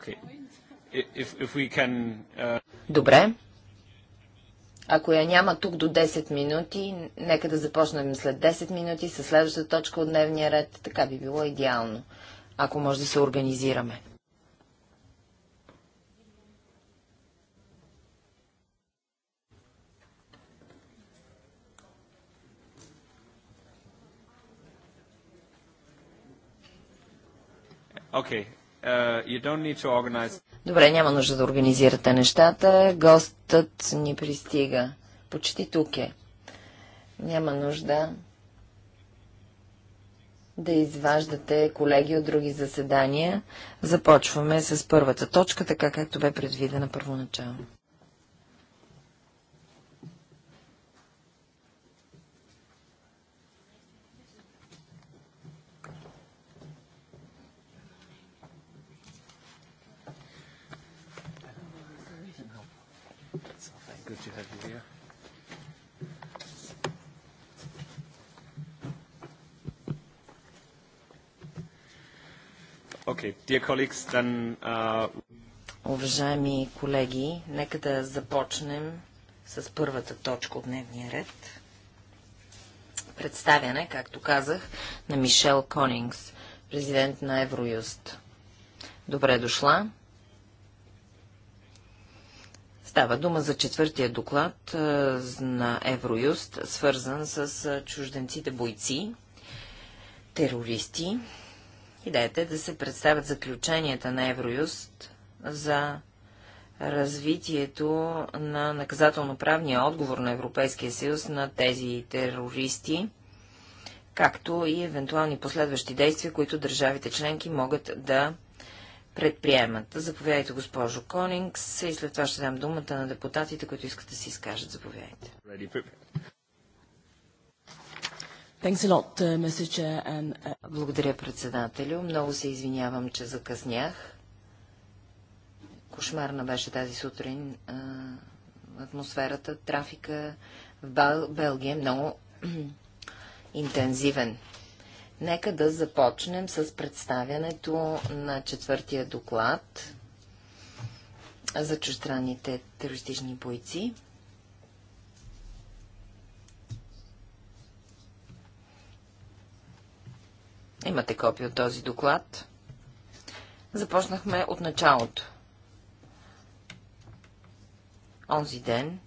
Uh, Добре. Ако я няма тук до 10 минути, нека да започнем след 10 минути с следващата точка от дневния ред. Така би било идеално, ако може да се организираме. Okay. Uh, Добре, няма нужда да организирате нещата. Гостът ни пристига. Почти тук е. Няма нужда да изваждате колеги от други заседания. Започваме с първата точка, така както бе предвидена първоначално. Uh, Уважаеми колеги, нека да започнем с първата точка от дневния ред. Представяне, както казах, на Мишел Конингс, президент на Евроюст. Добре дошла. Става дума за четвъртия доклад е, на Евроюст, свързан с е, чужденците бойци, терористи, Идеята е да се представят заключенията на Евроюст за развитието на наказателно-правния отговор на Европейския съюз на тези терористи, както и евентуални последващи действия, които държавите членки могат да предприемат. Заповядайте, госпожо Конингс, и след това ще дам думата на депутатите, които искат да си изкажат. Заповядайте. Uh, uh, Благодаря, председателю. Много се извинявам, че закъснях. Кошмарна беше тази сутрин атмосферата, трафика в Белгия е много интензивен. Нека да започнем с представянето на четвъртия доклад за чуждраните терористични бойци. Имате копия от този доклад. Започнахме от началото. Онзи ден,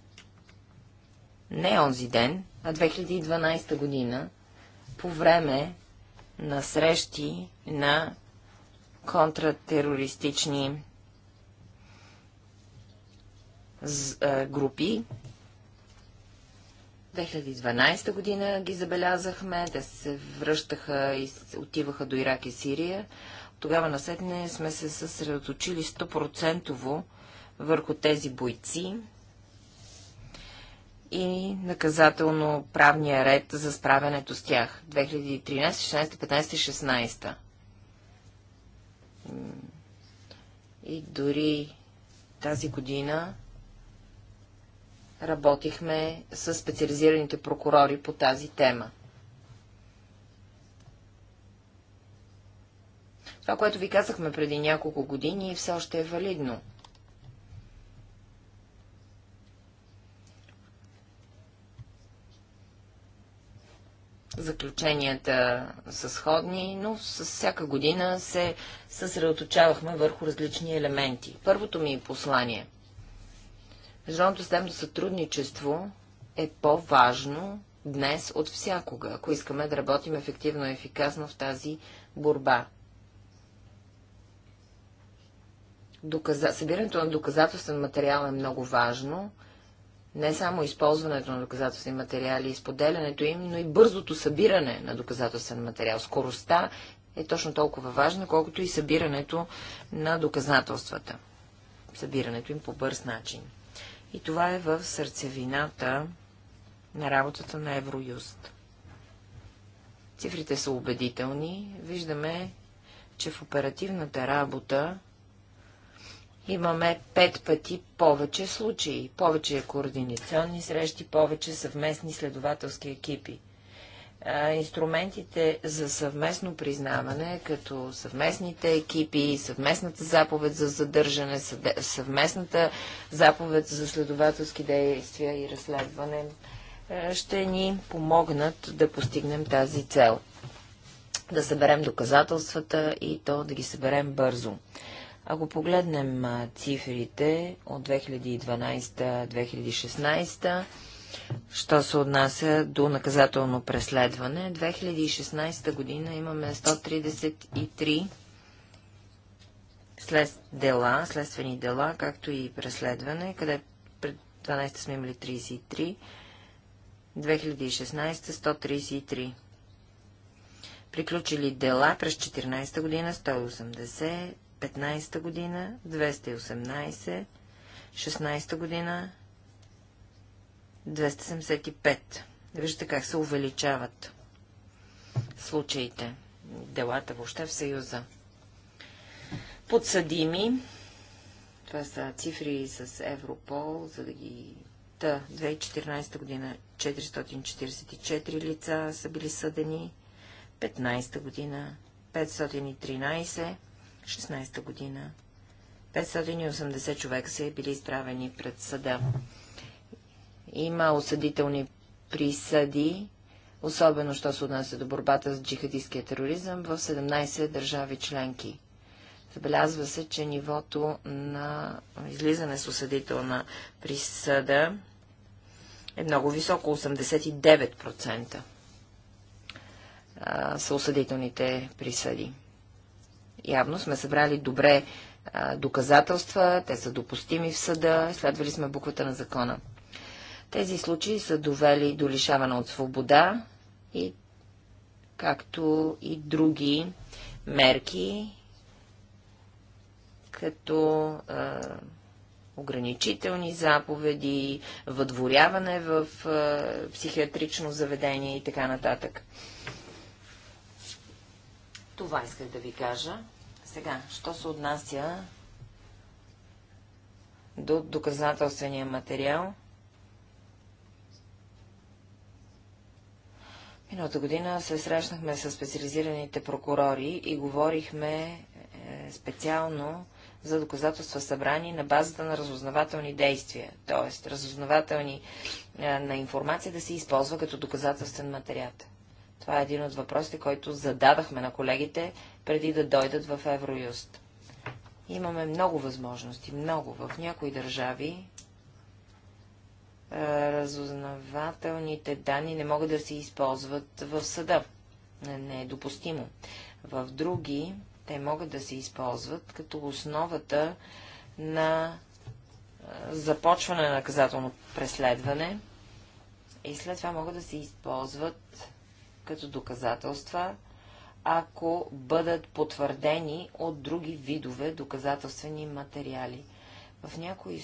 не онзи ден, а 2012 година, по време на срещи на контратерористични е, групи, 2012 година ги забелязахме, те се връщаха и отиваха до Ирак и Сирия. Тогава насетне сме се съсредоточили 100% върху тези бойци и наказателно правния ред за справянето с тях. 2013, 16, и 16. И дори тази година работихме с специализираните прокурори по тази тема. Това, което ви казахме преди няколко години, все още е валидно. Заключенията са сходни, но с всяка година се съсредоточавахме върху различни елементи. Първото ми послание – Международното съдебно сътрудничество е по-важно днес от всякога, ако искаме да работим ефективно и ефикасно в тази борба. Доказа... Събирането на доказателствен материал е много важно. Не само използването на доказателствени материали и споделянето им, но и бързото събиране на доказателствен материал. Скоростта е точно толкова важна, колкото и събирането на доказателствата. Събирането им по бърз начин. И това е в сърцевината на работата на Евроюст. Цифрите са убедителни. Виждаме, че в оперативната работа имаме пет пъти повече случаи, повече координационни срещи, повече съвместни следователски екипи – инструментите за съвместно признаване, като съвместните екипи, съвместната заповед за задържане, съвместната заповед за следователски действия и разследване, ще ни помогнат да постигнем тази цел. Да съберем доказателствата и то да ги съберем бързо. Ако погледнем цифрите от 2012-2016, Що се отнася до наказателно преследване, 2016 година имаме 133 след дела, следствени дела, както и преследване, къде пред 12 сме имали 33, 2016 133. Приключили дела през 14 година 180, 15 година 218, 16 година 275. Виждате как се увеличават случаите, делата въобще в Съюза. Подсъдими. Това са цифри с Европол, за да ги... Та, 2014 година 444 лица са били съдени, 15 година 513, 16 година 580 човека са били изправени пред съда. Има осъдителни присъди, особено що се отнася до борбата с джихадистския тероризъм в 17 държави членки. Забелязва се, че нивото на излизане с осъдителна присъда е много високо, 89% са осъдителните присъди. Явно сме събрали добре доказателства, те са допустими в съда, следвали сме буквата на закона. Тези случаи са довели до лишаване от свобода и както и други мерки, като е, ограничителни заповеди, въдворяване в е, психиатрично заведение и така нататък. Това исках да ви кажа. Сега, що се отнася до доказателствения материал? Миналата година се срещнахме с специализираните прокурори и говорихме е, специално за доказателства събрани на базата на разузнавателни действия, т.е. разузнавателни е, на информация да се използва като доказателствен материал. Това е един от въпросите, който зададахме на колегите преди да дойдат в Евроюст. Имаме много възможности, много. В някои държави е, разузнавателните данни не могат да се използват в съда. Не е допустимо. В други те могат да се използват като основата на е, започване на наказателно преследване и след това могат да се използват като доказателства, ако бъдат потвърдени от други видове доказателствени материали. В някои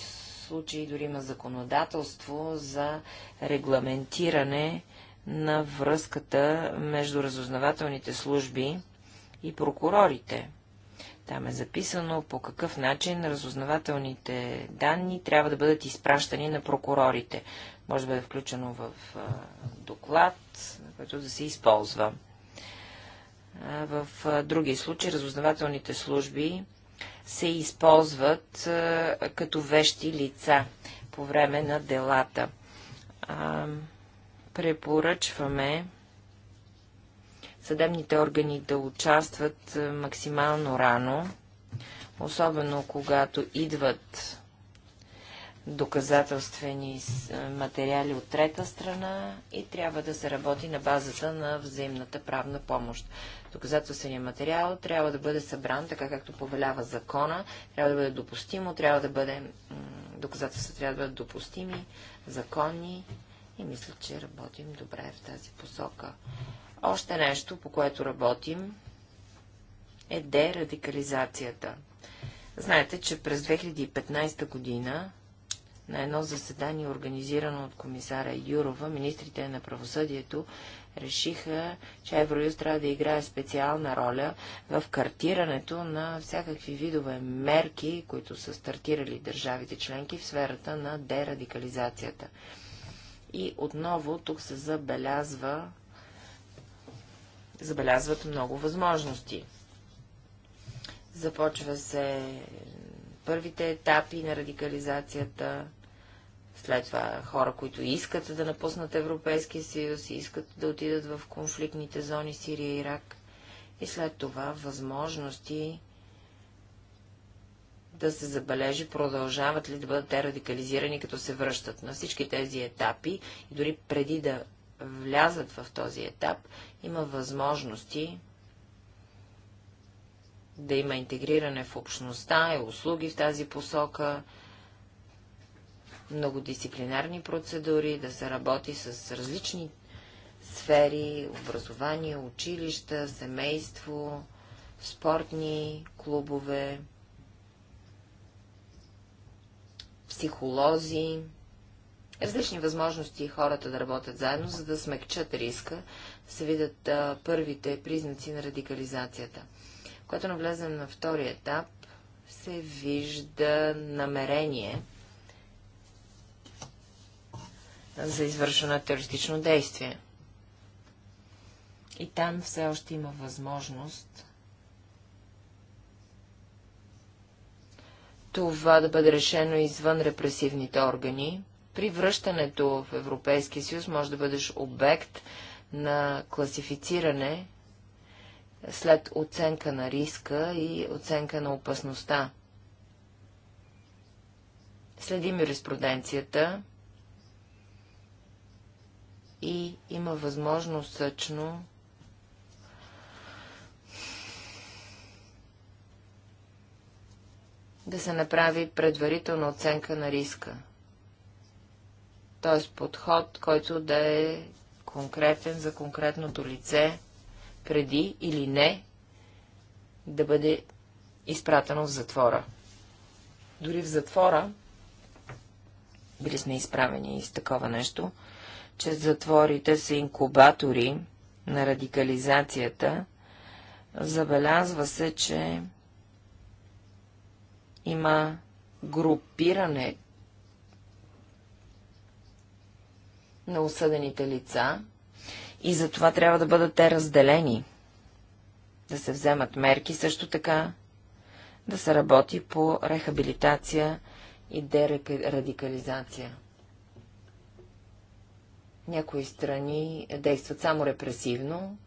случаи дори има законодателство за регламентиране на връзката между разузнавателните служби и прокурорите. Там е записано по какъв начин разузнавателните данни трябва да бъдат изпращани на прокурорите. Може да бъде включено в доклад, който да се използва. В други случаи разузнавателните служби се използват а, като вещи лица по време на делата. А, препоръчваме съдебните органи да участват максимално рано, особено когато идват доказателствени е, материали от трета страна и трябва да се работи на базата на взаимната правна помощ. Доказателственият материал трябва да бъде събран така, както повелява закона, трябва да бъде допустимо, трябва да бъде, доказателства трябва да бъдат допустими, законни и мисля, че работим добре в тази посока. Още нещо, по което работим, е дерадикализацията. Знаете, че през 2015 година на едно заседание, организирано от комисара Юрова, министрите на правосъдието решиха, че Евроюз трябва да играе специална роля в картирането на всякакви видове мерки, които са стартирали държавите членки в сферата на дерадикализацията. И отново тук се забелязва, забелязват много възможности. Започва се първите етапи на радикализацията, след това хора, които искат да напуснат Европейския съюз и искат да отидат в конфликтните зони Сирия и Ирак. И след това възможности да се забележи, продължават ли да бъдат те радикализирани, като се връщат на всички тези етапи и дори преди да влязат в този етап, има възможности да има интегриране в общността и услуги в тази посока, многодисциплинарни процедури, да се работи с различни сфери, образование, училища, семейство, спортни клубове, психолози, различни възможности хората да работят заедно, за да смекчат риска, да се видят а, първите признаци на радикализацията. Когато навлезем на втори етап, се вижда намерение за извършване на терористично действие. И там все още има възможност това да бъде решено извън репресивните органи. При връщането в Европейския съюз може да бъдеш обект на класифициране след оценка на риска и оценка на опасността. Следим юриспруденцията и има възможност съчно да се направи предварителна оценка на риска. Т.е. подход, който да е конкретен за конкретното лице, преди или не да бъде изпратено в затвора. Дори в затвора били сме изправени с такова нещо, че затворите са инкубатори на радикализацията, забелязва се, че има групиране на осъдените лица и затова трябва да бъдат те разделени, да се вземат мерки също така, да се работи по рехабилитация и дерадикализация. Някои страни действат само репресивно.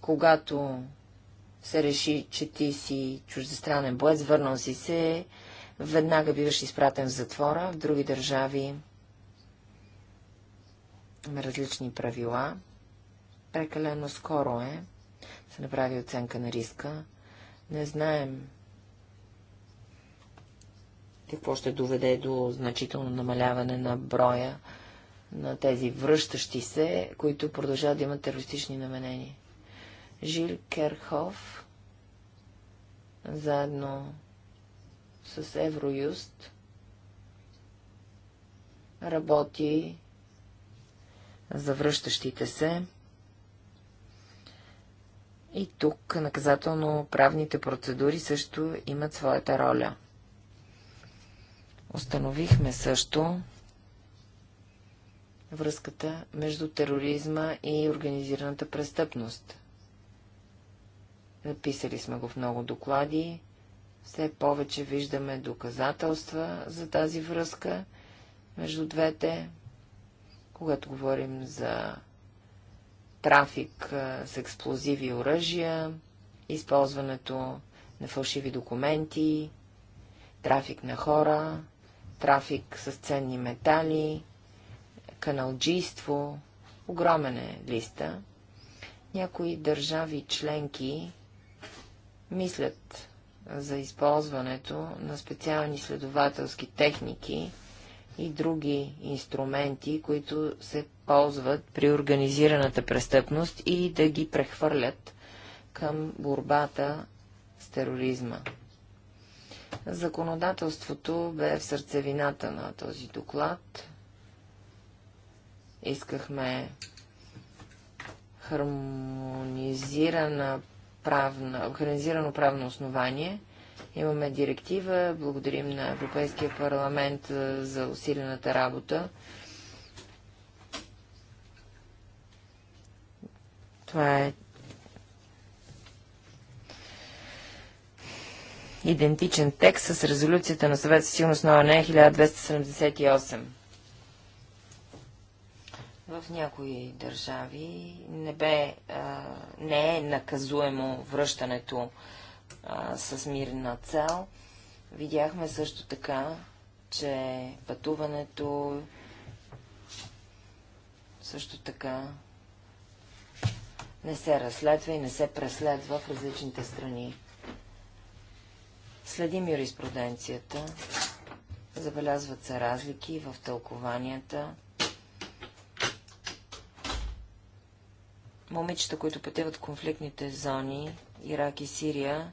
Когато се реши, че ти си чуждестранен боец, върнал си се, веднага биваш изпратен в затвора. В други държави има различни правила. Прекалено скоро е. Се направи оценка на риска. Не знаем какво ще доведе до значително намаляване на броя на тези връщащи се, които продължават да имат терористични намерения. Жил Керхов, заедно с Евроюст, работи за връщащите се. И тук наказателно-правните процедури също имат своята роля. Установихме също, връзката между тероризма и организираната престъпност. Написали сме го в много доклади, все повече виждаме доказателства за тази връзка между двете. Когато говорим за трафик с експлозиви и оръжия, използването на фалшиви документи, трафик на хора, трафик с ценни метали, каналджийство. Огромен е листа. Някои държави членки мислят за използването на специални следователски техники и други инструменти, които се ползват при организираната престъпност и да ги прехвърлят към борбата с тероризма. Законодателството бе в сърцевината на този доклад. Искахме хармонизирана правна, хармонизирано правно основание. Имаме директива. Благодарим на Европейския парламент за усилената работа. Това е идентичен текст с резолюцията на съвет със сигурност на ОНЕ 1278. В някои държави не, бе, а, не е наказуемо връщането а, с мирна цел. Видяхме също така, че пътуването също така не се разследва и не се преследва в различните страни. Следим юриспруденцията, забелязват се разлики в тълкованията, момичета, които пътуват конфликтните зони, Ирак и Сирия,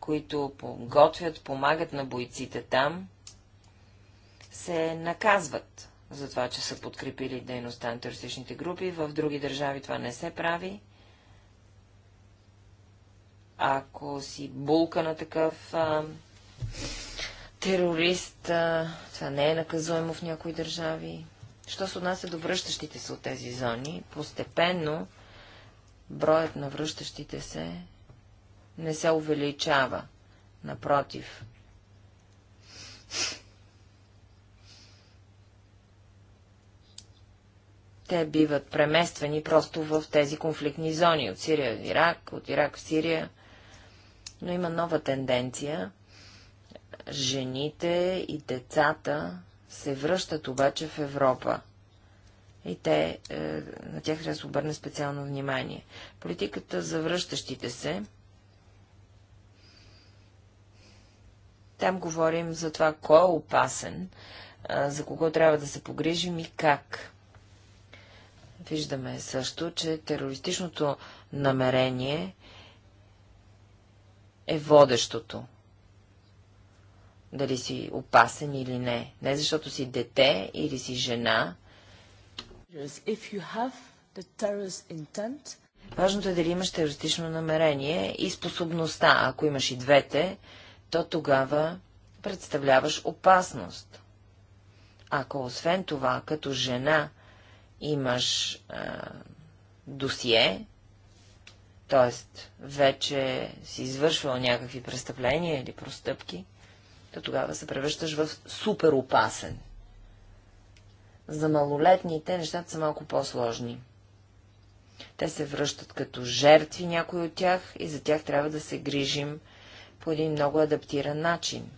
които готвят, помагат на бойците там, се наказват за това, че са подкрепили дейността на терористичните групи. В други държави това не се прави. Ако си булка на такъв а, терорист, а, това не е наказуемо в някои държави. Що се отнася до връщащите се от тези зони, постепенно броят на връщащите се не се увеличава. Напротив. Те биват премествани просто в тези конфликтни зони от Сирия в Ирак, от Ирак в Сирия. Но има нова тенденция. Жените и децата се връщат обаче в Европа. И те, е, на тях трябва да се обърне специално внимание. Политиката за връщащите се. Там говорим за това, кой е опасен, е, за кого трябва да се погрижим и как. Виждаме също, че терористичното намерение е водещото дали си опасен или не. Не защото си дете или си жена. Intent... Важното е дали имаш терористично намерение и способността. Ако имаш и двете, то тогава представляваш опасност. Ако освен това, като жена, имаш а, досие, т.е. вече си извършвал някакви престъпления или простъпки, то тогава се превръщаш в супер опасен. За малолетните нещата са малко по-сложни. Те се връщат като жертви някои от тях и за тях трябва да се грижим по един много адаптиран начин.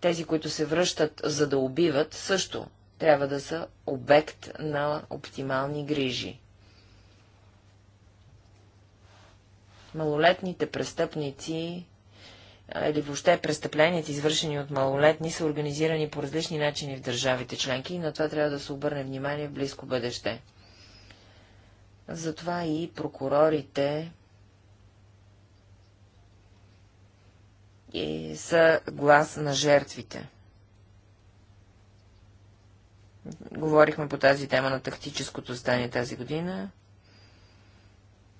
Тези, които се връщат за да убиват, също трябва да са обект на оптимални грижи. Малолетните престъпници или въобще престъпленията, извършени от малолетни, са организирани по различни начини в държавите членки и на това трябва да се обърне внимание в близко бъдеще. Затова и прокурорите и е, са глас на жертвите. Говорихме по тази тема на тактическото стане тази година.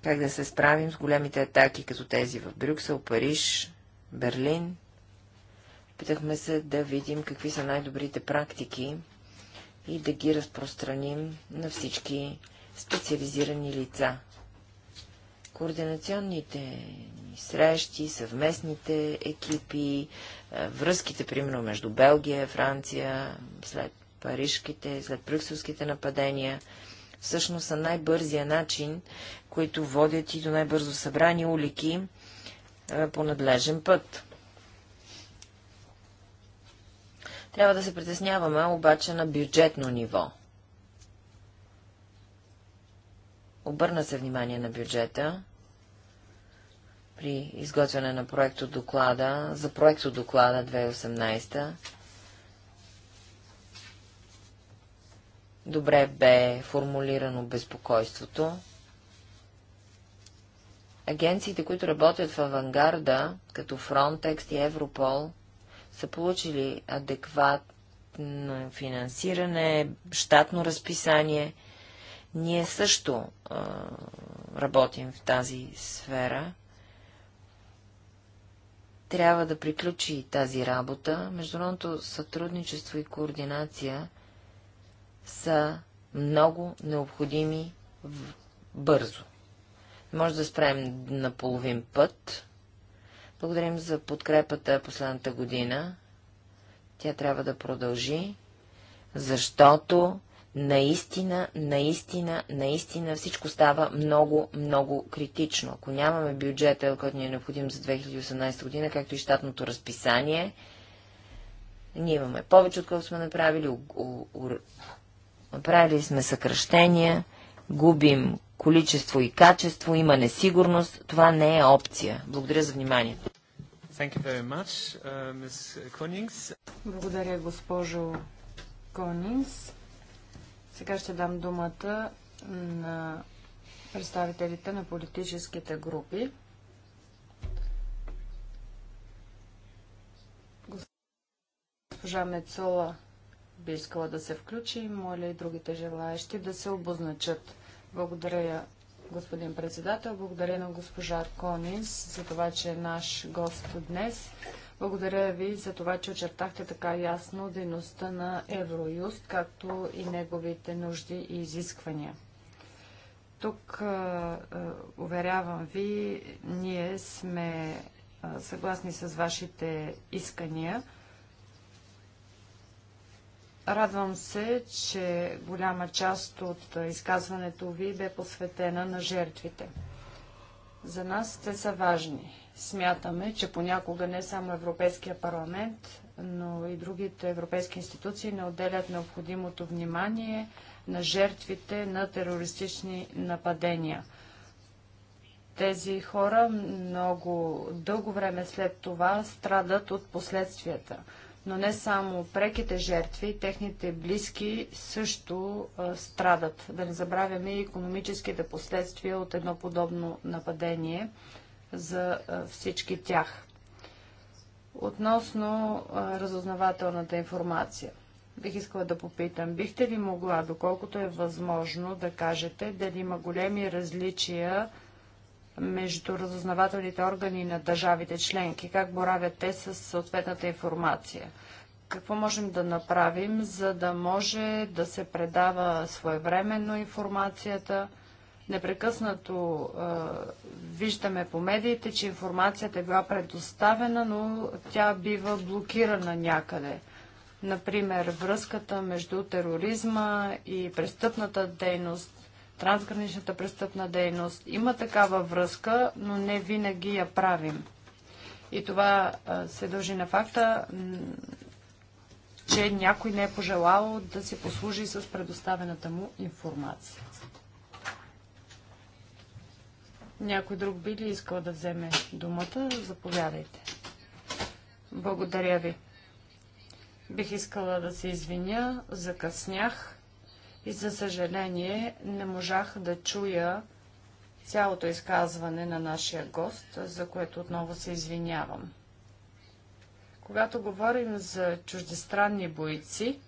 Как да се справим с големите атаки, като тези в Брюксел, Париж, Берлин. Питахме се да видим какви са най-добрите практики и да ги разпространим на всички специализирани лица. Координационните срещи, съвместните екипи, е, връзките, примерно, между Белгия, Франция, след парижките, след брюкселските нападения, всъщност са най-бързия начин, които водят и до най-бързо събрани улики е, по надлежен път. Трябва да се притесняваме обаче на бюджетно ниво. Обърна се внимание на бюджета при изготвяне на проекто доклада, за проекто доклада 2018. Добре бе формулирано безпокойството. Агенциите, които работят в авангарда, като Frontex и Европол, са получили адекватно финансиране, щатно разписание. Ние също а, работим в тази сфера. Трябва да приключи тази работа. Международното сътрудничество и координация са много необходими бързо. Може да спрем на половин път. Благодарим за подкрепата последната година. Тя трябва да продължи, защото наистина, наистина, наистина всичко става много, много критично. Ако нямаме бюджета, който ни е необходим за 2018 година, както и щатното разписание, ние имаме повече, отколкото сме направили. У, у, у, направили сме съкръщения, губим количество и качество, има несигурност. Това не е опция. Благодаря за вниманието. Uh, Благодаря, госпожо Конингс. Сега ще дам думата на представителите на политическите групи. Госпожа Мецола би искала да се включи. Моля и другите желаящи да се обозначат. Благодаря, господин председател. Благодаря на госпожа Конис за това, че е наш гост днес. Благодаря ви за това, че очертахте така ясно дейността на Евроюст, както и неговите нужди и изисквания. Тук, уверявам ви, ние сме съгласни с вашите искания – Радвам се, че голяма част от изказването ви бе посветена на жертвите. За нас те са важни. Смятаме, че понякога не само Европейския парламент, но и другите европейски институции не отделят необходимото внимание на жертвите на терористични нападения. Тези хора много дълго време след това страдат от последствията но не само преките жертви, техните близки също а, страдат. Да не забравяме и економическите последствия от едно подобно нападение за а, всички тях. Относно а, разузнавателната информация. Бих искала да попитам, бихте ли могла, доколкото е възможно, да кажете дали има големи различия между разузнавателните органи на държавите членки, как боравят те с съответната информация. Какво можем да направим, за да може да се предава своевременно информацията? Непрекъснато е, виждаме по медиите, че информацията е била предоставена, но тя бива блокирана някъде например, връзката между тероризма и престъпната дейност трансграничната престъпна дейност. Има такава връзка, но не винаги я правим. И това се дължи на факта, че някой не е пожелал да си послужи с предоставената му информация. Някой друг би ли искал да вземе думата? Заповядайте. Благодаря ви. Бих искала да се извиня, закъснях и за съжаление не можах да чуя цялото изказване на нашия гост, за което отново се извинявам. Когато говорим за чуждестранни бойци,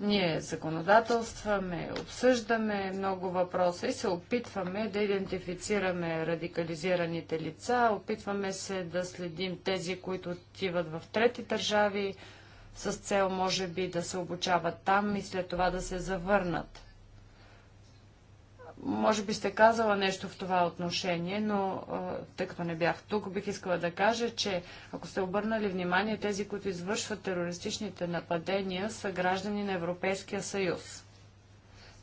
Ние законодателстваме, обсъждаме много въпроса и се опитваме да идентифицираме радикализираните лица, опитваме се да следим тези, които отиват в трети държави, с цел, може би, да се обучават там и след това да се завърнат. Може би сте казала нещо в това отношение, но тъй като не бях тук, бих искала да кажа, че ако сте обърнали внимание, тези, които извършват терористичните нападения, са граждани на Европейския съюз.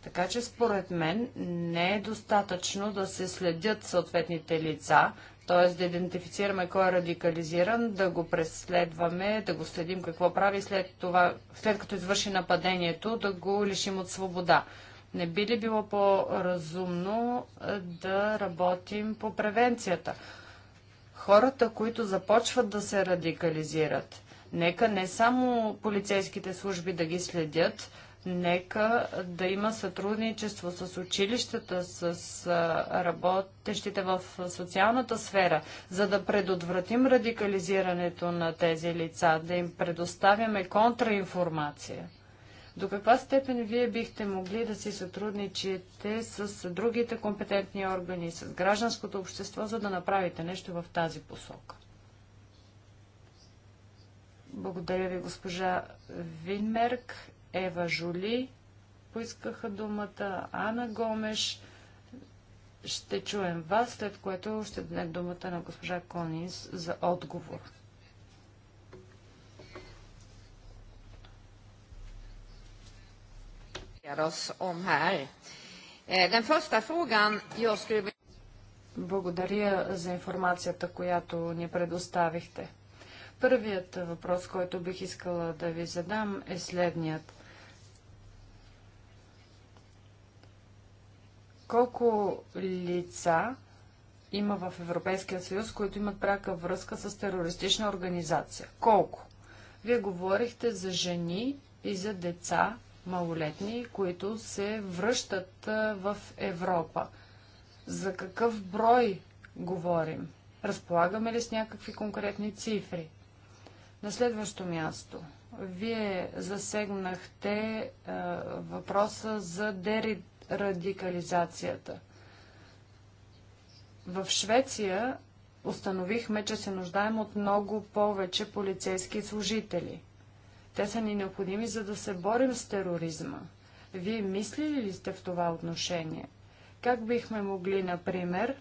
Така че според мен не е достатъчно да се следят съответните лица, т.е. да идентифицираме кой е радикализиран, да го преследваме, да го следим какво прави след това, след като извърши нападението, да го лишим от свобода. Не би ли било по-разумно е, да работим по превенцията? Хората, които започват да се радикализират, нека не само полицейските служби да ги следят, Нека да има сътрудничество с училищата, с работещите в социалната сфера, за да предотвратим радикализирането на тези лица, да им предоставяме контраинформация. До каква степен вие бихте могли да си сътрудничите с другите компетентни органи, с гражданското общество, за да направите нещо в тази посока? Благодаря ви, госпожа Винмерк. Ева Жули поискаха думата, Ана Гомеш. Ще чуем вас, след което ще даде думата на госпожа Конис за отговор. Благодаря за информацията, която ни предоставихте. Първият въпрос, който бих искала да ви задам е следният – Колко лица има в Европейския съюз, които имат пряка връзка с терористична организация? Колко? Вие говорихте за жени и за деца, малолетни, които се връщат в Европа. За какъв брой говорим? Разполагаме ли с някакви конкретни цифри? На следващо място. Вие засегнахте е, въпроса за дерит радикализацията. В Швеция установихме, че се нуждаем от много повече полицейски служители. Те са ни необходими, за да се борим с тероризма. Вие мислили ли сте в това отношение? Как бихме могли, например,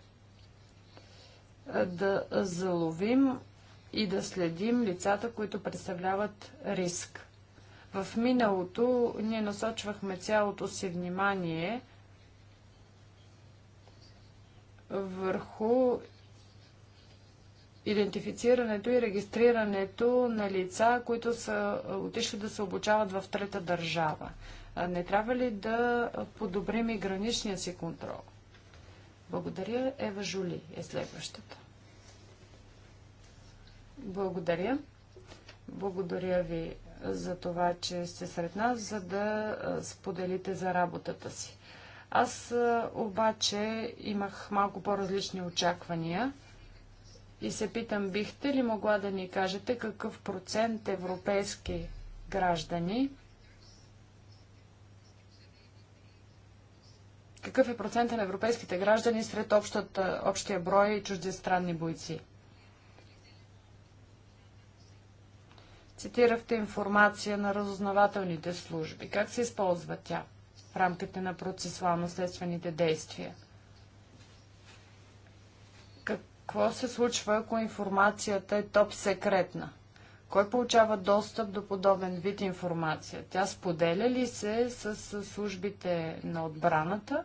да заловим и да следим лицата, които представляват риск? В миналото ние насочвахме цялото си внимание върху идентифицирането и регистрирането на лица, които са отишли да се обучават в трета държава. Не трябва ли да подобрим и граничния си контрол? Благодаря. Ева Жули е следващата. Благодаря. Благодаря ви, за това, че сте сред нас, за да споделите за работата си. Аз обаче имах малко по-различни очаквания и се питам, бихте ли могла да ни кажете какъв процент европейски граждани какъв е процентът на европейските граждани сред общата, общия брой чуждестранни бойци? Цитирахте информация на разузнавателните служби. Как се използва тя в рамките на процесуално-следствените действия? Какво се случва, ако информацията е топ секретна? Кой получава достъп до подобен вид информация? Тя споделя ли се с службите на отбраната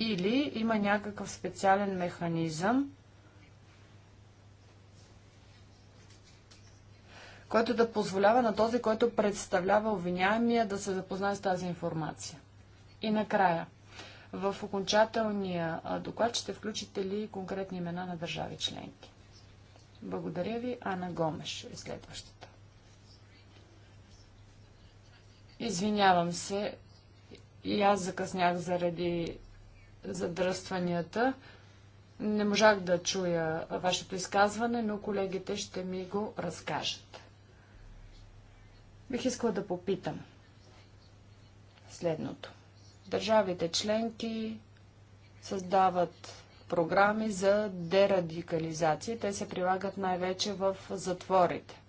или има някакъв специален механизъм, Който да позволява на този, който представлява обвиняемия, да се запознае с тази информация. И накрая, в окончателния доклад ще включите ли конкретни имена на държави членки? Благодаря ви. Ана Гомеш е следващата. Извинявам се, и аз закъснях заради задръстванията. Не можах да чуя вашето изказване, но колегите ще ми го разкажат. Бих искала да попитам следното. Държавите членки създават програми за дерадикализация. Те се прилагат най-вече в затворите.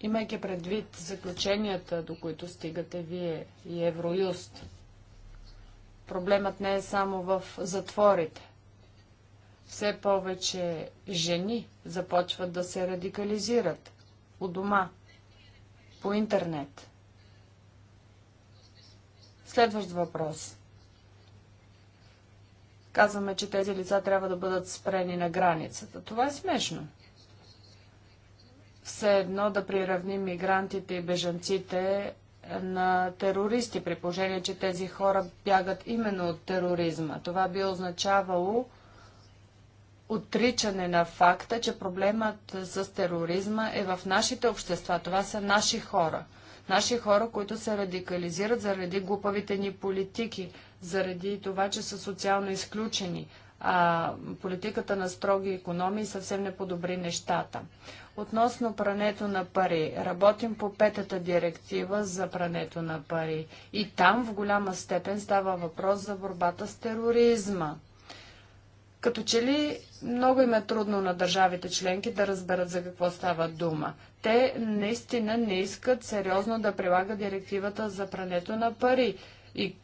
Имайки предвид заключенията, до които стигате вие и Евроюст, проблемът не е само в затворите. Все повече жени започват да се радикализират у дома, по интернет. Следващ въпрос. Казваме, че тези лица трябва да бъдат спрени на границата. Това е смешно. Все едно да приравним мигрантите и бежанците на терористи, при положение, че тези хора бягат именно от тероризма. Това би означавало отричане на факта, че проблемът с тероризма е в нашите общества. Това са наши хора. Наши хора, които се радикализират заради глупавите ни политики, заради това, че са социално изключени. А политиката на строги економии съвсем не подобри нещата. Относно прането на пари, работим по петата директива за прането на пари. И там в голяма степен става въпрос за борбата с тероризма. Като че ли много им е трудно на държавите членки да разберат за какво става дума. Те наистина не искат сериозно да прилагат директивата за прането на пари и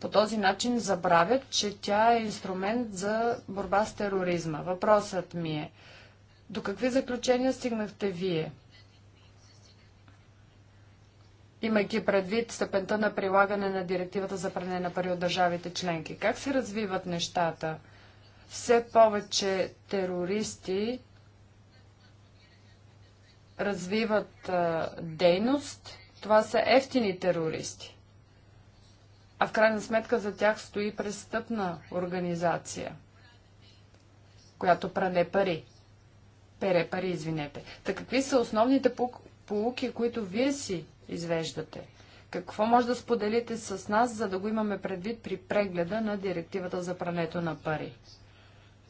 по този начин забравят, че тя е инструмент за борба с тероризма. Въпросът ми е, до какви заключения стигнахте вие? имайки предвид степента на прилагане на директивата за пране на пари от държавите членки. Как се развиват нещата? Все повече терористи развиват а, дейност. Това са ефтини терористи. А в крайна сметка за тях стои престъпна организация, която праде пари. Пере пари, извинете. Та какви са основните полуки, които вие си извеждате? Какво може да споделите с нас, за да го имаме предвид при прегледа на директивата за прането на пари?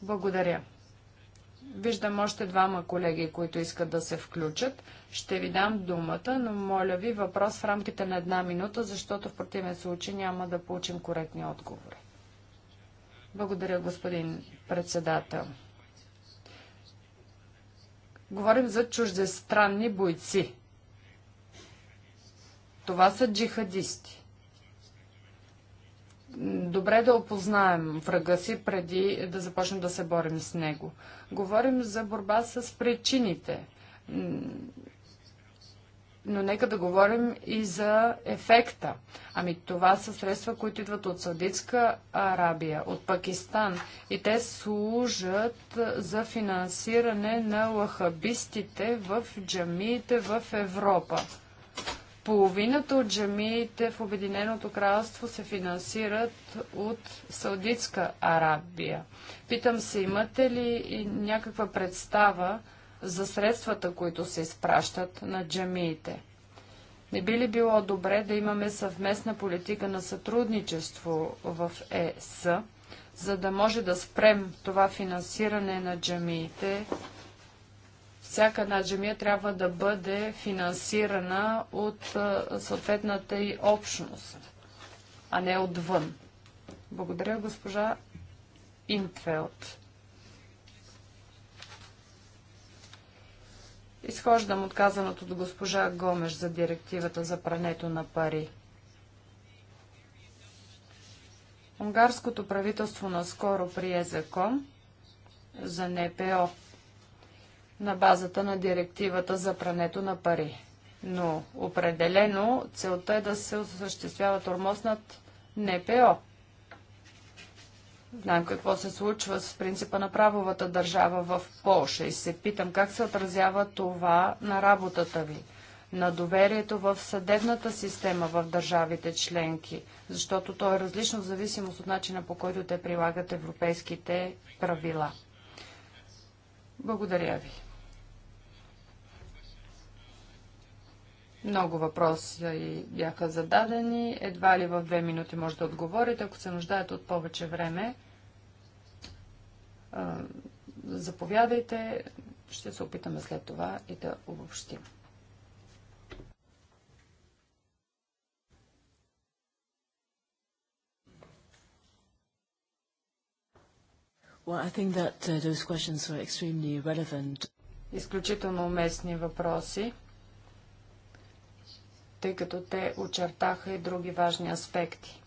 Благодаря. Виждам още двама колеги, които искат да се включат. Ще ви дам думата, но моля ви въпрос в рамките на една минута, защото в противен случай няма да получим коректни отговори. Благодаря, господин председател. Говорим за чуждестранни бойци. Това са джихадисти добре да опознаем врага си преди да започнем да се борим с него. Говорим за борба с причините. Но нека да говорим и за ефекта. Ами това са средства, които идват от Саудитска Арабия, от Пакистан и те служат за финансиране на лахабистите в джамиите в Европа. Половината от джамиите в Обединеното кралство се финансират от Саудитска Арабия. Питам се, имате ли някаква представа за средствата, които се изпращат на джамиите? Не би ли било добре да имаме съвместна политика на сътрудничество в ЕС, за да може да спрем това финансиране на джамиите всяка една джамия трябва да бъде финансирана от съответната и общност, а не отвън. Благодаря, госпожа Интфелд. Изхождам отказаното до от госпожа Гомеш за директивата за прането на пари. Унгарското правителство наскоро прие закон за НПО на базата на директивата за прането на пари. Но определено целта е да се осъществява тормоз над НПО. Знаем какво се случва с принципа на правовата държава в Польша и се питам как се отразява това на работата ви, на доверието в съдебната система в държавите членки, защото то е различно в зависимост от начина по който те прилагат европейските правила. Благодаря ви. Много въпроси бяха зададени. Едва ли в две минути може да отговорите. Ако се нуждаете от повече време, заповядайте. Ще се опитаме след това и да обобщим. Well, I think that uh, those questions were extremely relevant. Изключително уместни въпроси тъй като те очертаха и други важни аспекти.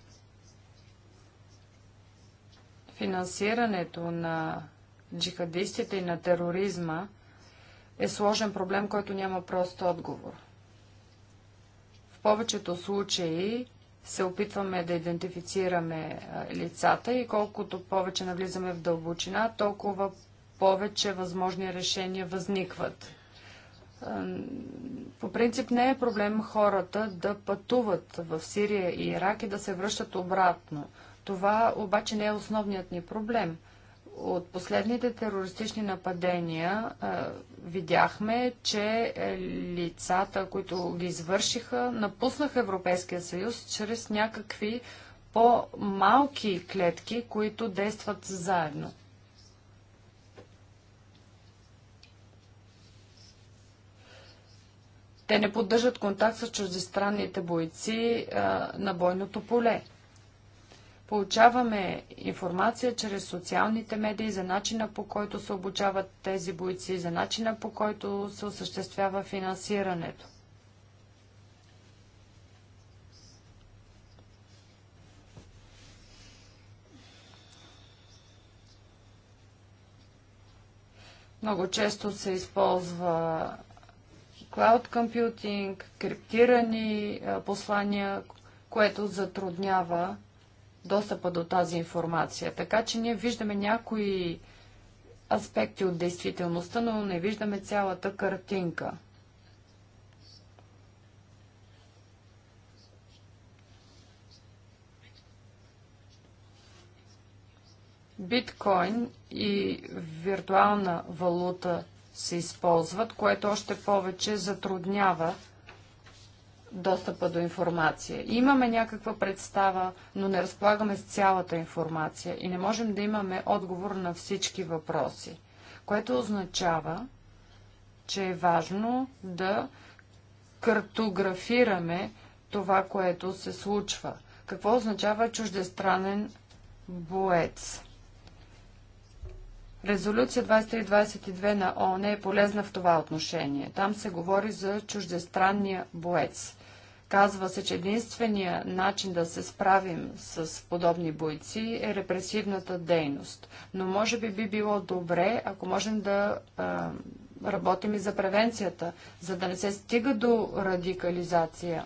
Финансирането на джихадистите и на тероризма е сложен проблем, който няма прост отговор. В повечето случаи се опитваме да идентифицираме лицата и колкото повече навлизаме в дълбочина, толкова повече възможни решения възникват по принцип не е проблем хората да пътуват в Сирия и Ирак и да се връщат обратно. Това обаче не е основният ни проблем. От последните терористични нападения видяхме, че е, лицата, които ги извършиха, напуснаха Европейския съюз чрез някакви по-малки клетки, които действат заедно. Те не поддържат контакт с чуждестранните бойци а, на бойното поле. Получаваме информация чрез социалните медии за начина по който се обучават тези бойци, за начина по който се осъществява финансирането. Много често се използва клауд компютинг, криптирани послания, което затруднява достъпа до тази информация. Така че ние виждаме някои аспекти от действителността, но не виждаме цялата картинка. биткоин и виртуална валута се използват, което още повече затруднява достъпа до информация. Имаме някаква представа, но не разполагаме с цялата информация и не можем да имаме отговор на всички въпроси, което означава, че е важно да картографираме това, което се случва. Какво означава чуждестранен боец? Резолюция 2322 на ООН е полезна в това отношение. Там се говори за чуждестранния боец. Казва се, че единствения начин да се справим с подобни бойци е репресивната дейност. Но може би би било добре, ако можем да а, работим и за превенцията, за да не се стига до радикализация.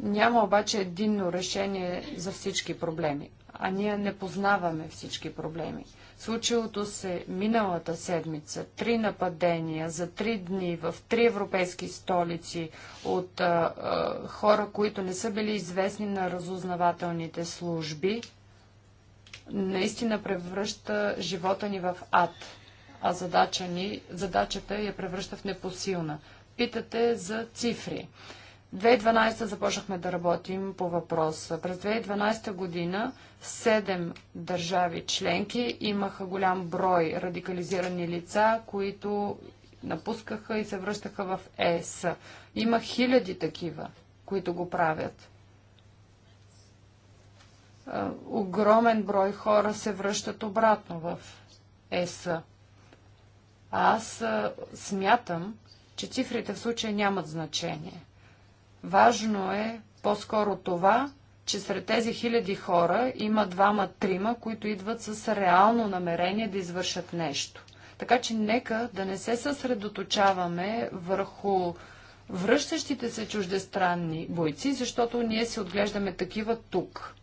Няма обаче единно решение за всички проблеми а ние не познаваме всички проблеми. Случилото се миналата седмица, три нападения за три дни в три европейски столици от а, а, хора, които не са били известни на разузнавателните служби, наистина превръща живота ни в ад, а задача ни, задачата я превръща в непосилна. Питате за цифри. 2012 започнахме да работим по въпроса. През 2012 година 7 държави членки имаха голям брой радикализирани лица, които напускаха и се връщаха в ЕС. Има хиляди такива, които го правят. Огромен брой хора се връщат обратно в ЕС. Аз смятам, че цифрите в случая нямат значение – Важно е по-скоро това, че сред тези хиляди хора има двама-трима, които идват с реално намерение да извършат нещо. Така че нека да не се съсредоточаваме върху връщащите се чуждестранни бойци, защото ние се отглеждаме такива тук.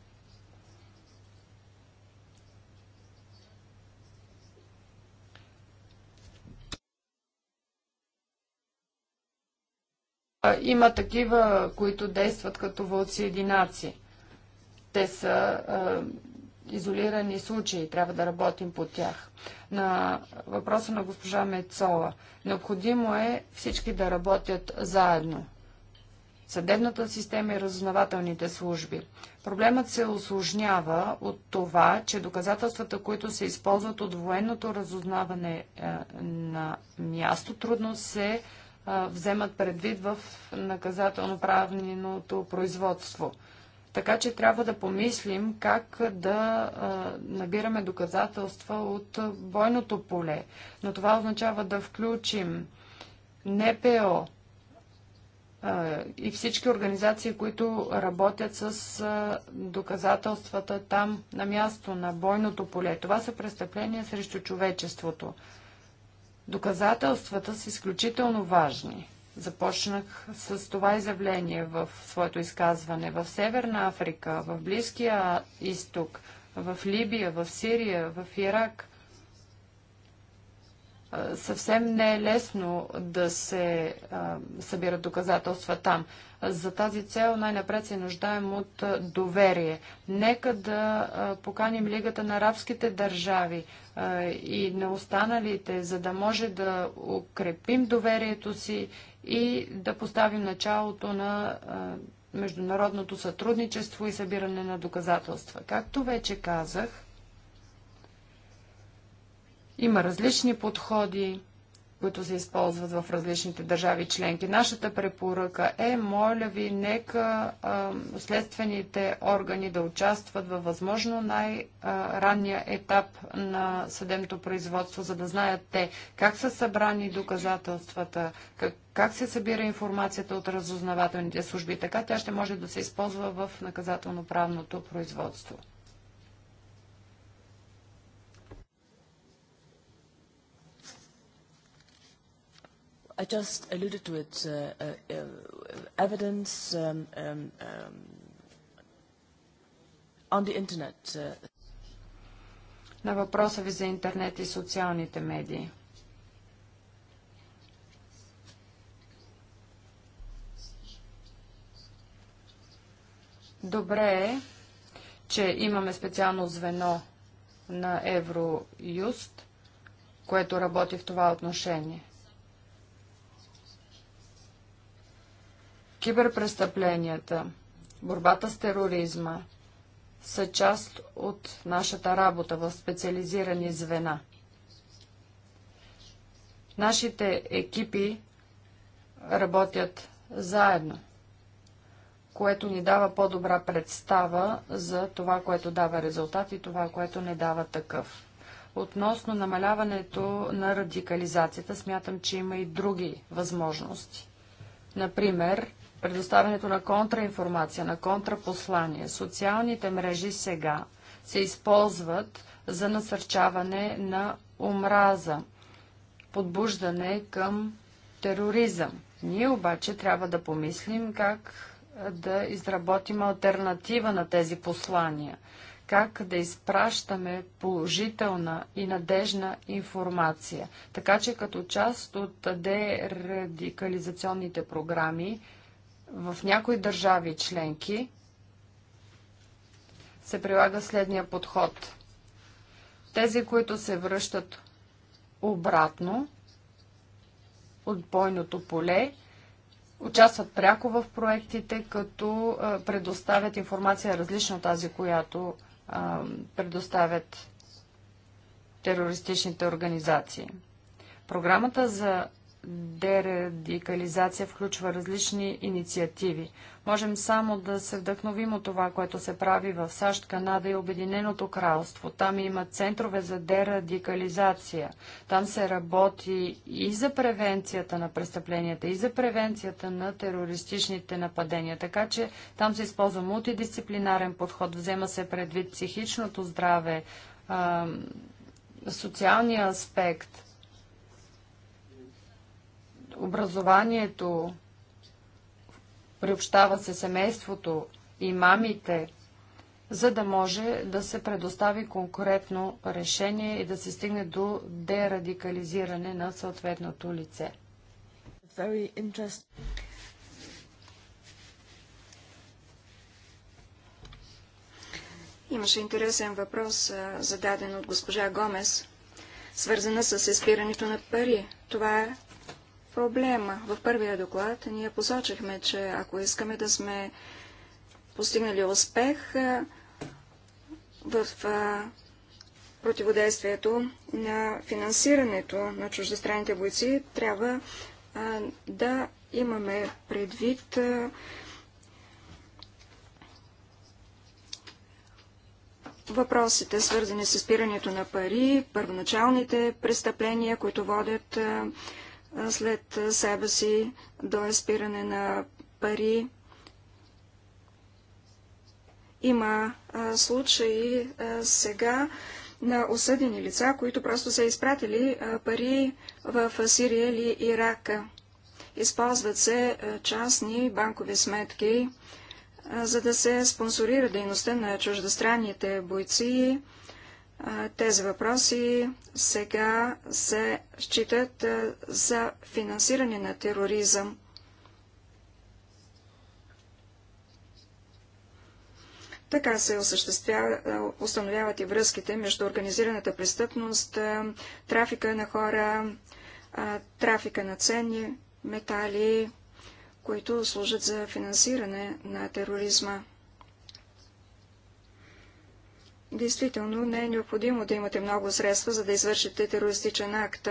Има такива, които действат като вълци единаци. Те са а, изолирани случаи, трябва да работим по тях. На въпроса на госпожа Мецова. Необходимо е всички да работят заедно. Съдебната система и разузнавателните служби. Проблемът се осложнява от това, че доказателствата, които се използват от военното разузнаване е, на място, трудно се вземат предвид в наказателно правниното производство. Така че трябва да помислим как да набираме доказателства от бойното поле. Но това означава да включим НПО и всички организации, които работят с доказателствата там на място, на бойното поле. Това са престъпления срещу човечеството. Доказателствата са изключително важни. Започнах с това изявление в своето изказване. В Северна Африка, в Близкия изток, в Либия, в Сирия, в Ирак съвсем не е лесно да се събират доказателства там. За тази цел най-напред се нуждаем от доверие. Нека да поканим Лигата на арабските държави и на останалите, за да може да укрепим доверието си и да поставим началото на международното сътрудничество и събиране на доказателства. Както вече казах, има различни подходи, които се използват в различните държави членки. Нашата препоръка е, моля ви, нека а, следствените органи да участват във възможно най-ранния етап на съдебното производство, за да знаят те как са събрани доказателствата, как, как се събира информацията от разузнавателните служби. Така тя ще може да се използва в наказателно-правното производство. I just alluded to it, uh, uh, uh, evidence um, um, um, on the internet. Uh. На въпроса ви за интернет и социалните медии. Добре е, че имаме специално звено на Евроюст, което работи в това отношение. Киберпрестъпленията, борбата с тероризма са част от нашата работа в специализирани звена. Нашите екипи работят заедно, което ни дава по-добра представа за това, което дава резултат и това, което не дава такъв. Относно намаляването на радикализацията, смятам, че има и други възможности. Например, предоставянето на контраинформация, на контрапослание. Социалните мрежи сега се използват за насърчаване на омраза, подбуждане към тероризъм. Ние обаче трябва да помислим как да изработим альтернатива на тези послания, как да изпращаме положителна и надежна информация, така че като част от дерадикализационните програми в някои държави членки се прилага следния подход. Тези, които се връщат обратно от бойното поле, участват пряко в проектите, като предоставят информация различна от тази, която предоставят терористичните организации. Програмата за дерадикализация включва различни инициативи. Можем само да се вдъхновим от това, което се прави в САЩ, Канада и Обединеното кралство. Там има центрове за дерадикализация. Там се работи и за превенцията на престъпленията, и за превенцията на терористичните нападения. Така че там се използва мултидисциплинарен подход, взема се предвид психичното здраве, социалния аспект – образованието, приобщава се семейството и мамите, за да може да се предостави конкретно решение и да се стигне до дерадикализиране на съответното лице. Имаше интересен въпрос, зададен от госпожа Гомес, свързана с изпирането на пари. Това проблема. В първия доклад ние посочихме, че ако искаме да сме постигнали успех в противодействието на финансирането на чуждестранните бойци, трябва да имаме предвид въпросите, свързани с изпирането на пари, първоначалните престъпления, които водят след себе си до изпиране на пари. Има случаи сега на осъдени лица, които просто са изпратили пари в Сирия или Ирака. Използват се частни банкови сметки, за да се спонсорира дейността на чуждестранните бойци, тези въпроси сега се считат за финансиране на тероризъм. Така се установяват и връзките между организираната престъпност, трафика на хора, трафика на ценни метали, които служат за финансиране на тероризма. Действително не е необходимо да имате много средства, за да извършите терористичен акт,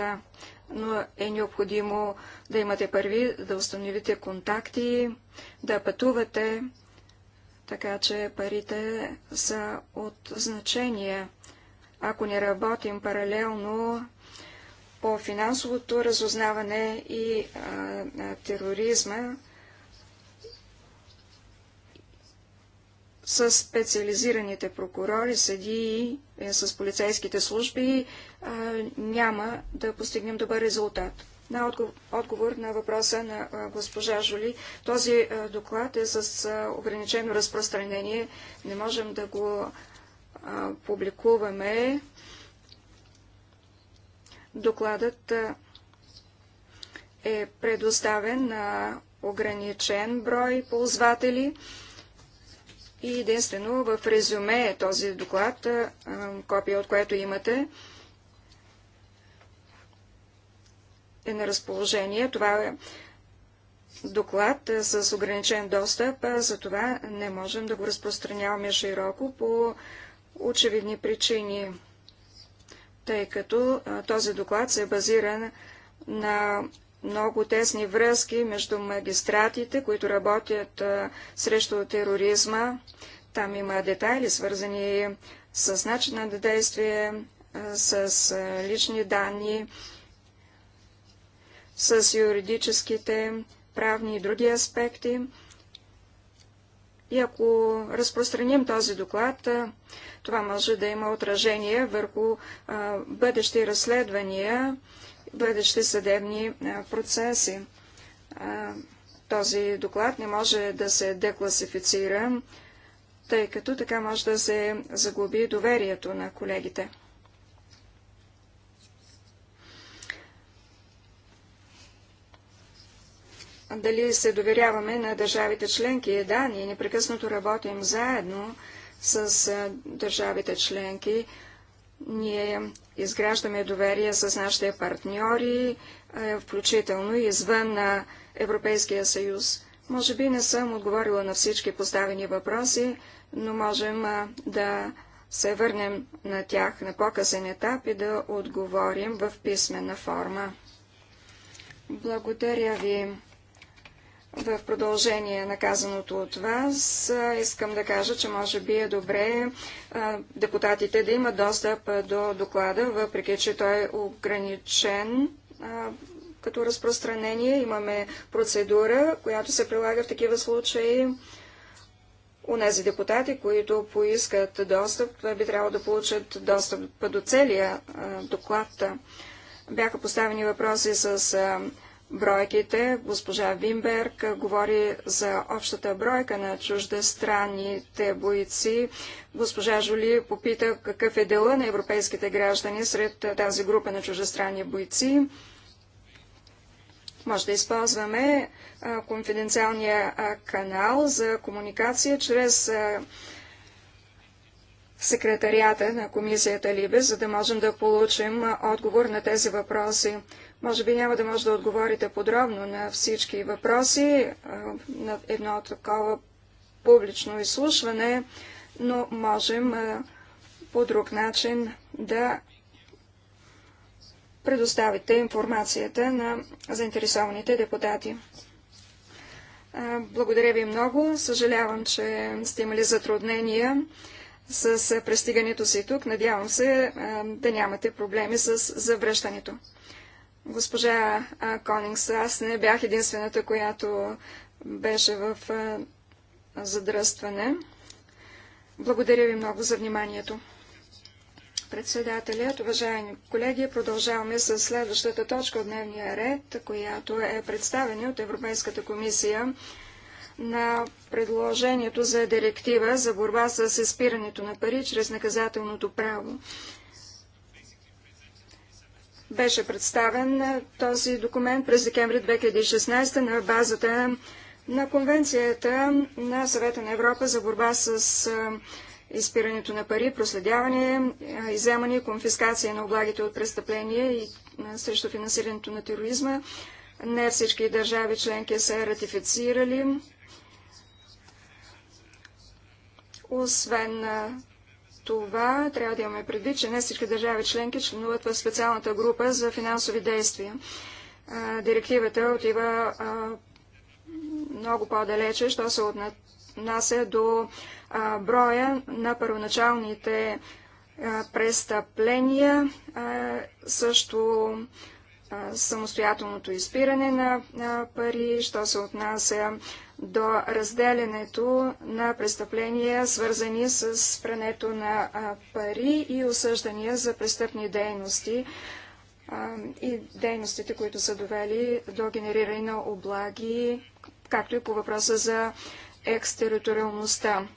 но е необходимо да имате първи, да установите контакти, да пътувате, така че парите са от значение. Ако не работим паралелно по финансовото разузнаване и а, тероризма, с специализираните прокурори, съдии, е, с полицейските служби няма да постигнем добър резултат. На отговор на въпроса на госпожа Жули, този доклад е с ограничено разпространение. Не можем да го публикуваме. Докладът е предоставен на ограничен брой ползватели и единствено в резюме е този доклад, копия от което имате, е на разположение. Това е доклад с ограничен достъп, за това не можем да го разпространяваме широко по очевидни причини, тъй като този доклад се е базиран на много тесни връзки между магистратите, които работят а, срещу тероризма. Там има детайли, свързани с начина на действие, с а, лични данни, с юридическите, правни и други аспекти. И ако разпространим този доклад, това може да има отражение върху бъдещи разследвания бъдещи съдебни процеси. Този доклад не може да се декласифицира, тъй като така може да се загуби доверието на колегите. Дали се доверяваме на държавите членки? Да, ние непрекъснато работим заедно с държавите членки. Ние изграждаме доверие с нашите партньори, включително и извън на Европейския съюз. Може би не съм отговорила на всички поставени въпроси, но можем да се върнем на тях на по-късен етап и да отговорим в писмена форма. Благодаря ви. В продължение на казаното от вас, искам да кажа, че може би е добре депутатите да имат достъп до доклада, въпреки че той е ограничен като разпространение. Имаме процедура, която се прилага в такива случаи. у нези депутати, които поискат достъп, би трябвало да получат достъп до целия доклад. Бяха поставени въпроси с бройките. Госпожа Вимберг говори за общата бройка на чуждестранните бойци. Госпожа Жули попита какъв е дела на европейските граждани сред тази група на чуждестранни бойци. Може да използваме конфиденциалния канал за комуникация чрез секретарията на комисията Либе, за да можем да получим отговор на тези въпроси. Може би няма да може да отговорите подробно на всички въпроси на едно такова публично изслушване, но можем по друг начин да предоставите информацията на заинтересованите депутати. Благодаря ви много. Съжалявам, че сте имали затруднения с пристигането си тук. Надявам се да нямате проблеми с завръщането. Госпожа Конингс, аз не бях единствената, която беше в задръстване. Благодаря ви много за вниманието. Председателят, уважаеми колеги, продължаваме с следващата точка от дневния ред, която е представена от Европейската комисия на предложението за директива за борба с изпирането на пари чрез наказателното право. Беше представен този документ през декември 2016 на базата на Конвенцията на Съвета на Европа за борба с изпирането на пари, проследяване, иземане и конфискация на облагите от престъпления и срещу финансирането на тероризма. Не всички държави членки са ратифицирали. Освен това трябва да имаме предвид, че не всички държави членки членуват в специалната група за финансови действия. директивата отива много по-далече, що се отнася до броя на първоначалните престъпления, също самостоятелното изпиране на пари, що се отнася до разделянето на престъпления, свързани с прането на пари и осъждания за престъпни дейности и дейностите, които са довели до генериране на облаги, както и по въпроса за екстериториалността.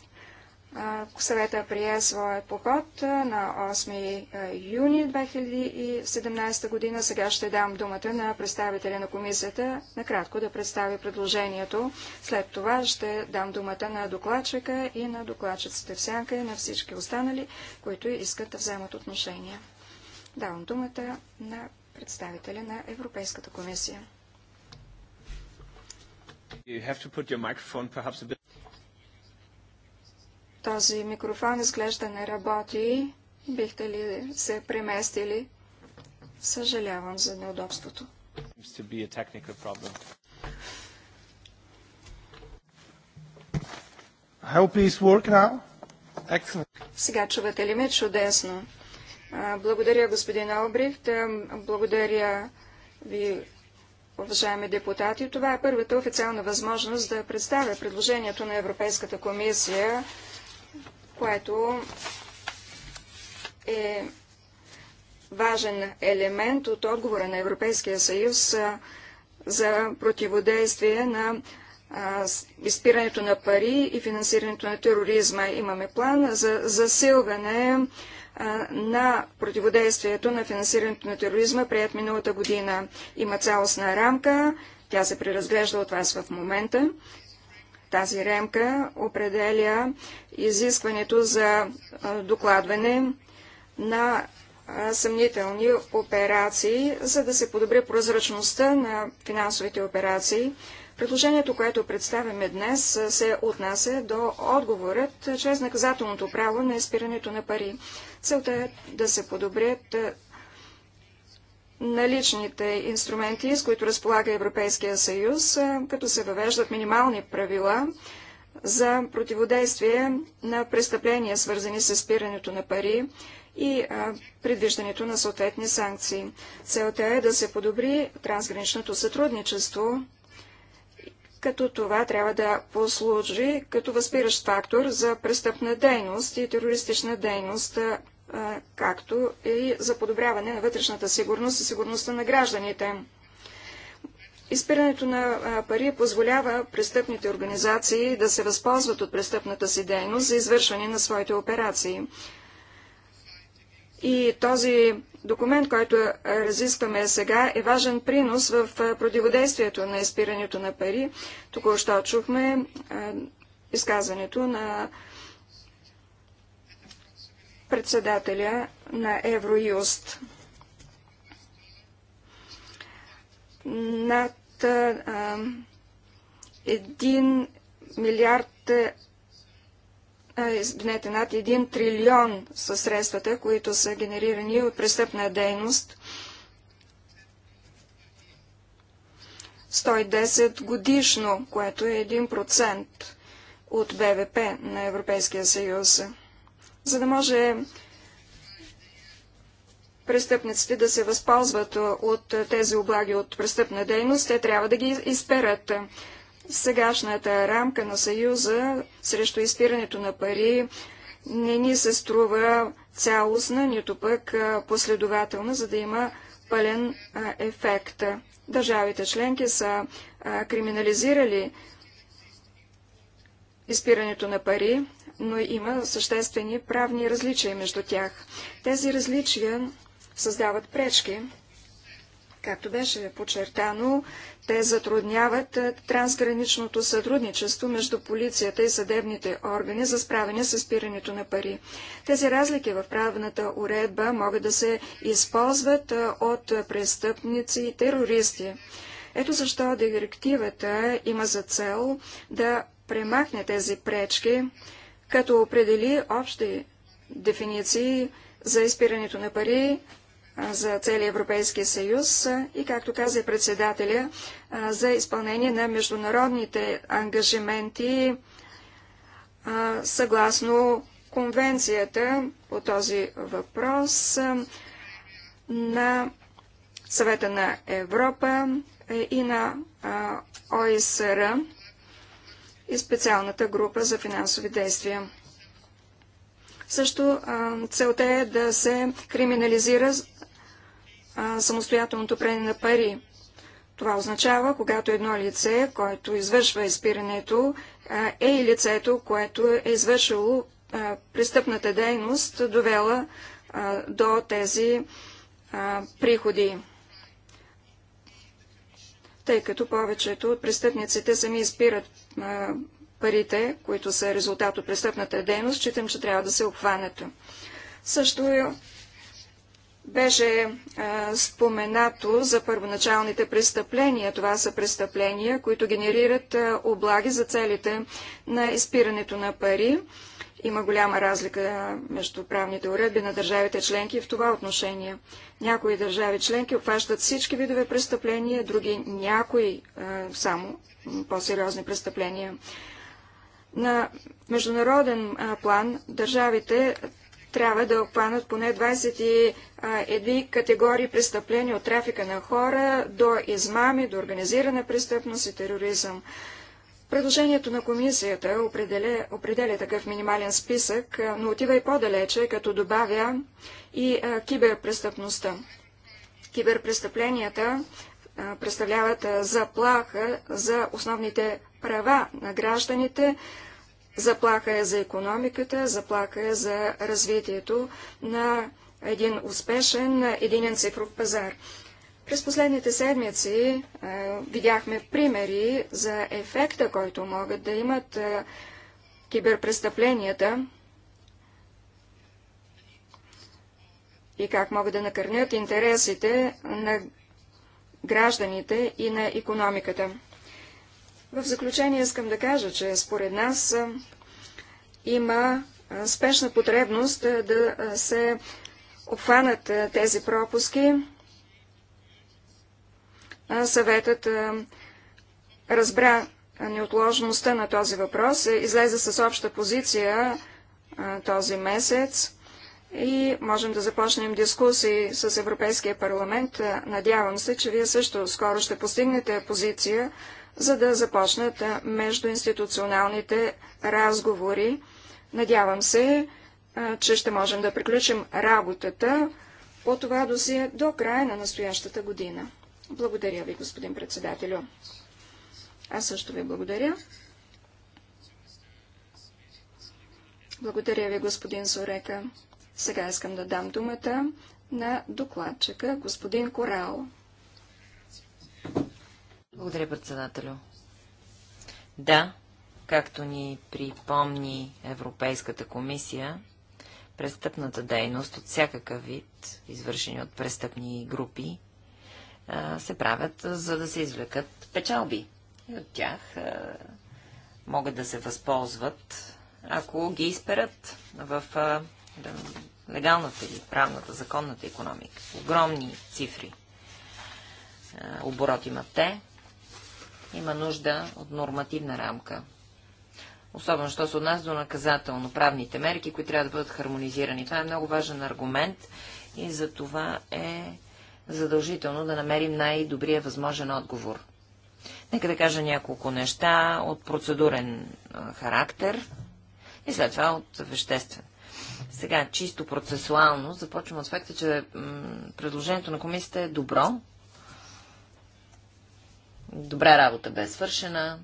Съвета прие своят поход на 8 юни 2017 година. Сега ще дам думата на представителя на комисията накратко да представи предложението. След това ще дам думата на докладчика и на докладчиците в сянка и на всички останали, които искат да вземат отношение. Давам думата на представителя на Европейската комисия. You have to put your microphone perhaps a bit този микрофон изглежда не работи. Бихте ли се преместили? Съжалявам за неудобството. Сега чувате ли ме? Чудесно. Благодаря, господин Албрихт. Благодаря ви, уважаеми депутати. Това е първата официална възможност да представя предложението на Европейската комисия което е важен елемент от отговора на Европейския съюз за противодействие на изпирането на пари и финансирането на тероризма. Имаме план за засилване на противодействието на финансирането на тероризма, прият миналата година. Има цялостна рамка, тя се преразглежда от вас в момента. Тази ремка определя изискването за докладване на съмнителни операции, за да се подобри прозрачността на финансовите операции. Предложението, което представяме днес, се отнася до отговорът чрез наказателното право на изпирането на пари. Целта е да се подобрят наличните инструменти, с които разполага Европейския съюз, е, като се въвеждат минимални правила за противодействие на престъпления, свързани с спирането на пари и е, предвиждането на съответни санкции. Целта е да се подобри трансграничното сътрудничество, като това трябва да послужи като възпиращ фактор за престъпна дейност и терористична дейност е, както и за подобряване на вътрешната сигурност и сигурността на гражданите. Изпирането на пари позволява престъпните организации да се възползват от престъпната си дейност за извършване на своите операции. И този документ, който разискваме сега, е важен принос в противодействието на изпирането на пари. Току-що чухме изказването на председателя на Евроюст. Над а, 1 милиард, извинете, над 1 трилион са средствата, които са генерирани от престъпна дейност. 110 годишно, което е 1% от БВП на Европейския съюз за да може престъпниците да се възползват от тези облаги от престъпна дейност, те трябва да ги изперат. Сегашната рамка на Съюза срещу изпирането на пари не ни се струва цялостна, нито пък последователна, за да има пълен ефект. Държавите членки са криминализирали изпирането на пари, но има съществени правни различия между тях. Тези различия създават пречки, както беше подчертано, те затрудняват е, трансграничното сътрудничество между полицията и съдебните органи за справяне с пирането на пари. Тези разлики в правната уредба могат да се използват е, от престъпници и терористи. Ето защо директивата има за цел да премахне тези пречки, като определи общи дефиниции за изпирането на пари за целия Европейския съюз и, както каза председателя, за изпълнение на международните ангажименти съгласно конвенцията по този въпрос на Съвета на Европа и на ОИСР и специалната група за финансови действия. Също целта е да се криминализира самостоятелното прене на пари. Това означава, когато едно лице, което извършва изпирането, е и лицето, което е извършило престъпната дейност, довела до тези приходи. Тъй като повечето от престъпниците сами изпират парите, които са резултат от престъпната дейност, считам, че трябва да се обхванат. Също беше а, споменато за първоначалните престъпления. Това са престъпления, които генерират а, облаги за целите на изпирането на пари. Има голяма разлика между правните уредби на държавите членки в това отношение. Някои държави членки обхващат всички видове престъпления, други някои само по-сериозни престъпления. На международен план държавите трябва да обхванат поне 21 категории престъпления от трафика на хора до измами, до организирана престъпност и тероризъм. Предложението на комисията определя, определя такъв минимален списък, но отива и по-далече, като добавя и а, киберпрестъпността. Киберпрестъпленията а, представляват а, заплаха за основните права на гражданите, заплаха е за економиката, заплаха е за развитието на един успешен единен цифров пазар. През последните седмици е, видяхме примери за ефекта, който могат да имат е, киберпрестъпленията и как могат да накърнят интересите на гражданите и на економиката. В заключение искам да кажа, че според нас е, има е, спешна потребност е, да е, се обхванат тези пропуски съветът разбра неотложността на този въпрос, е, излезе с обща позиция този месец и можем да започнем дискусии с Европейския парламент. Надявам се, че вие също скоро ще постигнете позиция, за да започнат междуинституционалните разговори. Надявам се, че ще можем да приключим работата по това досие до края на настоящата година. Благодаря ви, господин председателю. Аз също ви благодаря. Благодаря ви, господин Зорека. Сега искам да дам думата на докладчика, господин Корал. Благодаря, председателю. Да, както ни припомни Европейската комисия, престъпната дейност от всякакъв вид, извършени от престъпни групи, се правят, за да се извлекат печалби. И от тях могат да се възползват, ако ги изперат в легалната или правната, законната економика. Огромни цифри оборот имат те. Има нужда от нормативна рамка. Особено, що се отнася до наказателно-правните мерки, които трябва да бъдат хармонизирани. Това е много важен аргумент и за това е задължително да намерим най-добрия възможен отговор. Нека да кажа няколко неща от процедурен характер и след това от веществен. Сега, чисто процесуално, започвам от факта, че предложението на комисията е добро. Добра работа бе свършена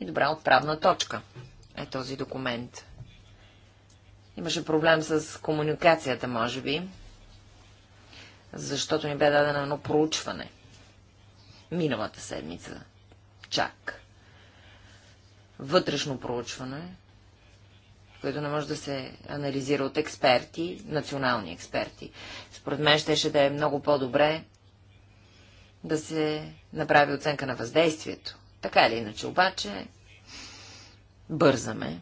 и добра отправна точка е този документ. Имаше проблем с комуникацията, може би, защото ни бе дадено едно проучване. Миналата седмица. Чак. Вътрешно проучване, което не може да се анализира от експерти, национални експерти. Според мен щеше да е много по-добре да се направи оценка на въздействието. Така или иначе, обаче, бързаме.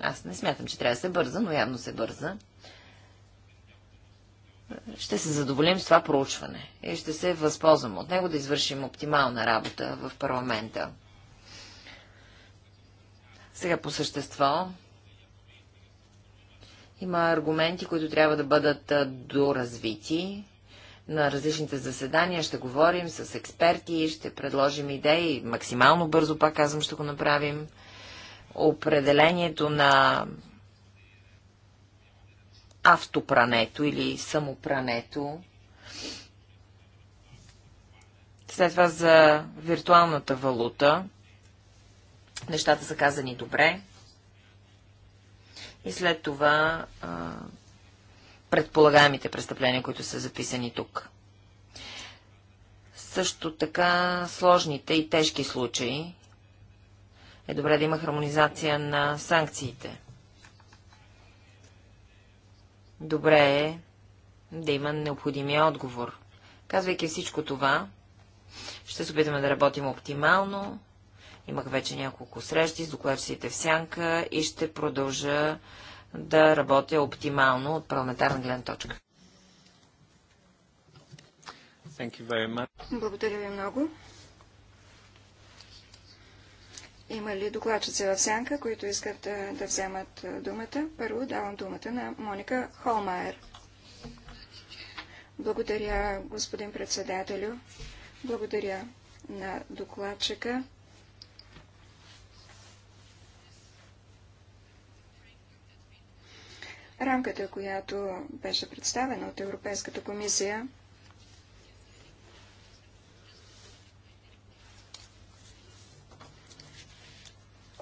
Аз не смятам, че трябва да се бърза, но явно се бърза ще се задоволим с това проучване и ще се възползвам от него да извършим оптимална работа в парламента. Сега по същество има аргументи, които трябва да бъдат доразвити. На различните заседания ще говорим с експерти, ще предложим идеи, максимално бързо, пак казвам, ще го направим. Определението на автопрането или самопрането. След това за виртуалната валута. Нещата са казани добре. И след това а, предполагаемите престъпления, които са записани тук. Също така сложните и тежки случаи е добре да има хармонизация на санкциите добре е да има необходимия отговор. Казвайки всичко това, ще се опитаме да работим оптимално. Имах вече няколко срещи с докладчиците в сянка и ще продължа да работя оптимално от парламентарна гледна точка. Благодаря ви много. Има ли докладчици в сянка, които искат да, е, да вземат е, думата? Първо давам думата на Моника Холмайер. Благодаря, господин председателю. Благодаря на докладчика. Рамката, която беше представена от Европейската комисия,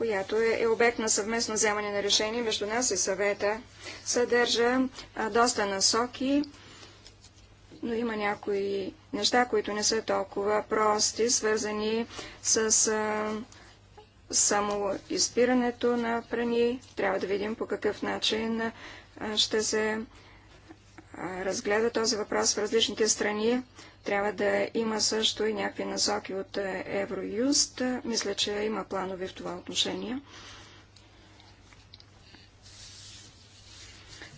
която е, е обект на съвместно вземане на решение между нас и съвета. Съдържа доста насоки, но има някои неща, които не са толкова прости, свързани с само изпирането на прани. Трябва да видим по какъв начин ще се разгледа този въпрос в различните страни. Трябва да има също и някакви насоки от е, Евроюст. Мисля, че има планове в това отношение.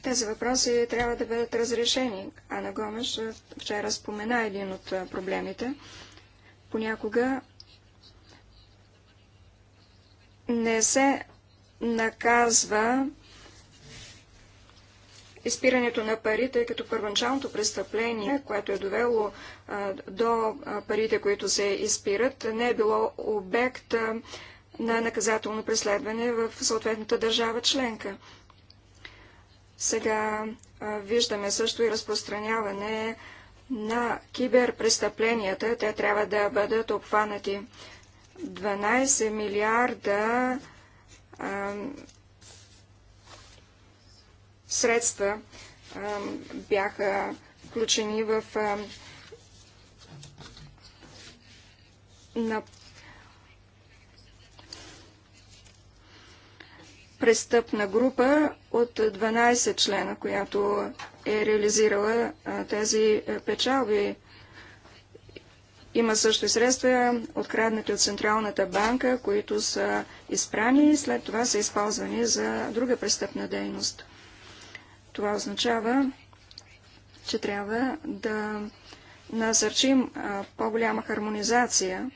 Тези въпроси трябва да бъдат разрешени. Ана Гомеш е, вчера спомена един от е, проблемите. Понякога не се наказва изпирането на пари, тъй като първоначалното престъпление, което е довело до парите, които се изпират, не е било обект на наказателно преследване в съответната държава членка. Сега виждаме също и разпространяване на киберпрестъпленията. Те трябва да бъдат обхванати. 12 милиарда средства бяха включени в на престъпна група от 12 члена, която е реализирала тези е, печалби. Има също и средства, откраднати от Централната банка, които са изпрани и след това са използвани за друга престъпна дейност. Това означава, че трябва да насърчим по-голяма хармонизация,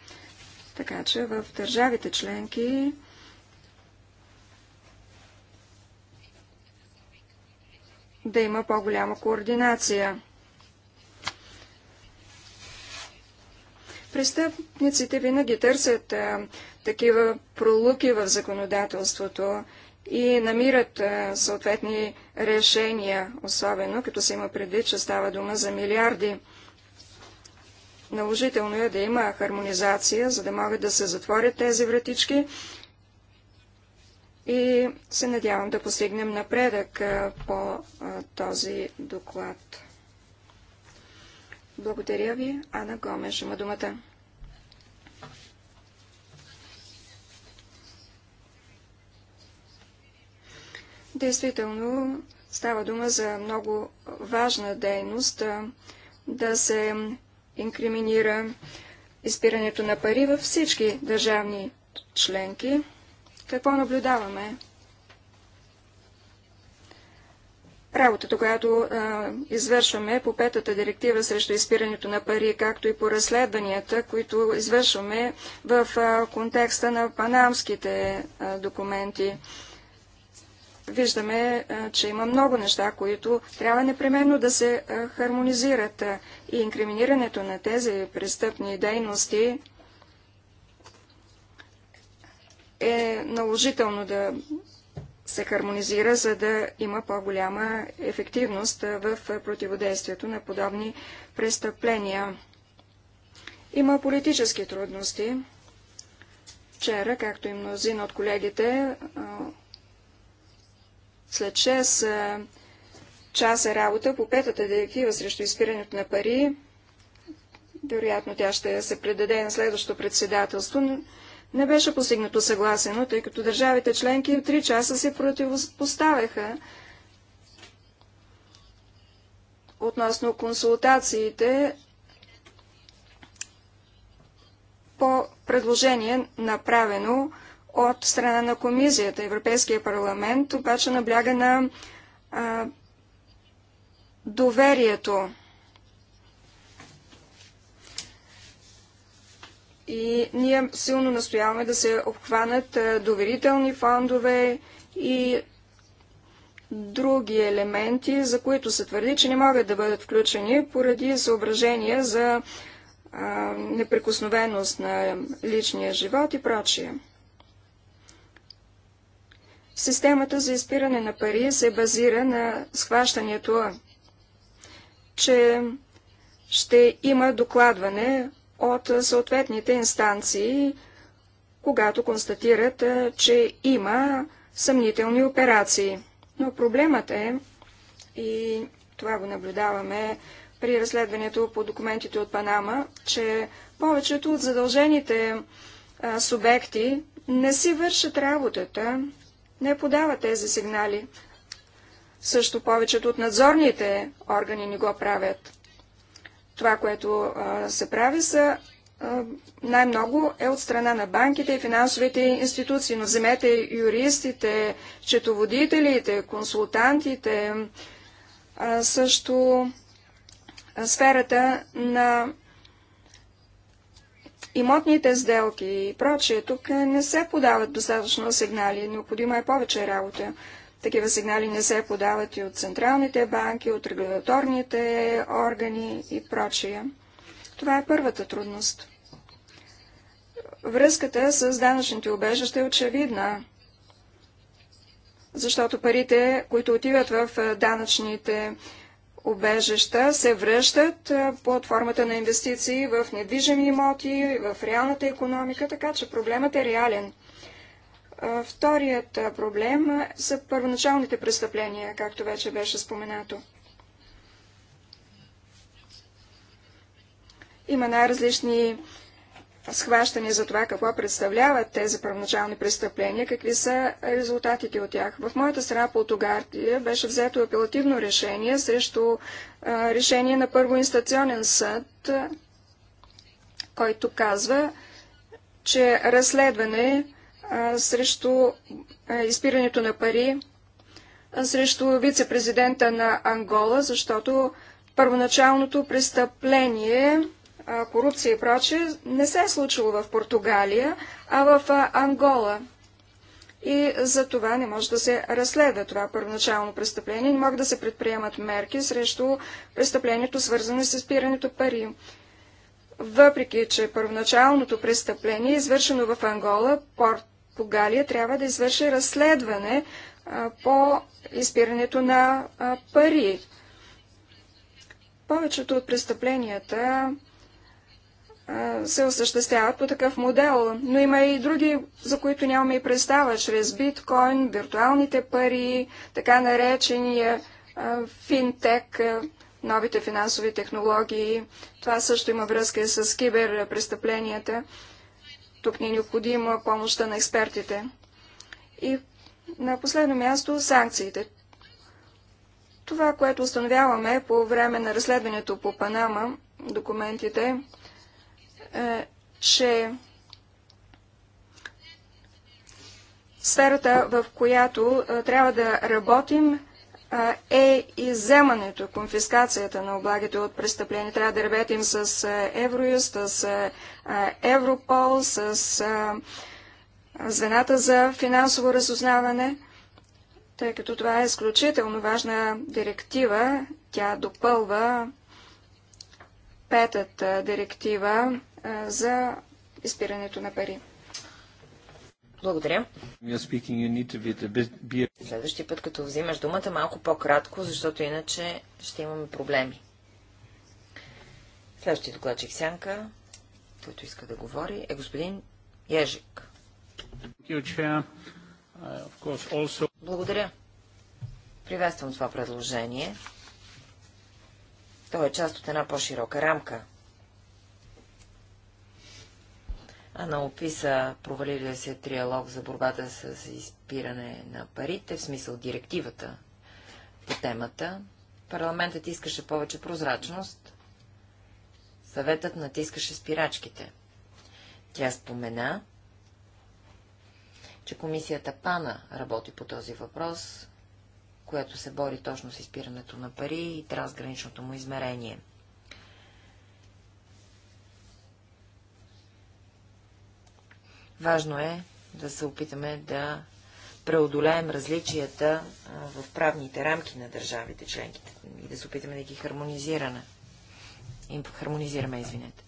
така че в държавите членки да има по-голяма координация. Престъпниците винаги търсят а, такива пролуки в законодателството и намират съответни решения, особено като се има предвид, че става дума за милиарди. Наложително е да има хармонизация, за да могат да се затворят тези вратички и се надявам да постигнем напредък по този доклад. Благодаря ви. Ана Гомеш има думата. Действително става дума за много важна дейност да се инкриминира изпирането на пари във всички държавни членки. Какво наблюдаваме? Работата, която а, извършваме по петата директива срещу изпирането на пари, както и по разследванията, които извършваме в а, контекста на панамските а, документи виждаме, е, че има много неща, които трябва непременно да се е, хармонизират. Е, и инкриминирането на тези престъпни дейности е наложително да се хармонизира, за да има по-голяма ефективност в противодействието на подобни престъпления. Има политически трудности. Вчера, както и мнозин от колегите, след 6 часа работа по петата директива срещу изпирането на пари, вероятно тя ще се предаде на следващото председателство, не беше постигнато съгласено, тъй като държавите членки в 3 часа се противопоставяха относно консултациите по предложение, направено от страна на комисията. Европейския парламент обаче набляга на а, доверието. И ние силно настояваме да се обхванат доверителни фондове и други елементи, за които се твърди, че не могат да бъдат включени поради съображения за а, неприкосновеност на личния живот и прочие. Системата за изпиране на пари се базира на схващането, че ще има докладване от съответните инстанции, когато констатират, че има съмнителни операции. Но проблемът е, и това го наблюдаваме при разследването по документите от Панама, че повечето от задължените субекти не си вършат работата не подава тези сигнали. Също повечето от надзорните органи не го правят. Това, което а, се прави, са най-много е от страна на банките и финансовите институции. Но вземете юристите, четоводителите, консултантите, а, също а, сферата на имотните сделки и прочие. Тук не се подават достатъчно сигнали, необходима е повече работа. Такива сигнали не се подават и от централните банки, от регуляторните органи и прочие. Това е първата трудност. Връзката с данъчните убежища е очевидна, защото парите, които отиват в данъчните убежища се връщат под формата на инвестиции в недвижими имоти, в реалната економика, така че проблемът е реален. Вторият проблем са първоначалните престъпления, както вече беше споменато. Има най-различни схващане за това какво представляват тези първоначални престъпления, какви са резултатите от тях. В моята страна по Португартия беше взето апелативно решение срещу а, решение на първоинстационен съд, който казва, че разследване а, срещу а, изпирането на пари срещу вице-президента на Ангола, защото първоначалното престъпление корупция и прочее, не се е случило в Португалия, а в Ангола. И за това не може да се разследва това първоначално престъпление, не могат да се предприемат мерки срещу престъплението, свързано с изпирането пари. Въпреки, че първоначалното престъпление е извършено в Ангола, Португалия трябва да извърши разследване по изпирането на пари. Повечето от престъпленията се осъществяват по такъв модел. Но има и други, за които нямаме и представа, чрез биткоин, виртуалните пари, така наречения финтек, новите финансови технологии. Това също има връзка с киберпрестъпленията. Тук ни е необходима помощта на експертите. И на последно място санкциите. Това, което установяваме по време на разследването по Панама, документите, е, че сферата, в която е, трябва да работим, е, е иземането, конфискацията на облагите от престъпления. Трябва да работим с Евроюст, с Европол, с звената за финансово разузнаване, тъй като това е изключително важна директива. Тя допълва петата директива за изпирането на пари. Благодаря. Следващия път, като взимаш думата, малко по-кратко, защото иначе ще имаме проблеми. Следващия докладчик Сянка, който иска да говори, е господин Ежик. Благодаря. Приветствам това предложение. То е част от една по-широка рамка – Ана описа провалилия се триалог за борбата с изпиране на парите, в смисъл директивата по темата. Парламентът искаше повече прозрачност. Съветът натискаше спирачките. Тя спомена, че комисията ПАНА работи по този въпрос, което се бори точно с изпирането на пари и трансграничното му измерение. Важно е да се опитаме да преодолеем различията в правните рамки на държавите членките и да се опитаме да ги хармонизираме. Им хармонизираме, извинете.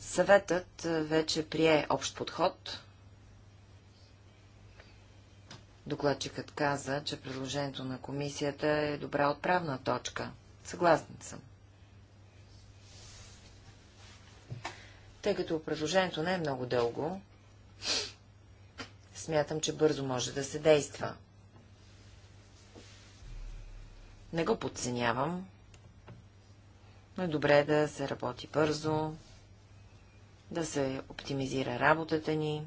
Съветът вече прие общ подход. Докладчикът каза, че предложението на комисията е добра отправна точка. Съгласен съм. Тъй като предложението не е много дълго, Смятам, че бързо може да се действа. Не го подценявам, но е добре да се работи бързо, да се оптимизира работата ни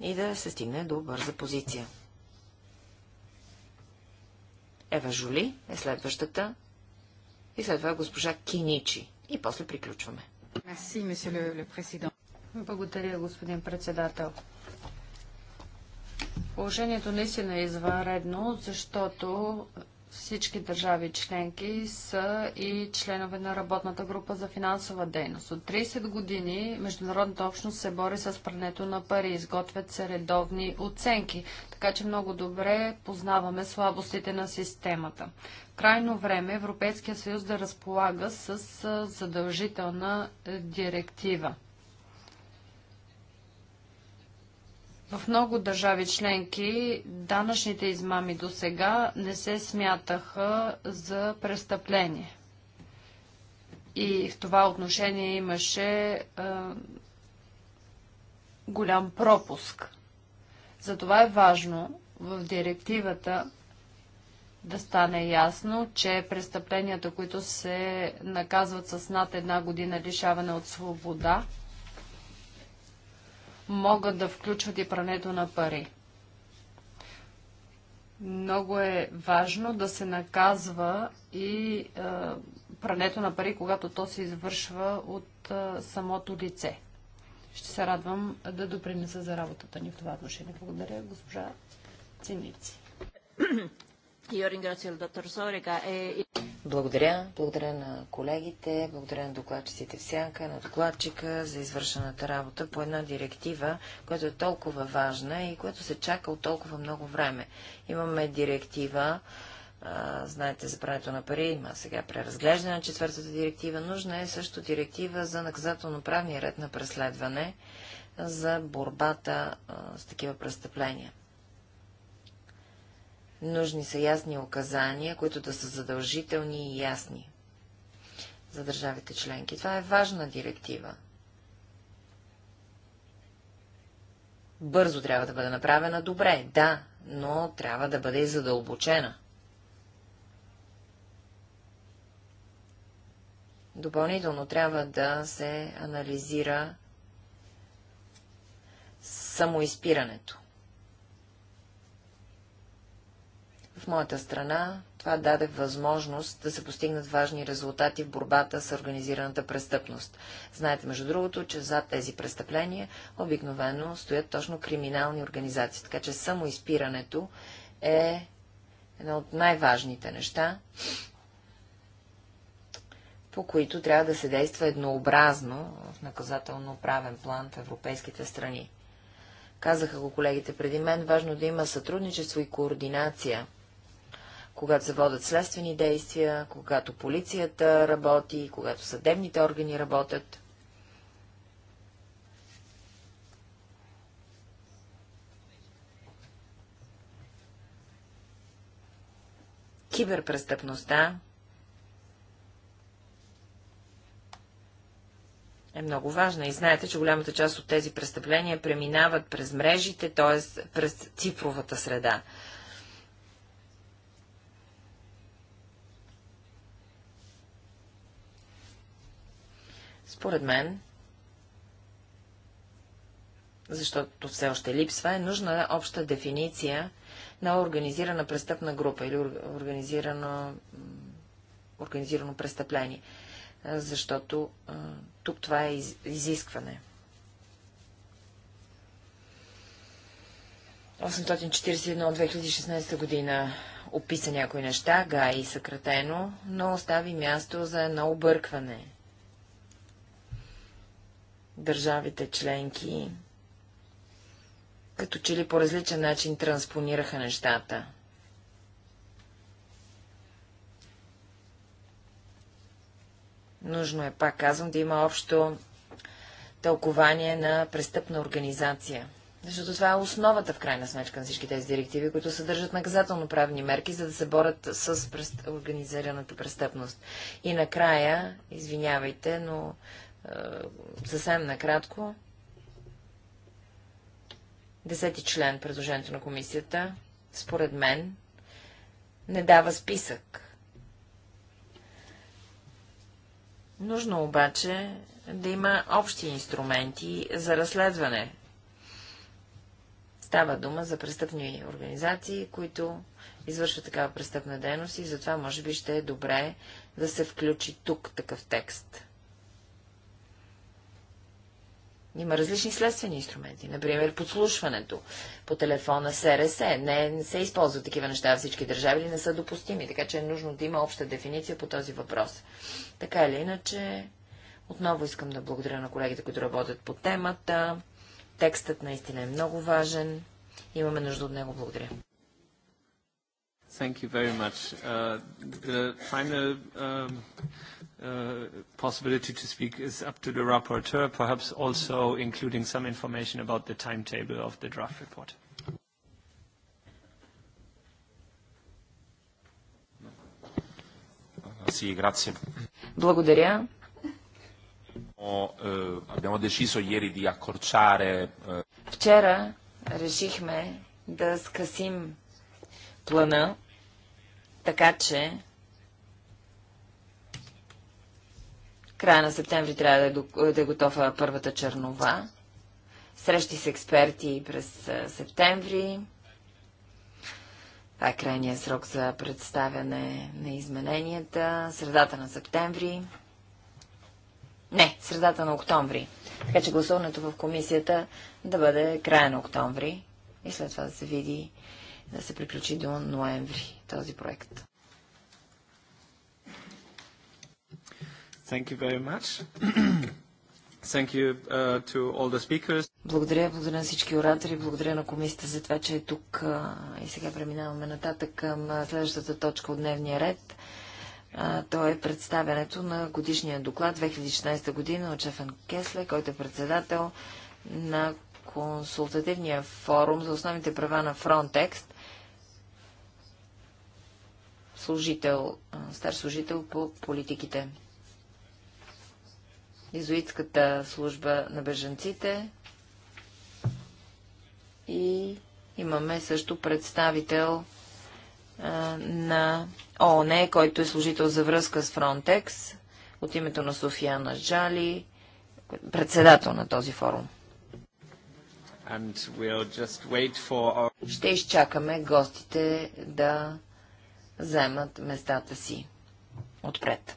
и да се стигне до бърза позиция. Ева Жули е следващата и след това госпожа Киничи. И после приключваме. Благодаря, господин председател. Положението наистина е извънредно, защото всички държави членки са и членове на работната група за финансова дейност. От 30 години международната общност се бори с прането на пари, изготвят се редовни оценки, така че много добре познаваме слабостите на системата. Крайно време е Европейския съюз да разполага с задължителна директива. В много държави членки данъчните измами до сега не се смятаха за престъпление. И в това отношение имаше е, голям пропуск. Затова е важно в директивата да стане ясно, че престъпленията, които се наказват с над една година лишаване от свобода, могат да включват и прането на пари. Много е важно да се наказва и е, прането на пари, когато то се извършва от е, самото лице. Ще се радвам да допринеса за работата ни в това отношение. Благодаря, госпожа Ценици. E благодаря. Благодаря на колегите, благодаря на докладчиците в сянка, на докладчика за извършената работа по една директива, която е толкова важна и която се чака от толкова много време. Имаме директива, знаете за прането на пари, има сега преразглеждане на четвъртата директива. Нужна е също директива за наказателно-правния ред на преследване за борбата с такива престъпления. Нужни са ясни указания, които да са задължителни и ясни за държавите членки. Това е важна директива. Бързо трябва да бъде направена добре, да, но трябва да бъде и задълбочена. Допълнително трябва да се анализира самоизпирането. В моята страна това даде възможност да се постигнат важни резултати в борбата с организираната престъпност. Знаете, между другото, че зад тези престъпления обикновено стоят точно криминални организации, така че самоизпирането е едно от най-важните неща, по които трябва да се действа еднообразно в наказателно-правен план в европейските страни. Казаха го колегите преди мен, важно да има сътрудничество и координация – когато се водят следствени действия, когато полицията работи, когато съдебните органи работят. Киберпрестъпността е много важна и знаете, че голямата част от тези престъпления преминават през мрежите, т.е. през цифровата среда. Според мен, защото все още липсва, е нужна обща дефиниция на организирана престъпна група или организирано, организирано престъпление, защото тук това е изискване. 841 от 2016 година описа някои неща, га и съкратено, но остави място за едно объркване – държавите членки като че ли по различен начин транспонираха нещата. Нужно е, пак казвам, да има общо тълкование на престъпна организация. Защото това е основата, в крайна сметка, на всички тези директиви, които съдържат наказателно-правни мерки, за да се борят с престъп... организираната престъпност. И накрая, извинявайте, но е, съвсем накратко. Десети член, предложението на комисията, според мен, не дава списък. Нужно обаче да има общи инструменти за разследване. Става дума за престъпни организации, които извършват такава престъпна дейност и затова може би ще е добре да се включи тук такъв текст. Има различни следствени инструменти, например подслушването по телефона СРС. Не, не се използват такива неща във всички държави или не са допустими, така че е нужно да има обща дефиниция по този въпрос. Така или иначе, отново искам да благодаря на колегите, които работят по темата. Текстът наистина е много важен. Имаме нужда от него. Благодаря. Thank you very much. Uh, the final um, uh, possibility to speak is up to the rapporteur, perhaps also including some information about the timetable of the draft report. Благодаря. Вчера решихме да скъсим плана, така че края на септември трябва да е, е готова първата чернова. Срещи с експерти през септември. Това е крайният срок за представяне на измененията. Средата на септември. Не, средата на октомври. Така че гласуването в комисията да бъде края на октомври и след това да се види да се приключи до ноември този проект. Thank you very much. Thank you, uh, to all the speakers. Благодаря, благодаря на всички оратори, благодаря на комисията за това, че е тук. И сега преминаваме нататък към следващата точка от дневния ред. то е представянето на годишния доклад 2016 година от Шефен Кесле, който е председател на консултативния форум за основните права на Фронтекст, служител, стар служител по политиките. Изуитската служба на бежанците и имаме също представител а, на ООН, който е служител за връзка с Фронтекс от името на Софияна Джали, председател на този форум. We'll our... Ще изчакаме гостите да вземат местата си отпред.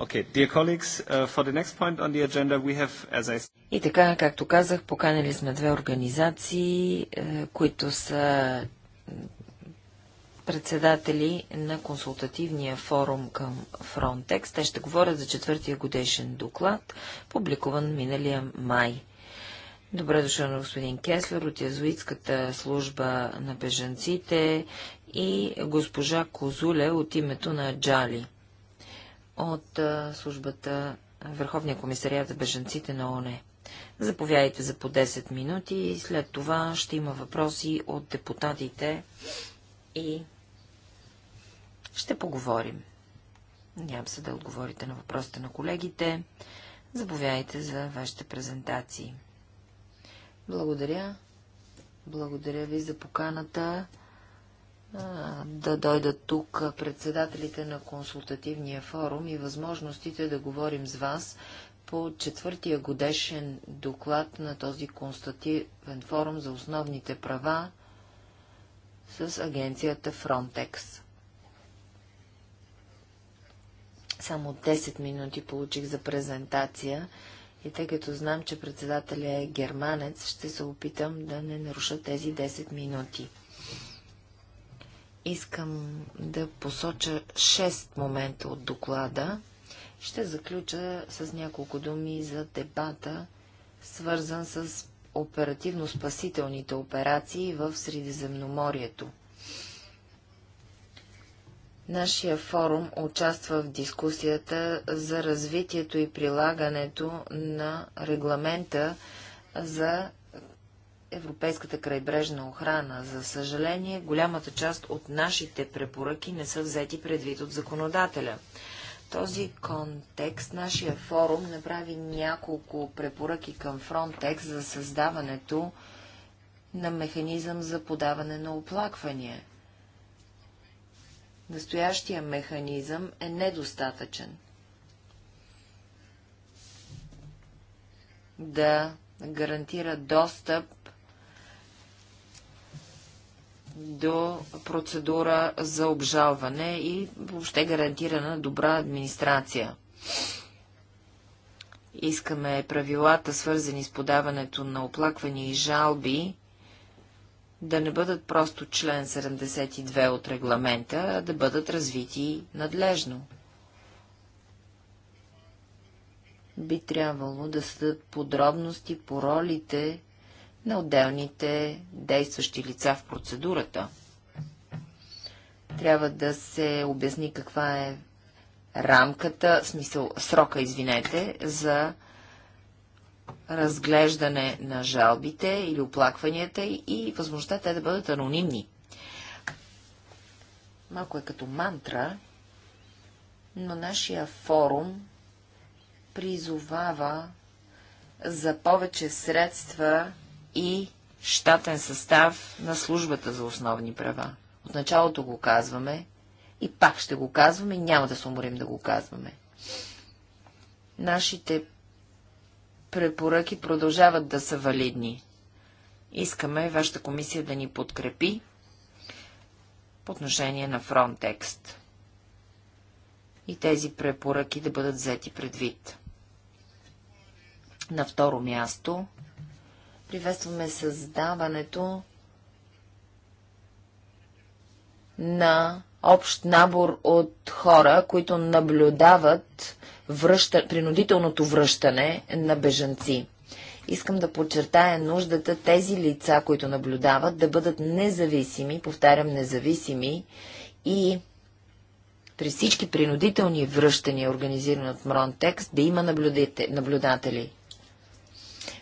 Uh, и така, както казах, поканили сме две организации, е, които са председатели на консултативния форум към Frontex. Те ще говорят за четвъртия годишен доклад, публикуван миналия май. Добре дошъл на господин Кеслер от Язуитската служба на бежанците и госпожа Козуле от името на Джали от службата Върховния комисариат за бежанците на ОНЕ. Заповядайте за по 10 минути и след това ще има въпроси от депутатите и ще поговорим. Нямам се да отговорите на въпросите на колегите. Заповядайте за вашите презентации. Благодаря. Благодаря ви за поканата да дойдат тук председателите на консултативния форум и възможностите да говорим с вас по четвъртия годешен доклад на този констативен форум за основните права с агенцията Frontex. Само 10 минути получих за презентация и тъй като знам, че председателя е германец, ще се опитам да не наруша тези 10 минути. Искам да посоча шест момента от доклада. Ще заключа с няколко думи за дебата, свързан с оперативно-спасителните операции в Средиземноморието. Нашия форум участва в дискусията за развитието и прилагането на регламента за Европейската крайбрежна охрана. За съжаление, голямата част от нашите препоръки не са взети предвид от законодателя. В този контекст нашия форум направи няколко препоръки към Frontex за създаването на механизъм за подаване на оплаквания. Настоящия механизъм е недостатъчен. Да гарантира достъп до процедура за обжалване и въобще гарантирана добра администрация. Искаме правилата, свързани с подаването на оплаквания и жалби, да не бъдат просто член 72 от регламента, а да бъдат развити надлежно. Би трябвало да съдат подробности по ролите на отделните действащи лица в процедурата. Трябва да се обясни каква е рамката, в смисъл срока, извинете, за разглеждане на жалбите или оплакванията и възможността те да бъдат анонимни. Малко е като мантра, но нашия форум призовава за повече средства и щатен състав на службата за основни права. От началото го казваме и пак ще го казваме няма да се уморим да го казваме. Нашите препоръки продължават да са валидни. Искаме вашата комисия да ни подкрепи по отношение на фронтекст и тези препоръки да бъдат взети предвид. На второ място Приветстваме създаването на общ набор от хора, които наблюдават връща, принудителното връщане на бежанци. Искам да подчертая нуждата тези лица, които наблюдават, да бъдат независими, повтарям независими и при всички принудителни връщания, организирани от Мронтекс, да има наблюдатели.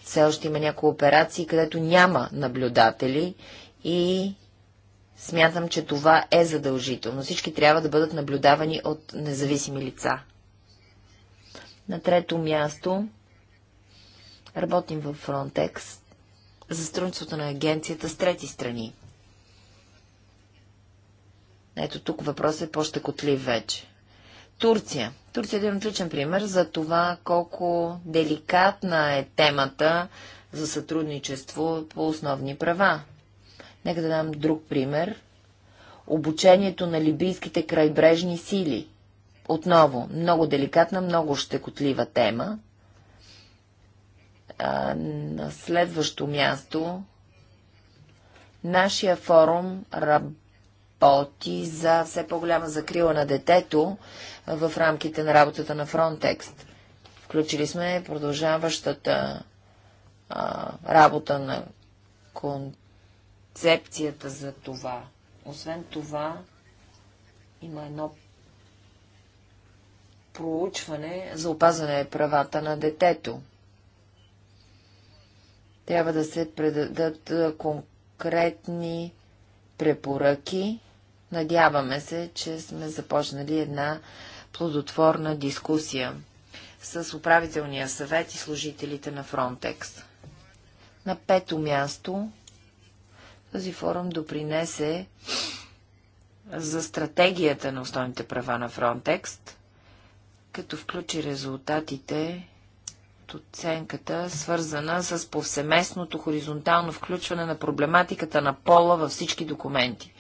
Все още има някои операции, където няма наблюдатели и смятам, че това е задължително. Всички трябва да бъдат наблюдавани от независими лица. На трето място работим в Frontex за струнството на агенцията с трети страни. Ето тук въпросът е по-щекотлив вече. Турция. Турция е един отличен пример за това колко деликатна е темата за сътрудничество по основни права. Нека да дам друг пример. Обучението на либийските крайбрежни сили. Отново, много деликатна, много щекотлива тема. А, на следващо място, нашия форум работи работи за все по-голяма закрила на детето в рамките на работата на Фронтекст. Включили сме продължаващата а, работа на концепцията за това. Освен това, има едно проучване за опазване правата на детето. Трябва да се предадат конкретни препоръки Надяваме се, че сме започнали една плодотворна дискусия с управителния съвет и служителите на Фронтекс. На пето място този форум допринесе за стратегията на основните права на Фронтекс, като включи резултатите от оценката, свързана с повсеместното хоризонтално включване на проблематиката на пола във всички документи.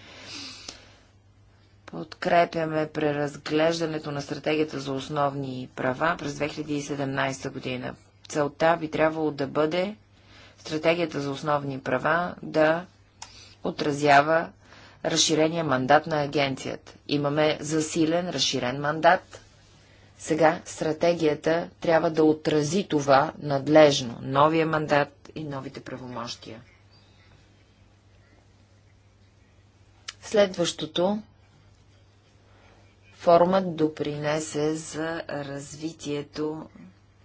Подкрепяме преразглеждането на стратегията за основни права през 2017 година. Целта би трябвало да бъде стратегията за основни права да отразява разширения мандат на агенцията. Имаме засилен, разширен мандат. Сега стратегията трябва да отрази това надлежно, новия мандат и новите правомощия. Следващото Форумът допринесе за развитието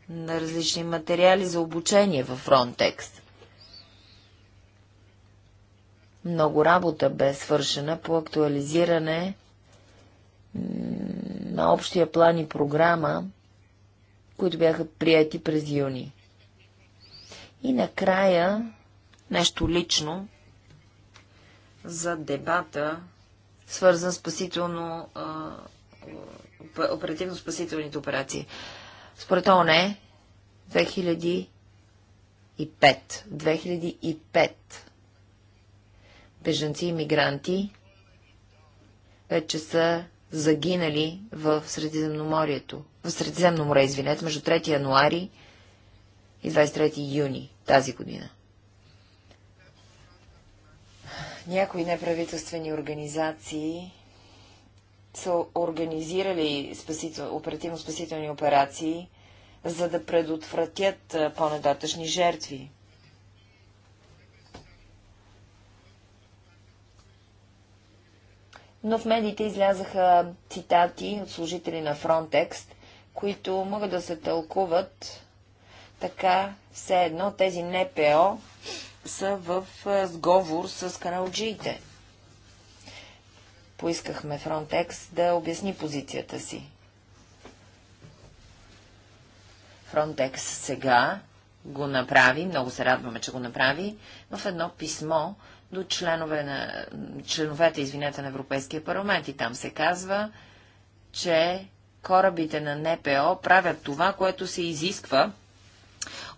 на различни материали за обучение във Frontex. Много работа бе свършена по актуализиране на общия план и програма, които бяха прияти през юни. И накрая нещо лично за дебата, свързан спасително а, оперативно-спасителните операции. Според е 2005. 2005 бежанци и мигранти вече са загинали в Средиземноморието. В Средиземно море, извинете, между 3 януари и 23 юни тази година. Някои неправителствени организации са организирали спасител, оперативно-спасителни операции, за да предотвратят по-нататъчни жертви. Но в медиите излязаха цитати от служители на Фронтекст, които могат да се тълкуват така, все едно тези НПО са в сговор с каналджиите поискахме Фронтекс да обясни позицията си. Фронтекс сега го направи, много се радваме, че го направи, в едно писмо до членове на, членовете извинете, на Европейския парламент. И там се казва, че корабите на НПО правят това, което се изисква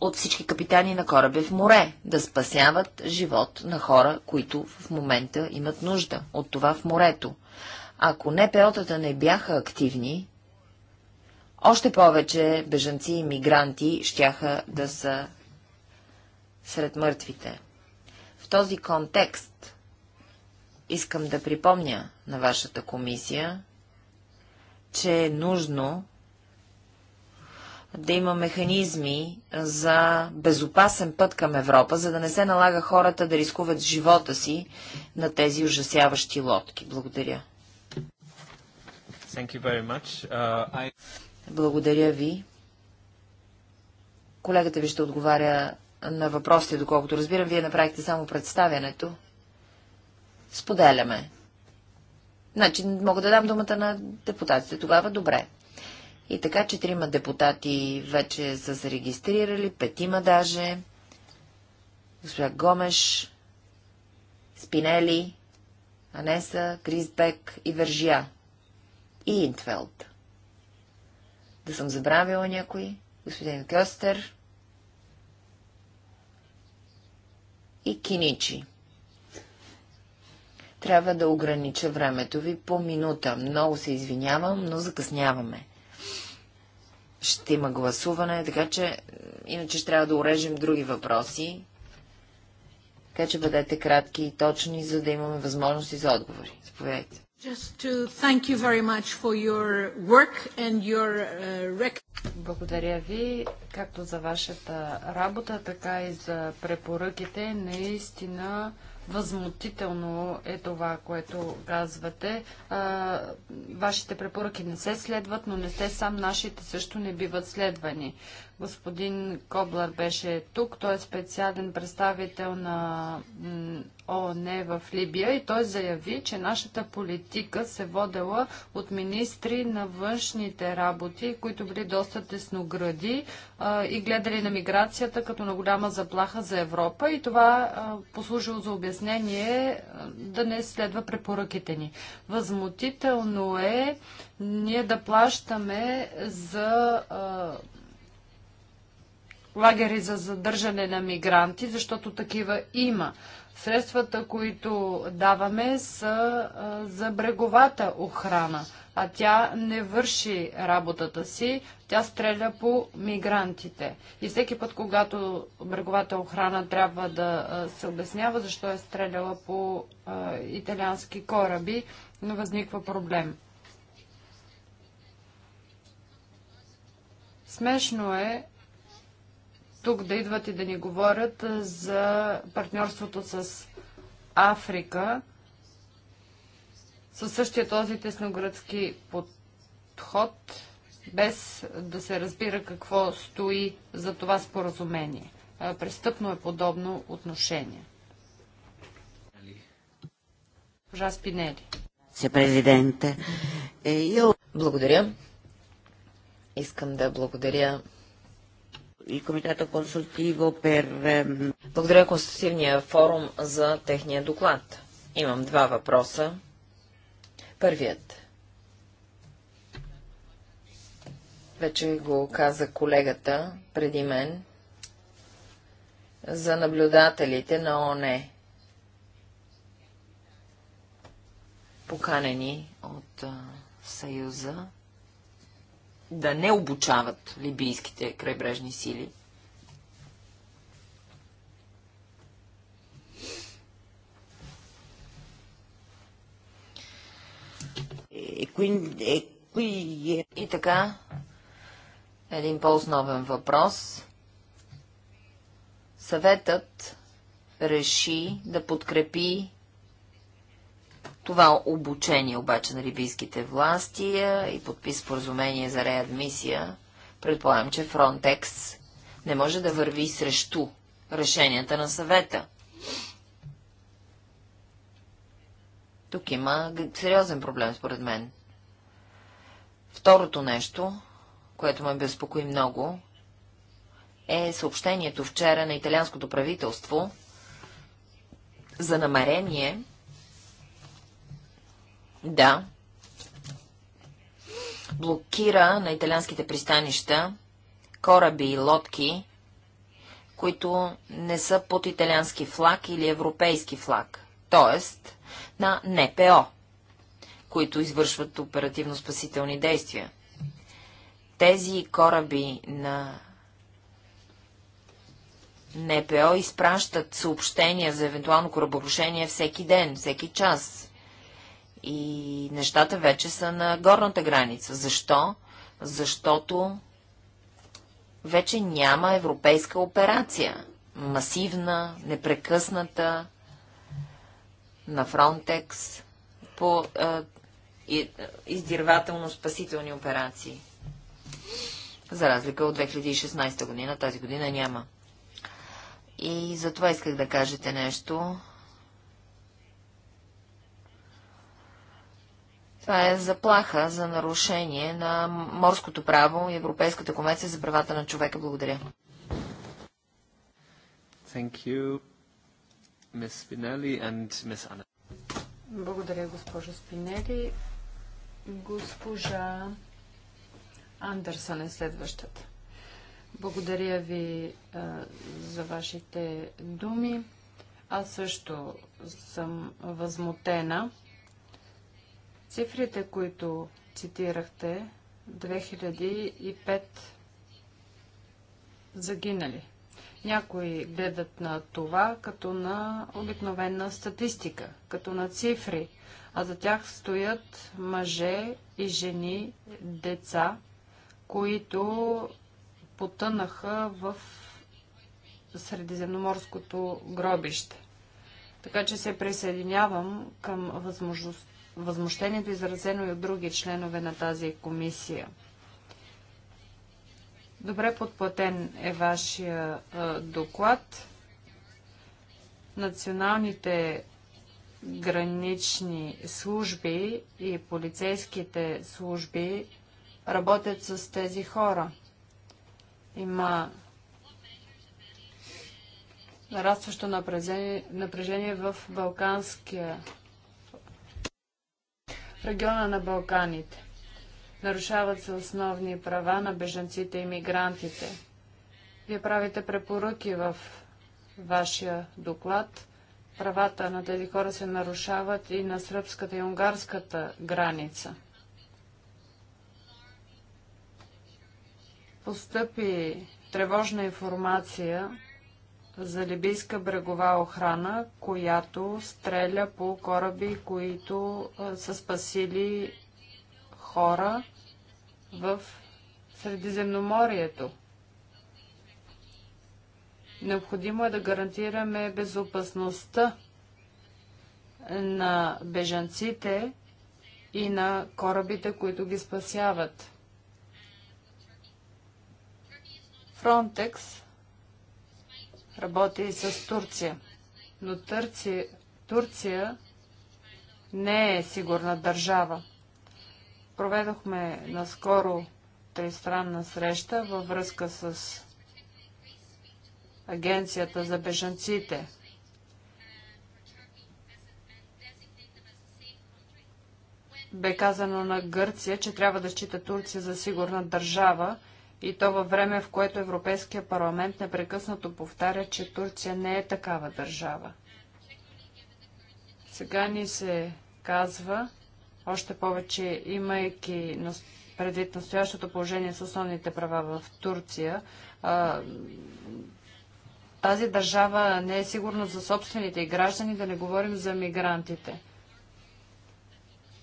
от всички капитани на кораби в море, да спасяват живот на хора, които в момента имат нужда от това в морето. Ако НПО-тата не бяха активни, още повече бежанци и мигранти щяха да са сред мъртвите. В този контекст искам да припомня на вашата комисия, че е нужно да има механизми за безопасен път към Европа, за да не се налага хората да рискуват живота си на тези ужасяващи лодки. Благодаря. Uh, I... Благодаря ви. Колегата ви ще отговаря на въпросите, доколкото разбирам. Вие направихте само представянето. Споделяме. Значи, мога да дам думата на депутатите. Тогава добре. И така четирима депутати вече са се регистрирали, петима даже. Госпожа Гомеш, Спинели, Анеса, Кризбек и Вържия. И Интфелд. Да съм забравила някой. Господин Кьостер. И Киничи. Трябва да огранича времето ви по минута. Много се извинявам, но закъсняваме ще има гласуване, така че иначе ще трябва да урежем други въпроси. Така че бъдете кратки и точни, за да имаме възможности за отговори. Заповядайте. Uh, Благодаря ви както за вашата работа, така и за препоръките. Наистина Възмутително е това, което казвате. А, вашите препоръки не се следват, но не се сам нашите също не биват следвани. Господин Коблар беше тук, той е специален представител на ООН в Либия и той заяви, че нашата политика се водела от министри на външните работи, които били доста тесногради а, и гледали на миграцията като на голяма заплаха за Европа и това а, послужило за обяснение а, да не следва препоръките ни. Възмутително е ние да плащаме за лагери за задържане на мигранти, защото такива има. Средствата, които даваме, са за бреговата охрана, а тя не върши работата си, тя стреля по мигрантите. И всеки път, когато бреговата охрана трябва да се обяснява защо е стреляла по а, италиански кораби, но възниква проблем. Смешно е, тук да идват и да ни говорят за партньорството с Африка, със същия този тесноградски подход, без да се разбира какво стои за това споразумение. Престъпно е подобно отношение. Божа Спинели. Е, благодаря. Искам да благодаря и комитета консултиво пер... Благодаря Консултативния форум за техния доклад. Имам два въпроса. Първият. Вече го каза колегата преди мен за наблюдателите на ОНЕ. Поканени от е, Съюза да не обучават либийските крайбрежни сили. Е, е, е. И така, един по-основен въпрос. Съветът реши да подкрепи това обучение обаче на либийските власти и подпис споразумение за реадмисия, предполагам, че Фронтекс не може да върви срещу решенията на съвета. Тук има сериозен проблем, според мен. Второто нещо, което ме безпокои много, е съобщението вчера на италианското правителство за намерение да блокира на италянските пристанища кораби и лодки, които не са под италиански флаг или европейски флаг, т.е. на НПО, които извършват оперативно-спасителни действия. Тези кораби на НПО изпращат съобщения за евентуално кораборушение всеки ден, всеки час, и нещата вече са на горната граница. Защо? Защото вече няма европейска операция. Масивна, непрекъсната на Фронтекс по а, и, издирвателно-спасителни операции. За разлика от 2016 година, тази година няма. И затова исках да кажете нещо Това е заплаха за нарушение на морското право и Европейската конвенция за правата на човека. Благодаря. Thank you, Spinelli and Anna. Благодаря, госпожо Спинели. Госпожа Андерсън е следващата. Благодаря ви а, за вашите думи. Аз също съм възмутена Цифрите, които цитирахте, 2005 загинали. Някои гледат на това като на обикновена статистика, като на цифри, а за тях стоят мъже и жени, деца, които потънаха в Средиземноморското гробище. Така че се присъединявам към възможността възмущението изразено и от други членове на тази комисия. Добре подплатен е вашия а, доклад. Националните гранични служби и полицейските служби работят с тези хора. Има нарастващо напрежение, напрежение в Балканския региона на Балканите. Нарушават се основни права на беженците и мигрантите. Вие правите препоръки в вашия доклад. Правата на тези хора се нарушават и на сръбската и унгарската граница. Постъпи тревожна информация за либийска брегова охрана, която стреля по кораби, които са спасили хора в Средиземноморието. Необходимо е да гарантираме безопасността на бежанците и на корабите, които ги спасяват. Фронтекс работя и с Турция. Но Турция, Турция не е сигурна държава. Проведохме наскоро тристранна среща във връзка с Агенцията за бежанците. Бе казано на Гърция, че трябва да счита Турция за сигурна държава и то във време, в което Европейския парламент непрекъснато повтаря, че Турция не е такава държава. Сега ни се казва, още повече имайки предвид настоящото положение с основните права в Турция, тази държава не е сигурна за собствените и граждани, да не говорим за мигрантите.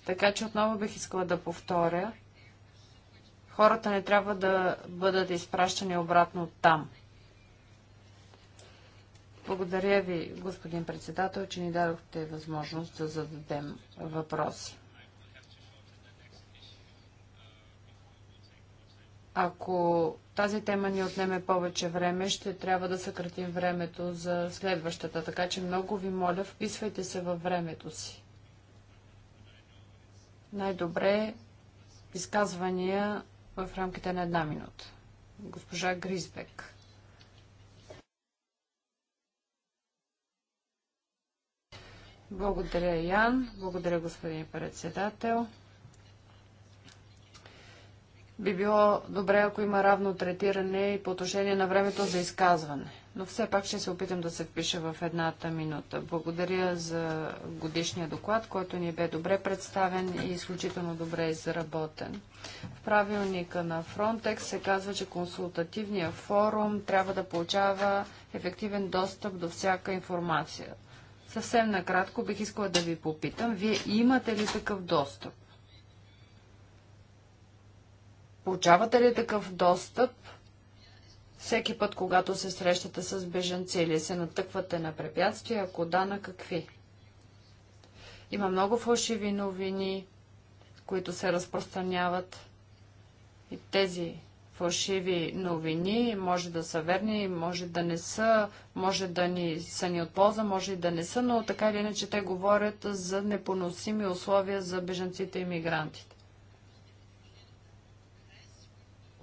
Така че отново бих искала да повторя, Хората не трябва да бъдат изпращани обратно там. Благодаря ви, господин председател, че ни дадохте възможност да зададем въпроси. Ако тази тема ни отнеме повече време, ще трябва да съкратим времето за следващата, така че много ви моля, вписвайте се във времето си. Най-добре изказвания в рамките на една минута. Госпожа Гризбек. Благодаря, Ян. Благодаря, господин председател. Би било добре, ако има равно третиране и по отношение на времето за изказване. Но все пак ще се опитам да се впиша в едната минута. Благодаря за годишния доклад, който ни бе добре представен и изключително добре изработен. В правилника на Frontex се казва, че консултативният форум трябва да получава ефективен достъп до всяка информация. Съвсем накратко бих искала да ви попитам, вие имате ли такъв достъп? Получавате ли такъв достъп всеки път, когато се срещате с беженци или се натъквате на препятствия? Ако да, на какви? Има много фалшиви новини, които се разпространяват. И тези фалшиви новини може да са верни, може да не са, може да ни, са ни от полза, може и да не са, но така или иначе те говорят за непоносими условия за беженците и мигрантите.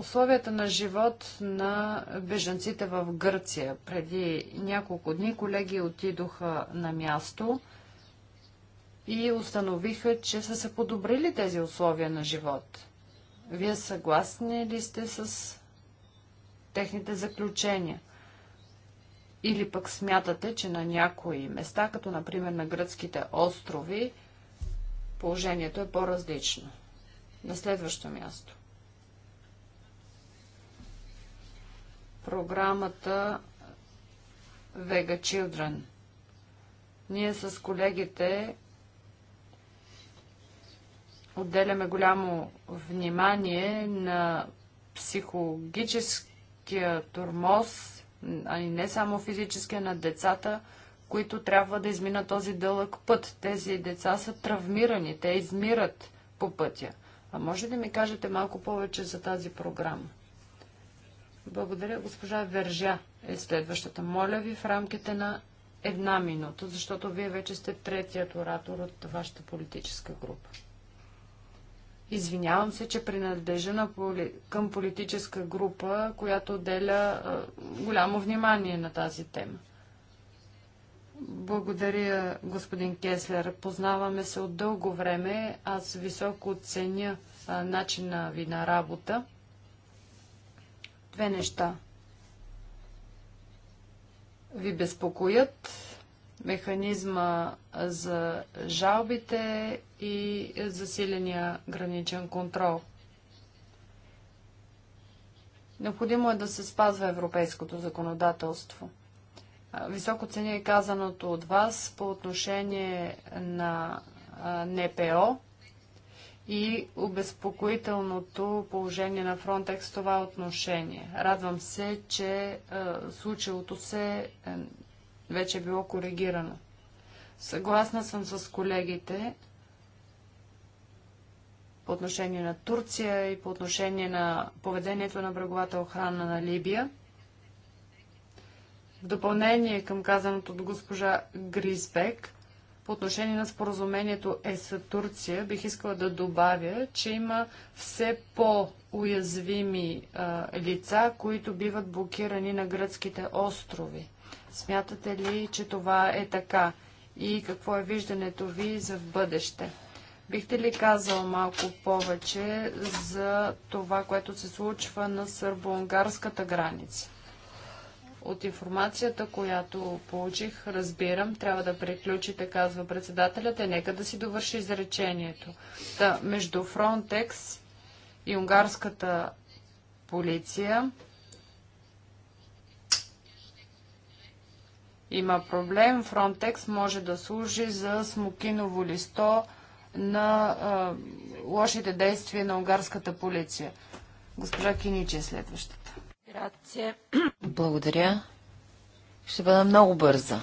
Условията на живот на бежанците в Гърция. Преди няколко дни колеги отидоха на място и установиха, че са се подобрили тези условия на живот. Вие съгласни ли сте с техните заключения? Или пък смятате, че на някои места, като например на гръцките острови, положението е по-различно? На следващо място. програмата Vega Children. Ние с колегите отделяме голямо внимание на психологическия тормоз, а и не само физическия, на децата, които трябва да изминат този дълъг път. Тези деца са травмирани, те измират по пътя. А може да ми кажете малко повече за тази програма? Благодаря. Госпожа Вержа е следващата. Моля ви в рамките на една минута, защото вие вече сте третият оратор от вашата политическа група. Извинявам се, че принадлежа на поли... към политическа група, която отделя а, голямо внимание на тази тема. Благодаря, господин Кеслер. Познаваме се от дълго време. Аз високо ценя а, начина ви на работа две неща ви безпокоят механизма за жалбите и засиления граничен контрол. Необходимо е да се спазва европейското законодателство. Високо ценя е казаното от вас по отношение на НПО и обезпокоителното положение на Frontex в това отношение. Радвам се, че е, случилото се е, вече е било коригирано. Съгласна съм с колегите по отношение на Турция и по отношение на поведението на бреговата охрана на Либия. В допълнение към казаното от госпожа Гризбек – по отношение на споразумението ЕС Турция, бих искала да добавя, че има все по-уязвими лица, които биват блокирани на гръцките острови. Смятате ли, че това е така? И какво е виждането ви за в бъдеще? Бихте ли казал малко повече за това, което се случва на сърбо-унгарската граница? От информацията, която получих, разбирам, трябва да приключите, казва председателят, е нека да си довърши изречението. Та, между Фронтекс и унгарската полиция има проблем. Фронтекс може да служи за смокиново листо на а, лошите действия на унгарската полиция. Госпожа Киничи е следващата. Благодаря. Ще бъда много бърза.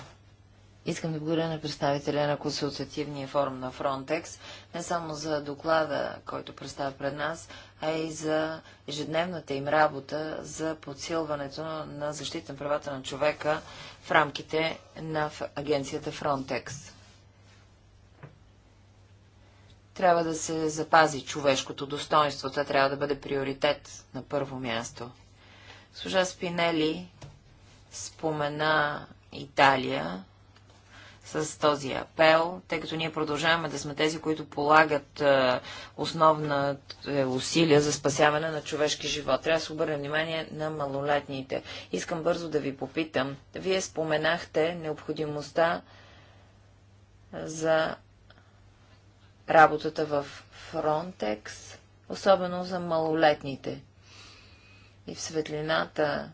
Искам да благодаря на представителя на консултативния форум на Frontex, не само за доклада, който представя пред нас, а и за ежедневната им работа за подсилването на защита на правата на човека в рамките на агенцията Frontex. Трябва да се запази човешкото достоинство, това трябва да бъде приоритет на първо място. Служа Спинели спомена Италия с този апел, тъй като ние продължаваме да сме тези, които полагат е, основна е, усилия за спасяване на човешки живот. Трябва да се обърнем внимание на малолетните. Искам бързо да ви попитам. Вие споменахте необходимостта е, за работата в Фронтекс, особено за малолетните и в светлината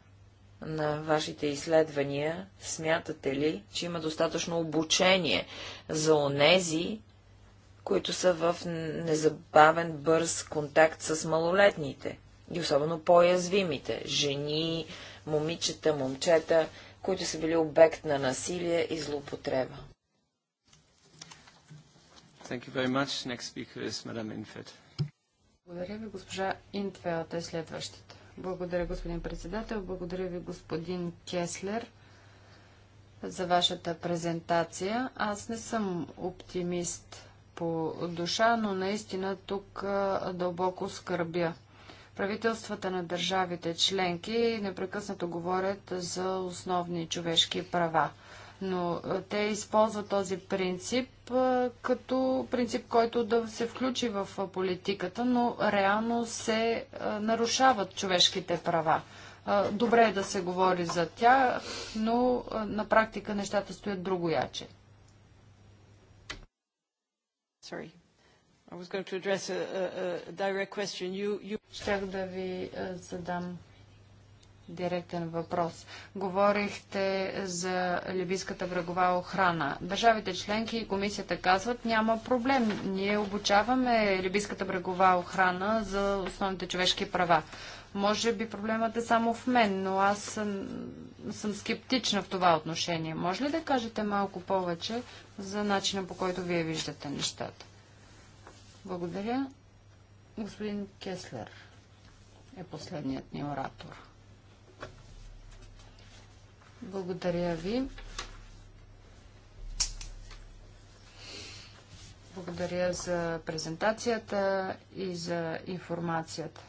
на вашите изследвания, смятате ли, че има достатъчно обучение за онези, които са в незабавен бърз контакт с малолетните и особено по-язвимите – жени, момичета, момчета, които са били обект на насилие и злоупотреба? Thank you very much. Next speaker is Madame Благодаря ви, госпожа Интфелд е следващата. Благодаря, господин председател. Благодаря ви, господин Кеслер, за вашата презентация. Аз не съм оптимист по душа, но наистина тук дълбоко скърбя. Правителствата на държавите членки непрекъснато говорят за основни човешки права но те използват този принцип като принцип, който да се включи в политиката, но реално се нарушават човешките права. Добре е да се говори за тях, но на практика нещата стоят другояче. Sorry. I was going to address a, a, a direct question. You, you... Щях да ви задам директен въпрос. Говорихте за либийската врагова охрана. Държавите членки и комисията казват, няма проблем. Ние обучаваме либийската брегова охрана за основните човешки права. Може би проблемът е само в мен, но аз съм, съм скептична в това отношение. Може ли да кажете малко повече за начина по който вие виждате нещата? Благодаря. Господин Кеслер е последният ни оратор. Благодаря ви. Благодаря за презентацията и за информацията.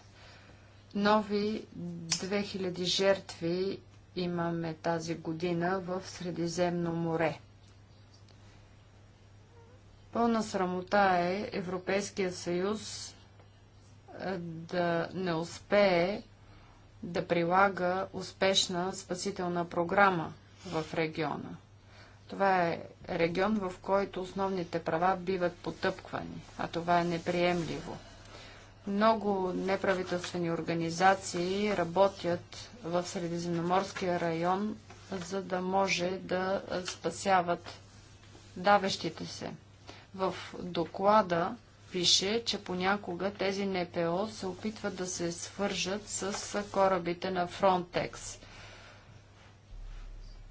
Нови 2000 жертви имаме тази година в Средиземно море. Пълна срамота е Европейския съюз да не успее да прилага успешна спасителна програма в региона. Това е регион, в който основните права биват потъпквани, а това е неприемливо. Много неправителствени организации работят в Средиземноморския район, за да може да спасяват давещите се. В доклада пише, че понякога тези НПО се опитват да се свържат с корабите на Фронтекс.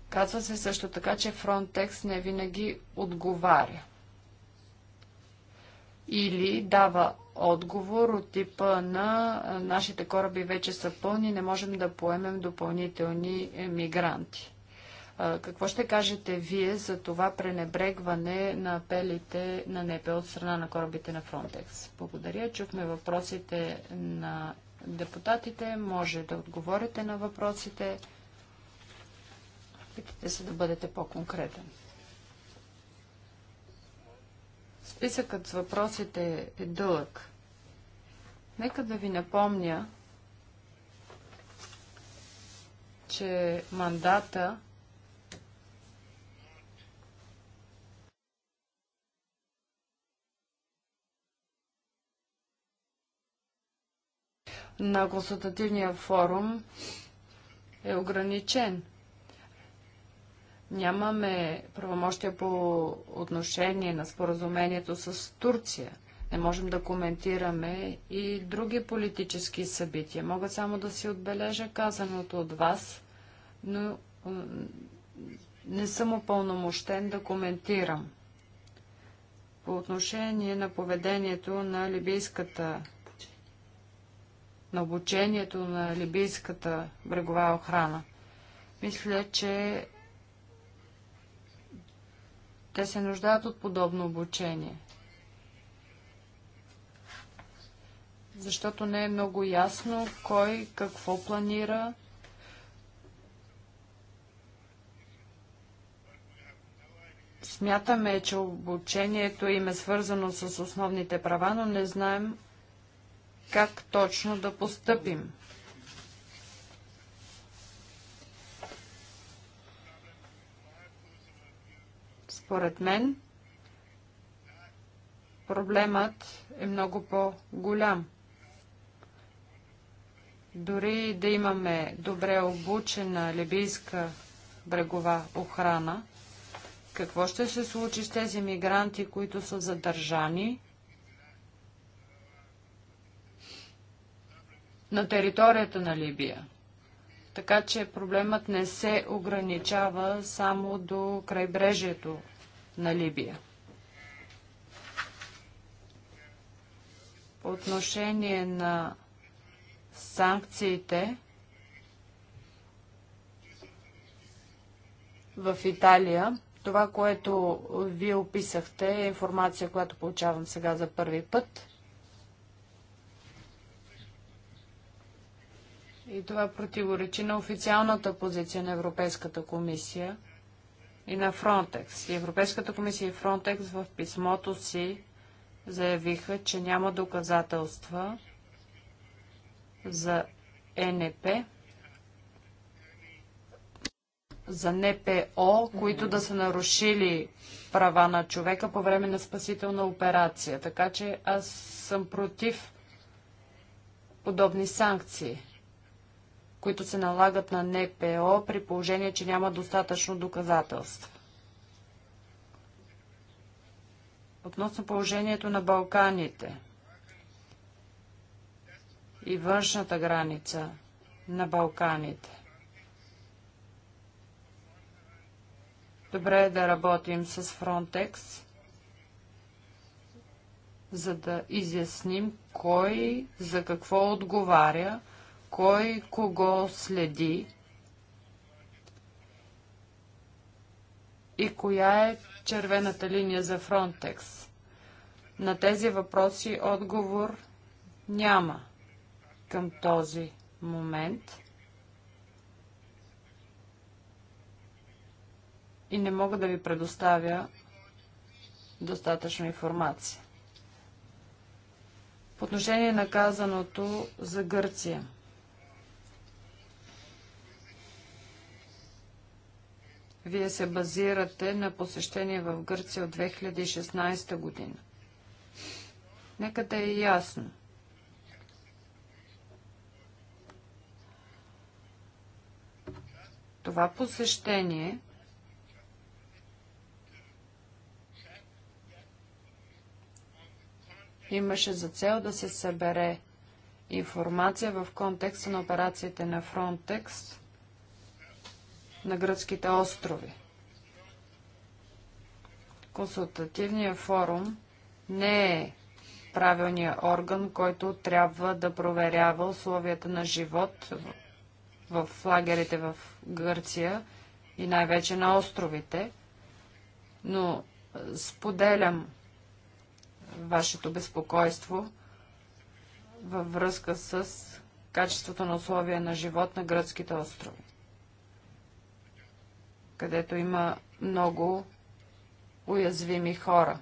Казва се също така, че Фронтекс не винаги отговаря. Или дава отговор от типа на нашите кораби вече са пълни, не можем да поемем допълнителни мигранти. Какво ще кажете вие за това пренебрегване на апелите на НП от страна на корабите на Фронтекс? Благодаря. Чухме въпросите на депутатите. Може да отговорите на въпросите. Питайте се да бъдете по-конкретен. Списъкът с въпросите е дълъг. Нека да ви напомня, че мандата на консултативния форум е ограничен. Нямаме правомощия по отношение на споразумението с Турция. Не можем да коментираме и други политически събития. Мога само да си отбележа казаното от вас, но не съм опълномощен да коментирам. По отношение на поведението на либийската на обучението на либийската брегова охрана. Мисля, че те се нуждаят от подобно обучение. Защото не е много ясно кой какво планира. Смятаме, че обучението им е свързано с основните права, но не знаем как точно да постъпим. Според мен, проблемът е много по-голям. Дори да имаме добре обучена либийска брегова охрана, какво ще се случи с тези мигранти, които са задържани на територията на Либия. Така че проблемът не се ограничава само до крайбрежието на Либия. По отношение на санкциите в Италия, това, което вие описахте, е информация, която получавам сега за първи път. И това противоречи на официалната позиция на Европейската комисия и на Фронтекс. И Европейската комисия и Фронтекс в писмото си заявиха, че няма доказателства за НП, за НПО, които да са нарушили права на човека по време на спасителна операция. Така че аз съм против подобни санкции които се налагат на НПО при положение, че няма достатъчно доказателства. Относно положението на Балканите и външната граница на Балканите. Добре е да работим с Фронтекс, за да изясним кой за какво отговаря – кой кого следи и коя е червената линия за Фронтекс. На тези въпроси отговор няма към този момент. И не мога да ви предоставя достатъчно информация. По отношение на казаното за Гърция – Вие се базирате на посещение в Гърция от 2016 година. Нека да е ясно. Това посещение имаше за цел да се събере информация в контекста на операциите на Frontex на гръцките острови. Консултативният форум не е правилният орган, който трябва да проверява условията на живот в лагерите в Гърция и най-вече на островите, но споделям вашето безпокойство във връзка с качеството на условия на живот на гръцките острови където има много уязвими хора.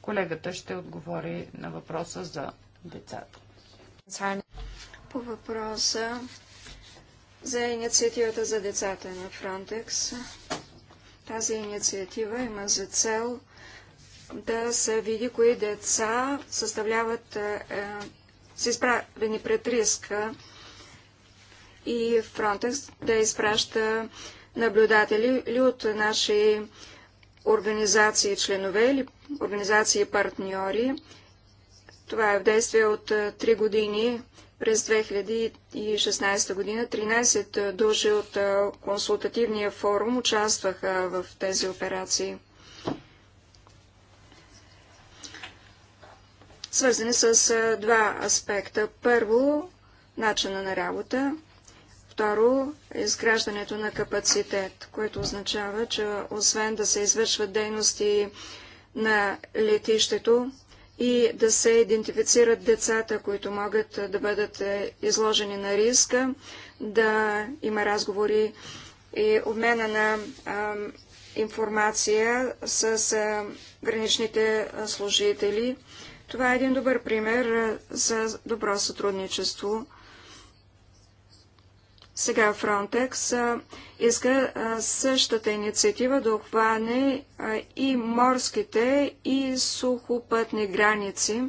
Колегата ще отговори на въпроса за децата. По въпроса за инициативата за децата на Фронтекс. Тази инициатива има за цел да се види кои деца съставляват, е, с изправени пред риска и Фронтекс да изпраща наблюдатели или от наши организации членове или организации партньори. Това е в действие от 3 години. През 2016 година 13 души от консултативния форум участваха в тези операции. свързани с два аспекта. Първо, начина на работа Второ, изграждането на капацитет, което означава, че освен да се извършват дейности на летището и да се идентифицират децата, които могат да бъдат е, изложени на риска, да има разговори и обмена на а, информация с а, е, граничните служители. Това е един добър пример е, за добро сътрудничество сега Frontex иска същата инициатива да охване и морските, и сухопътни граници.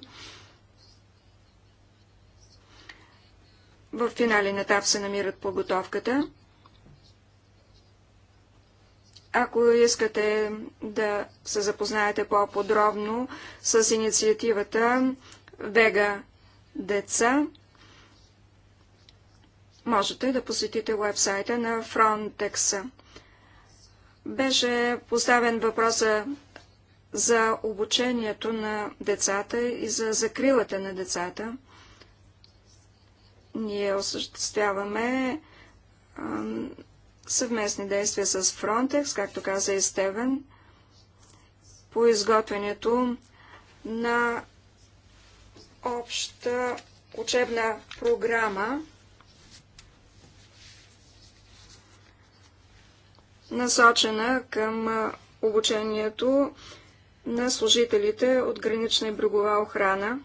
В финален етап се намират подготовката. Ако искате да се запознаете по-подробно с инициативата Вега деца, можете да посетите вебсайта на Frontex. Беше поставен въпроса за обучението на децата и за закрилата на децата. Ние осъществяваме съвместни действия с Frontex, както каза и Стевен, по изготвянето на обща учебна програма насочена към обучението на служителите от гранична и брегова охрана.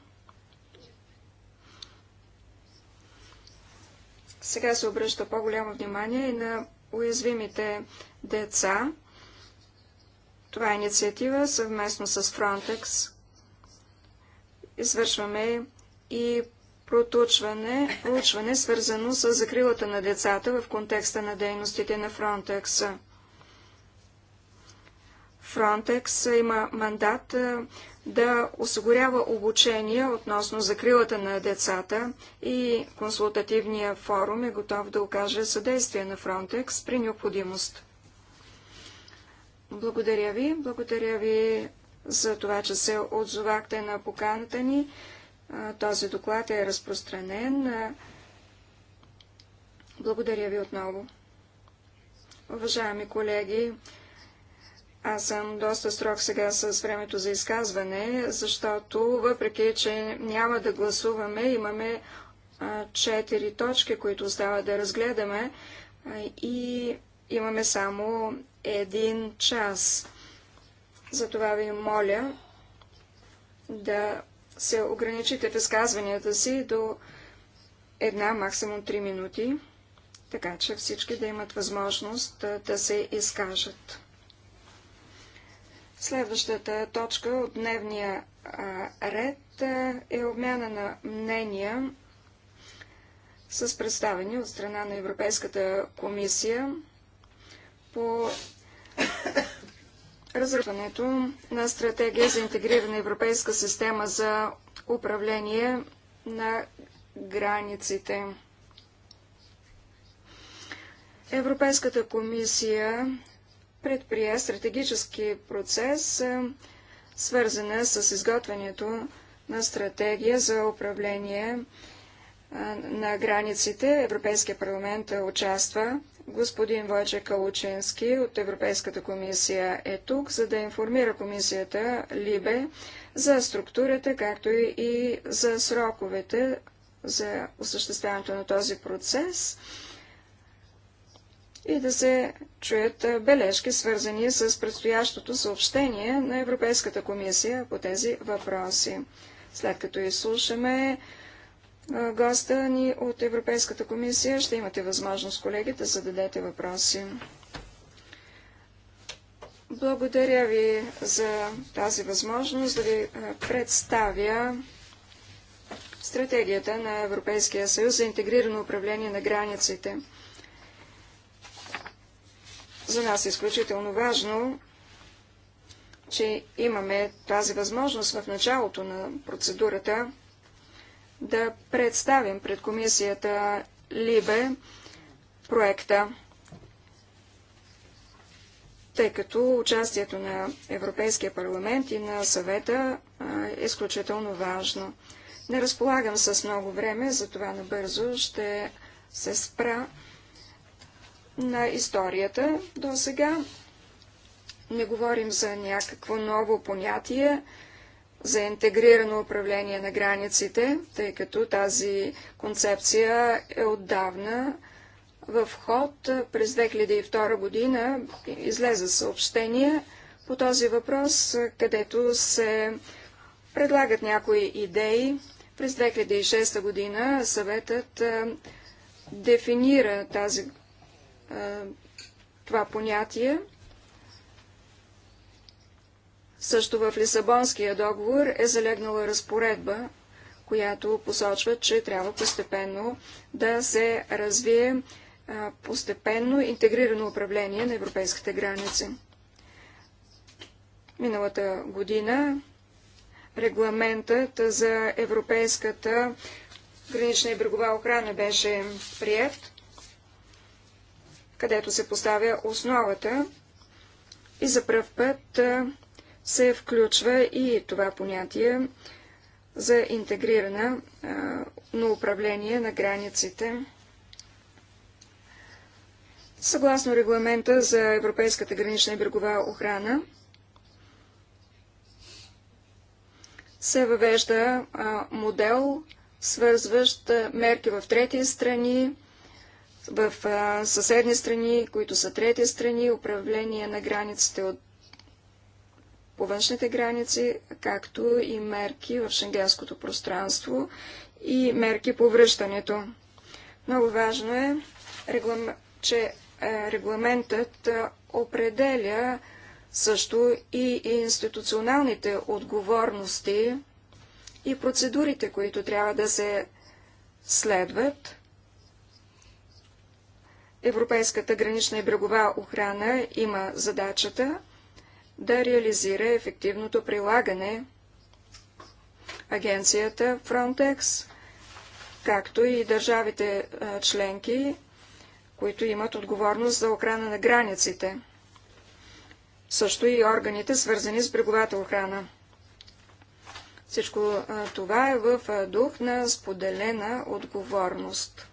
Сега се обръща по-голямо внимание и на уязвимите деца. Това е инициатива съвместно с Frontex. Извършваме и проучване, проучване свързано с закрилата на децата в контекста на дейностите на Frontex. Фронтекс има мандат да осигурява обучение относно закрилата на децата и консултативния форум е готов да окаже съдействие на Фронтекс при необходимост. Благодаря ви. Благодаря ви за това, че се отзовахте на поканата ни. Този доклад е разпространен. Благодаря ви отново. Уважаеми колеги, аз съм доста строг сега с времето за изказване, защото въпреки, че няма да гласуваме, имаме четири точки, които остава да разгледаме и имаме само един час. Затова ви моля да се ограничите в изказванията си до една, максимум три минути, така че всички да имат възможност да се изкажат. Следващата точка от дневния ред е обмяна на мнения с представени от страна на Европейската комисия по разработването на стратегия за интегрирана европейска система за управление на границите. Европейската комисия предприе стратегически процес, е, свързана с изготвянето на стратегия за управление е, на границите. Европейския парламент участва. Господин Войче Калученски от Европейската комисия е тук, за да информира комисията Либе за структурата, както и за сроковете за осъществяването на този процес и да се чуят бележки, свързани с предстоящото съобщение на Европейската комисия по тези въпроси. След като изслушаме госта ни от Европейската комисия, ще имате възможност, колеги, да зададете въпроси. Благодаря ви за тази възможност да ви представя стратегията на Европейския съюз за интегрирано управление на границите – за нас е изключително важно, че имаме тази възможност в началото на процедурата да представим пред комисията Либе проекта, тъй като участието на Европейския парламент и на съвета е изключително важно. Не разполагам с много време, затова набързо ще се спра на историята до сега. Не говорим за някакво ново понятие за интегрирано управление на границите, тъй като тази концепция е отдавна в ход. През 2002 година излезе съобщение по този въпрос, където се предлагат някои идеи. През 2006 година съветът дефинира тази е, това понятие. Също в Лисабонския договор е залегнала разпоредба, която посочва, че трябва постепенно да се развие е, постепенно интегрирано управление на европейските граници. Миналата година регламентът за европейската гранична и брегова охрана беше прият където се поставя основата и за пръв път се включва и това понятие за интегрирана на управление на границите. Съгласно регламента за Европейската гранична и брегова охрана, се въвежда модел, свързващ мерки в трети страни, в съседни страни, които са трети страни, управление на границите от по външните граници, както и мерки в шенгенското пространство и мерки по връщането. Много важно е, че е, регламентът е, определя също и институционалните отговорности и процедурите, които трябва да се следват Европейската гранична и брегова охрана има задачата да реализира ефективното прилагане агенцията Frontex, както и държавите членки, които имат отговорност за охрана на границите, също и органите, свързани с бреговата охрана. Всичко това е в дух на споделена отговорност.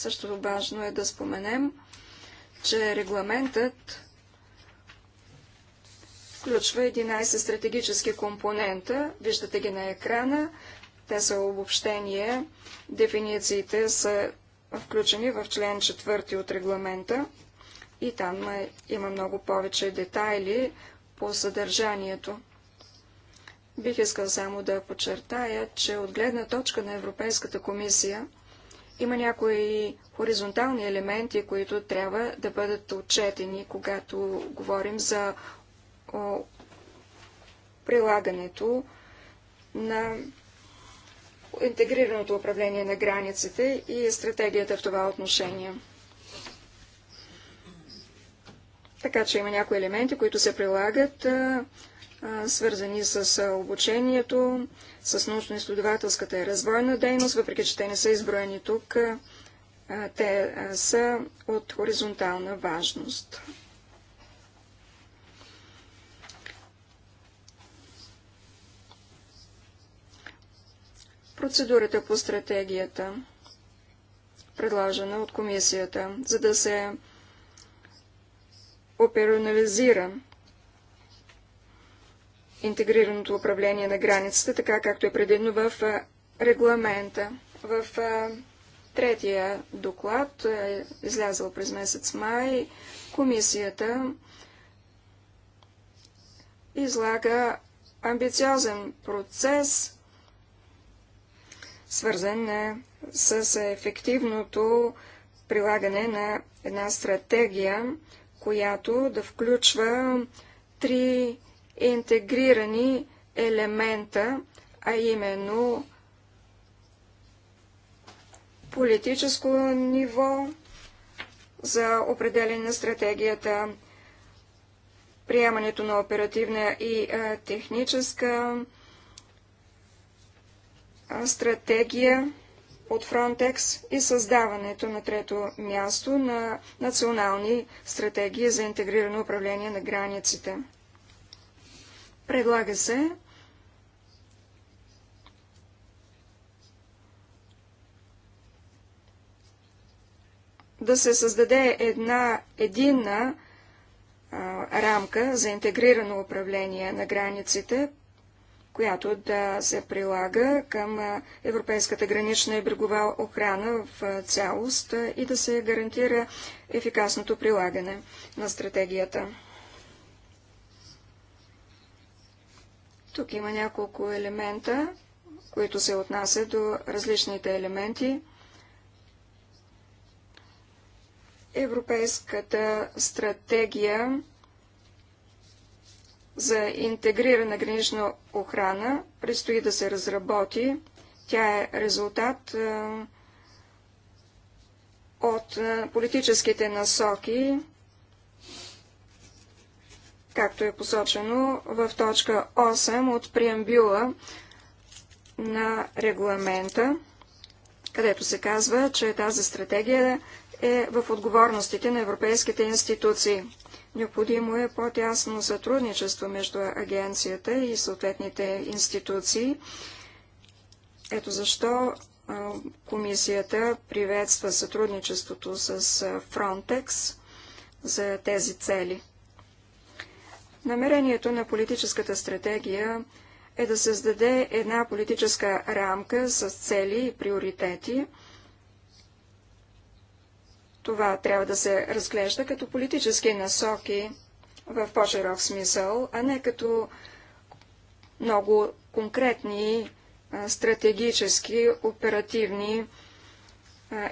Също важно е да споменем, че регламентът включва 11 стратегически компонента. Виждате ги на екрана. Те са обобщение. Дефинициите са включени в член 4 от регламента. И там е, има много повече детайли по съдържанието. Бих искал само да подчертая, че от гледна точка на Европейската комисия – има някои хоризонтални елементи, които трябва да бъдат отчетени, когато говорим за о, прилагането на интегрираното управление на границите и стратегията в това отношение. Така че има някои елементи, които се прилагат, а, свързани с обучението, с научно-изследователската и развойна дейност, въпреки че те не са изброени тук, те са от хоризонтална важност. Процедурата по стратегията, предложена от комисията, за да се операционализира интегрираното управление на границата, така както е предвидено в регламента. В третия доклад, е, излязъл през месец май, комисията излага амбициозен процес, свързан е, с ефективното прилагане на една стратегия, която да включва три интегрирани елемента, а именно политическо ниво за определене на стратегията, приемането на оперативна и техническа стратегия от Frontex и създаването на трето място на национални стратегии за интегрирано управление на границите. Предлага се да се създаде една единна а, рамка за интегрирано управление на границите, която да се прилага към Европейската гранична и брегова охрана в цялост и да се гарантира ефикасното прилагане на стратегията. Тук има няколко елемента, които се отнасят до различните елементи. Европейската стратегия за интегрирана гранична охрана предстои да се разработи. Тя е резултат е, от е, политическите насоки както е посочено в точка 8 от преамбюла на регламента, където се казва, че тази стратегия е в отговорностите на европейските институции. Необходимо е по-тясно сътрудничество между агенцията и съответните институции. Ето защо комисията приветства сътрудничеството с Frontex за тези цели. Намерението на политическата стратегия е да създаде една политическа рамка с цели и приоритети. Това трябва да се разглежда като политически насоки в по-широк смисъл, а не като много конкретни стратегически оперативни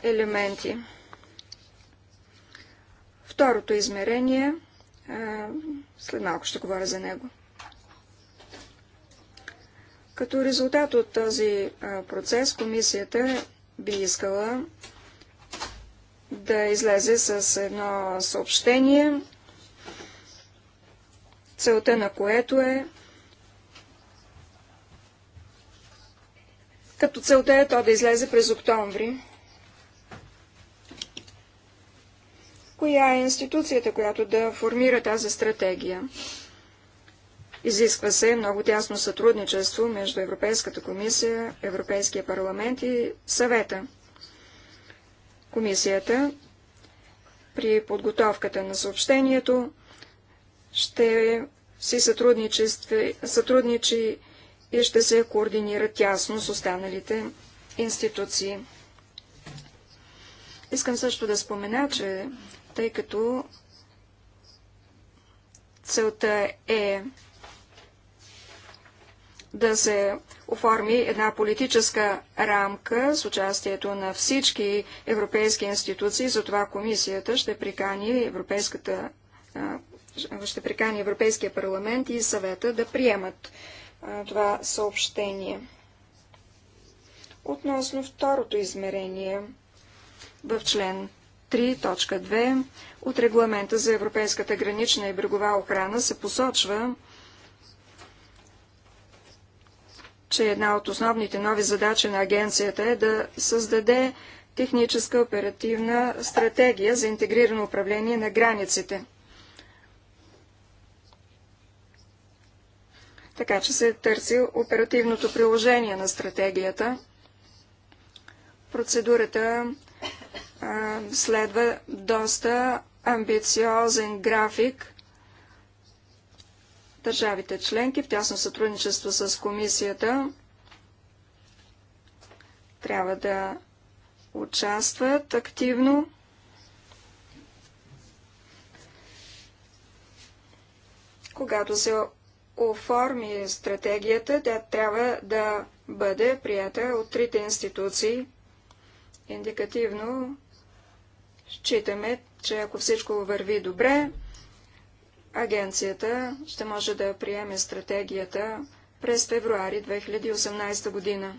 елементи. Второто измерение – след малко ще говоря за него. Като резултат от този процес, комисията би искала да излезе с едно съобщение, целта на което е като целта е то да излезе през октомври. коя е институцията, която да формира тази стратегия. Изисква се много тясно сътрудничество между Европейската комисия, Европейския парламент и съвета. Комисията при подготовката на съобщението ще си сътрудничи и ще се координира тясно с останалите институции. Искам също да спомена, че тъй като целта е да се оформи една политическа рамка с участието на всички европейски институции. Затова комисията ще прикани Европейската ще прикани Европейския парламент и съвета да приемат това съобщение. Относно второто измерение в член 3.2 от регламента за Европейската гранична и брегова охрана се посочва, че една от основните нови задачи на агенцията е да създаде техническа оперативна стратегия за интегрирано управление на границите. Така че се търси оперативното приложение на стратегията. Процедурата следва доста амбициозен график. Държавите членки в тясно сътрудничество с комисията трябва да участват активно. Когато се оформи стратегията, тя трябва да бъде прията от трите институции. Индикативно Считаме, че ако всичко върви добре, агенцията ще може да приеме стратегията през февруари 2018 година.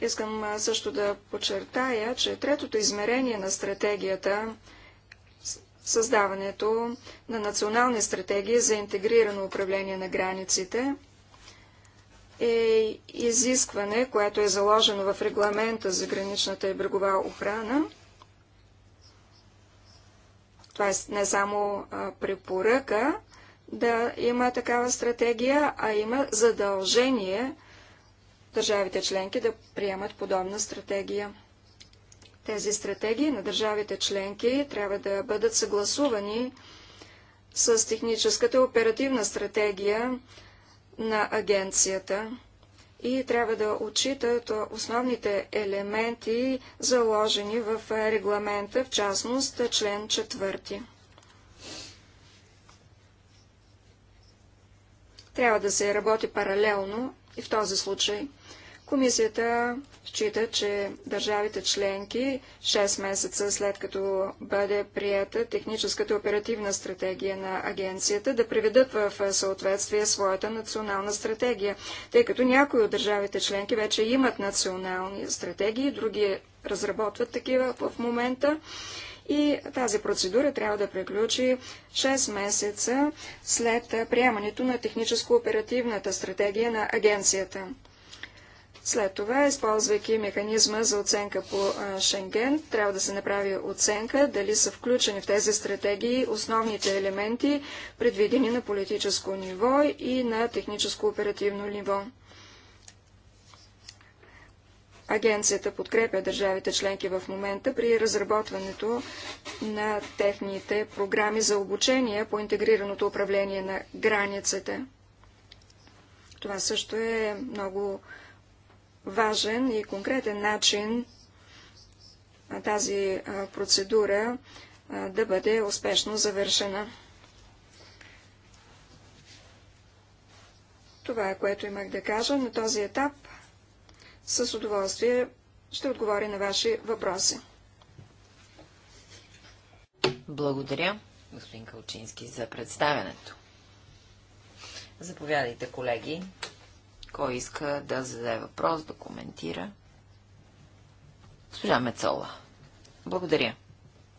Искам също да подчертая, че третото измерение на стратегията създаването на национални стратегии за интегрирано управление на границите – е изискване, което е заложено в регламента за граничната и брегова охрана. Това е не само препоръка да има такава стратегия, а има задължение държавите членки да приемат подобна стратегия. Тези стратегии на държавите членки трябва да бъдат съгласувани с техническата оперативна стратегия на агенцията и трябва да отчитат основните елементи, заложени в регламента, в частност член 4. Трябва да се работи паралелно и в този случай комисията счита, че държавите членки 6 месеца след като бъде прията техническата оперативна стратегия на агенцията да приведат в съответствие своята национална стратегия, тъй като някои от държавите членки вече имат национални стратегии, други разработват такива в момента. И тази процедура трябва да приключи 6 месеца след приемането на техническо-оперативната стратегия на агенцията. След това, използвайки механизма за оценка по Шенген, трябва да се направи оценка дали са включени в тези стратегии основните елементи, предвидени на политическо ниво и на техническо-оперативно ниво. Агенцията подкрепя държавите членки в момента при разработването на техните програми за обучение по интегрираното управление на границите. Това също е много важен и конкретен начин тази процедура да бъде успешно завършена. Това е което имах да кажа на този етап. С удоволствие ще отговоря на ваши въпроси. Благодаря, господин Калчински, за представенето. Заповядайте, колеги. Кой иска да зададе въпрос, да коментира? Госпожа Мецола. Благодаря.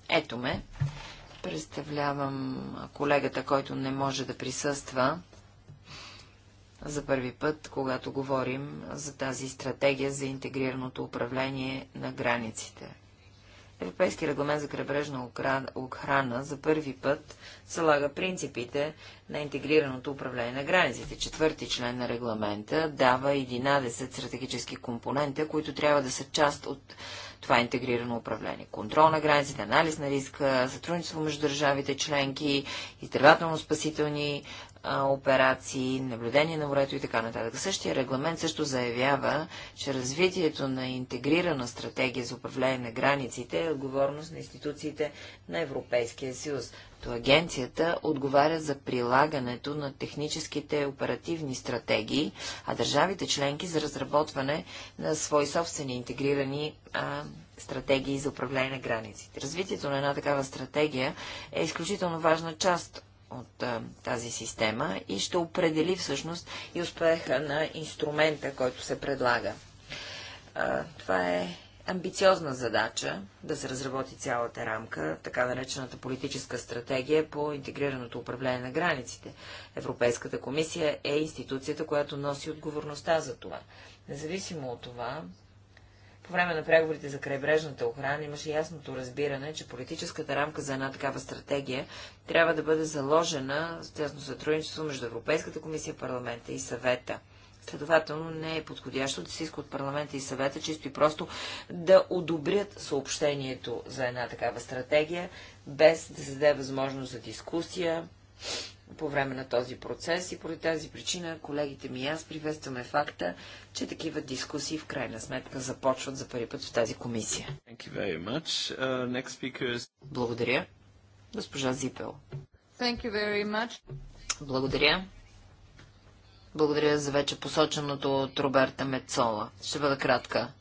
Ето ме. Представлявам колегата, който не може да присъства за първи път, когато говорим за тази стратегия за интегрираното управление на границите. Европейски регламент за крайбрежна охрана за първи път залага принципите на интегрираното управление на границите. Четвърти член на регламента дава 11 стратегически компонента, които трябва да са част от това интегрирано управление. Контрол на границите, анализ на риска, сътрудничество между държавите членки, издравателно-спасителни операции, наблюдение на морето и така нататък. Същия регламент също заявява, че развитието на интегрирана стратегия за управление на границите е отговорност на институциите на Европейския съюз. То агенцията отговаря за прилагането на техническите оперативни стратегии, а държавите членки за разработване на свои собствени интегрирани а, стратегии за управление на границите. Развитието на една такава стратегия е изключително важна част от а, тази система и ще определи всъщност и успеха на инструмента, който се предлага. А, това е амбициозна задача да се разработи цялата рамка, така наречената политическа стратегия по интегрираното управление на границите. Европейската комисия е институцията, която носи отговорността за това. Независимо от това, по време на преговорите за крайбрежната охрана имаше ясното разбиране, че политическата рамка за една такава стратегия трябва да бъде заложена с тясно сътрудничество между Европейската комисия, парламента и съвета. Следователно не е подходящо да се иска от парламента и съвета чисто и просто да одобрят съобщението за една такава стратегия, без да се даде възможност за дискусия по време на този процес и поради тази причина колегите ми и аз приветстваме факта, че такива дискусии в крайна сметка започват за първи път в тази комисия. Uh, is... Благодаря. Госпожа Зипел. Благодаря. Благодаря за вече посоченото от Роберта Мецола. Ще бъда кратка.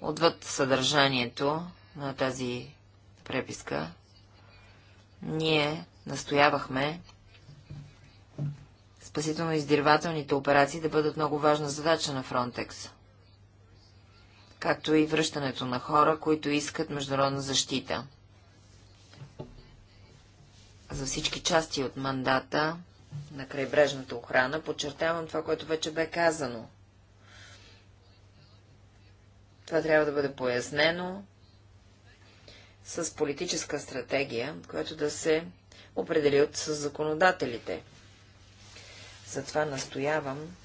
Отвъд съдържанието на тази преписка, ние настоявахме спасително-издирвателните операции да бъдат много важна задача на Фронтекс, както и връщането на хора, които искат международна защита. За всички части от мандата на крайбрежната охрана подчертавам това, което вече бе казано. Това трябва да бъде пояснено с политическа стратегия, която да се определи от законодателите. Затова настоявам,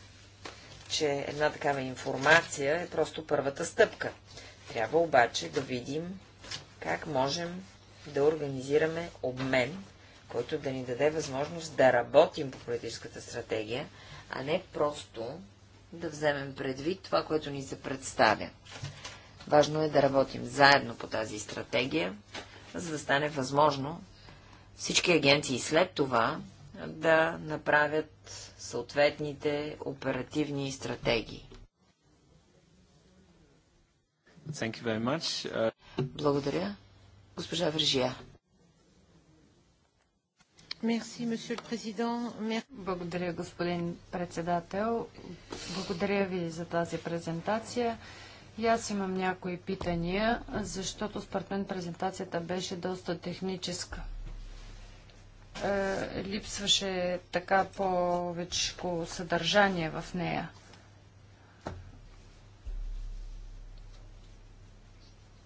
че една такава информация е просто първата стъпка. Трябва обаче да видим как можем да организираме обмен, който да ни даде възможност да работим по политическата стратегия, а не просто да вземем предвид това, което ни се представя. Важно е да работим заедно по тази стратегия, за да стане възможно всички агенции след това да направят съответните оперативни стратегии. Thank you very much. Uh... Благодаря. Госпожа Вържия. Благодаря, господин председател. Благодаря ви за тази презентация. И аз имам някои питания, защото според мен презентацията беше доста техническа. Е, липсваше така повечко съдържание в нея.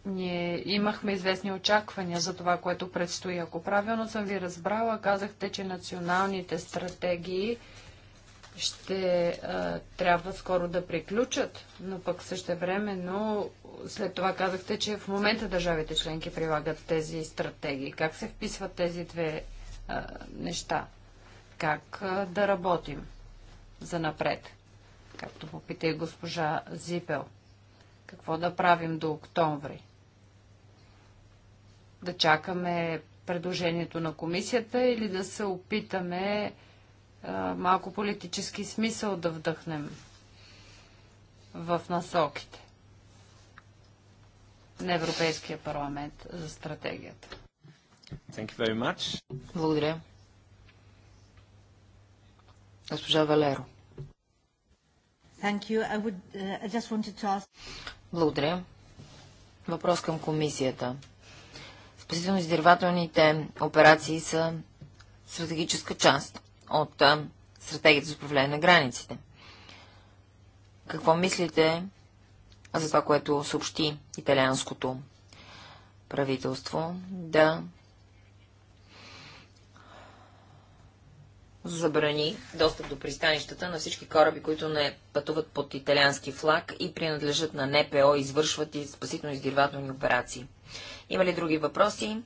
Ние имахме известни очаквания за това, което предстои. Ако правилно съм ви разбрала, казахте, че националните стратегии ще а, е, трябва скоро да приключат, но пък но след това казахте, че в момента държавите членки прилагат тези стратегии. Как се вписват тези две а, неща. Как а, да работим за напред? Както попита и госпожа Зипел. Какво да правим до октомври? Да чакаме предложението на комисията или да се опитаме а, малко политически смисъл да вдъхнем в насоките на Европейския парламент за стратегията. Thank you very much. Благодаря. Госпожа Валеро. Thank you. I would, uh, I just wanted to ask... Благодаря. Въпрос към комисията. Спасително издирвателните операции са стратегическа част от uh, стратегията за управление на границите. Какво мислите за това, което съобщи италианското правителство да забрани достъп до пристанищата на всички кораби, които не пътуват под италиански флаг и принадлежат на НПО, извършват и спасително-издирвателни операции. Има ли други въпроси?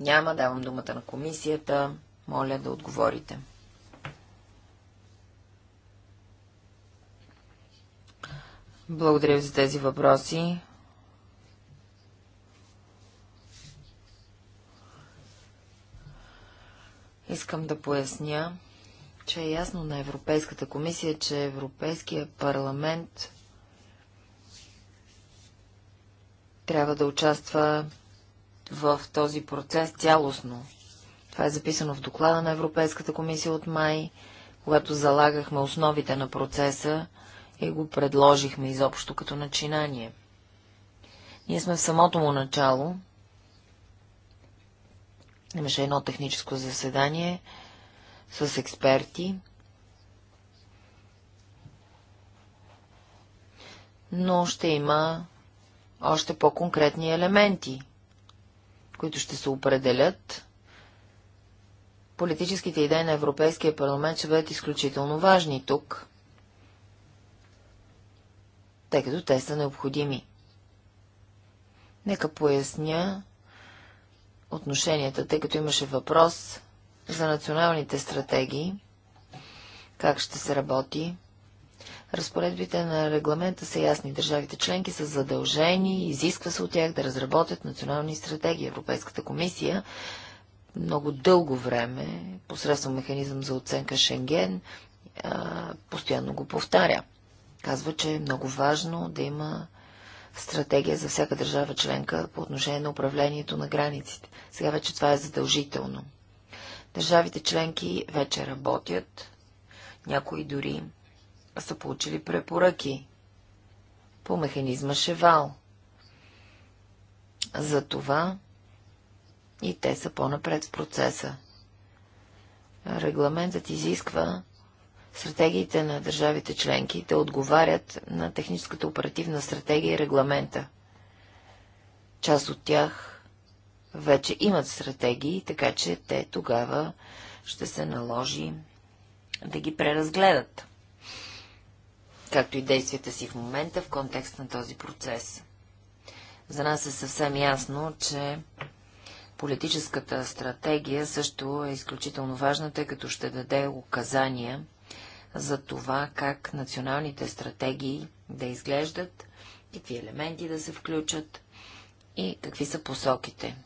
Няма. Давам думата на комисията. Моля да отговорите. Благодаря ви за тези въпроси. Искам да поясня, че е ясно на Европейската комисия, че Европейския парламент трябва да участва в този процес цялостно. Това е записано в доклада на Европейската комисия от май, когато залагахме основите на процеса и го предложихме изобщо като начинание. Ние сме в самото му начало Имаше едно техническо заседание с експерти, но ще има още по-конкретни елементи, които ще се определят. Политическите идеи на Европейския парламент ще бъдат изключително важни тук, тъй като те са необходими. Нека поясня, отношенията, тъй като имаше въпрос за националните стратегии, как ще се работи. Разпоредбите на регламента са ясни. Държавите членки са задължени, изисква се от тях да разработят национални стратегии. Европейската комисия много дълго време, посредством механизъм за оценка Шенген, постоянно го повтаря. Казва, че е много важно да има стратегия за всяка държава членка по отношение на управлението на границите. Сега вече това е задължително. Държавите членки вече работят, някои дори са получили препоръки по механизма Шевал. За това и те са по-напред в процеса. Регламентът изисква стратегиите на държавите членки да отговарят на техническата оперативна стратегия и регламента. Част от тях вече имат стратегии, така че те тогава ще се наложи да ги преразгледат, както и действията си в момента в контекст на този процес. За нас е съвсем ясно, че политическата стратегия също е изключително важна, тъй като ще даде указания за това, как националните стратегии да изглеждат, какви елементи да се включат и какви са посоките.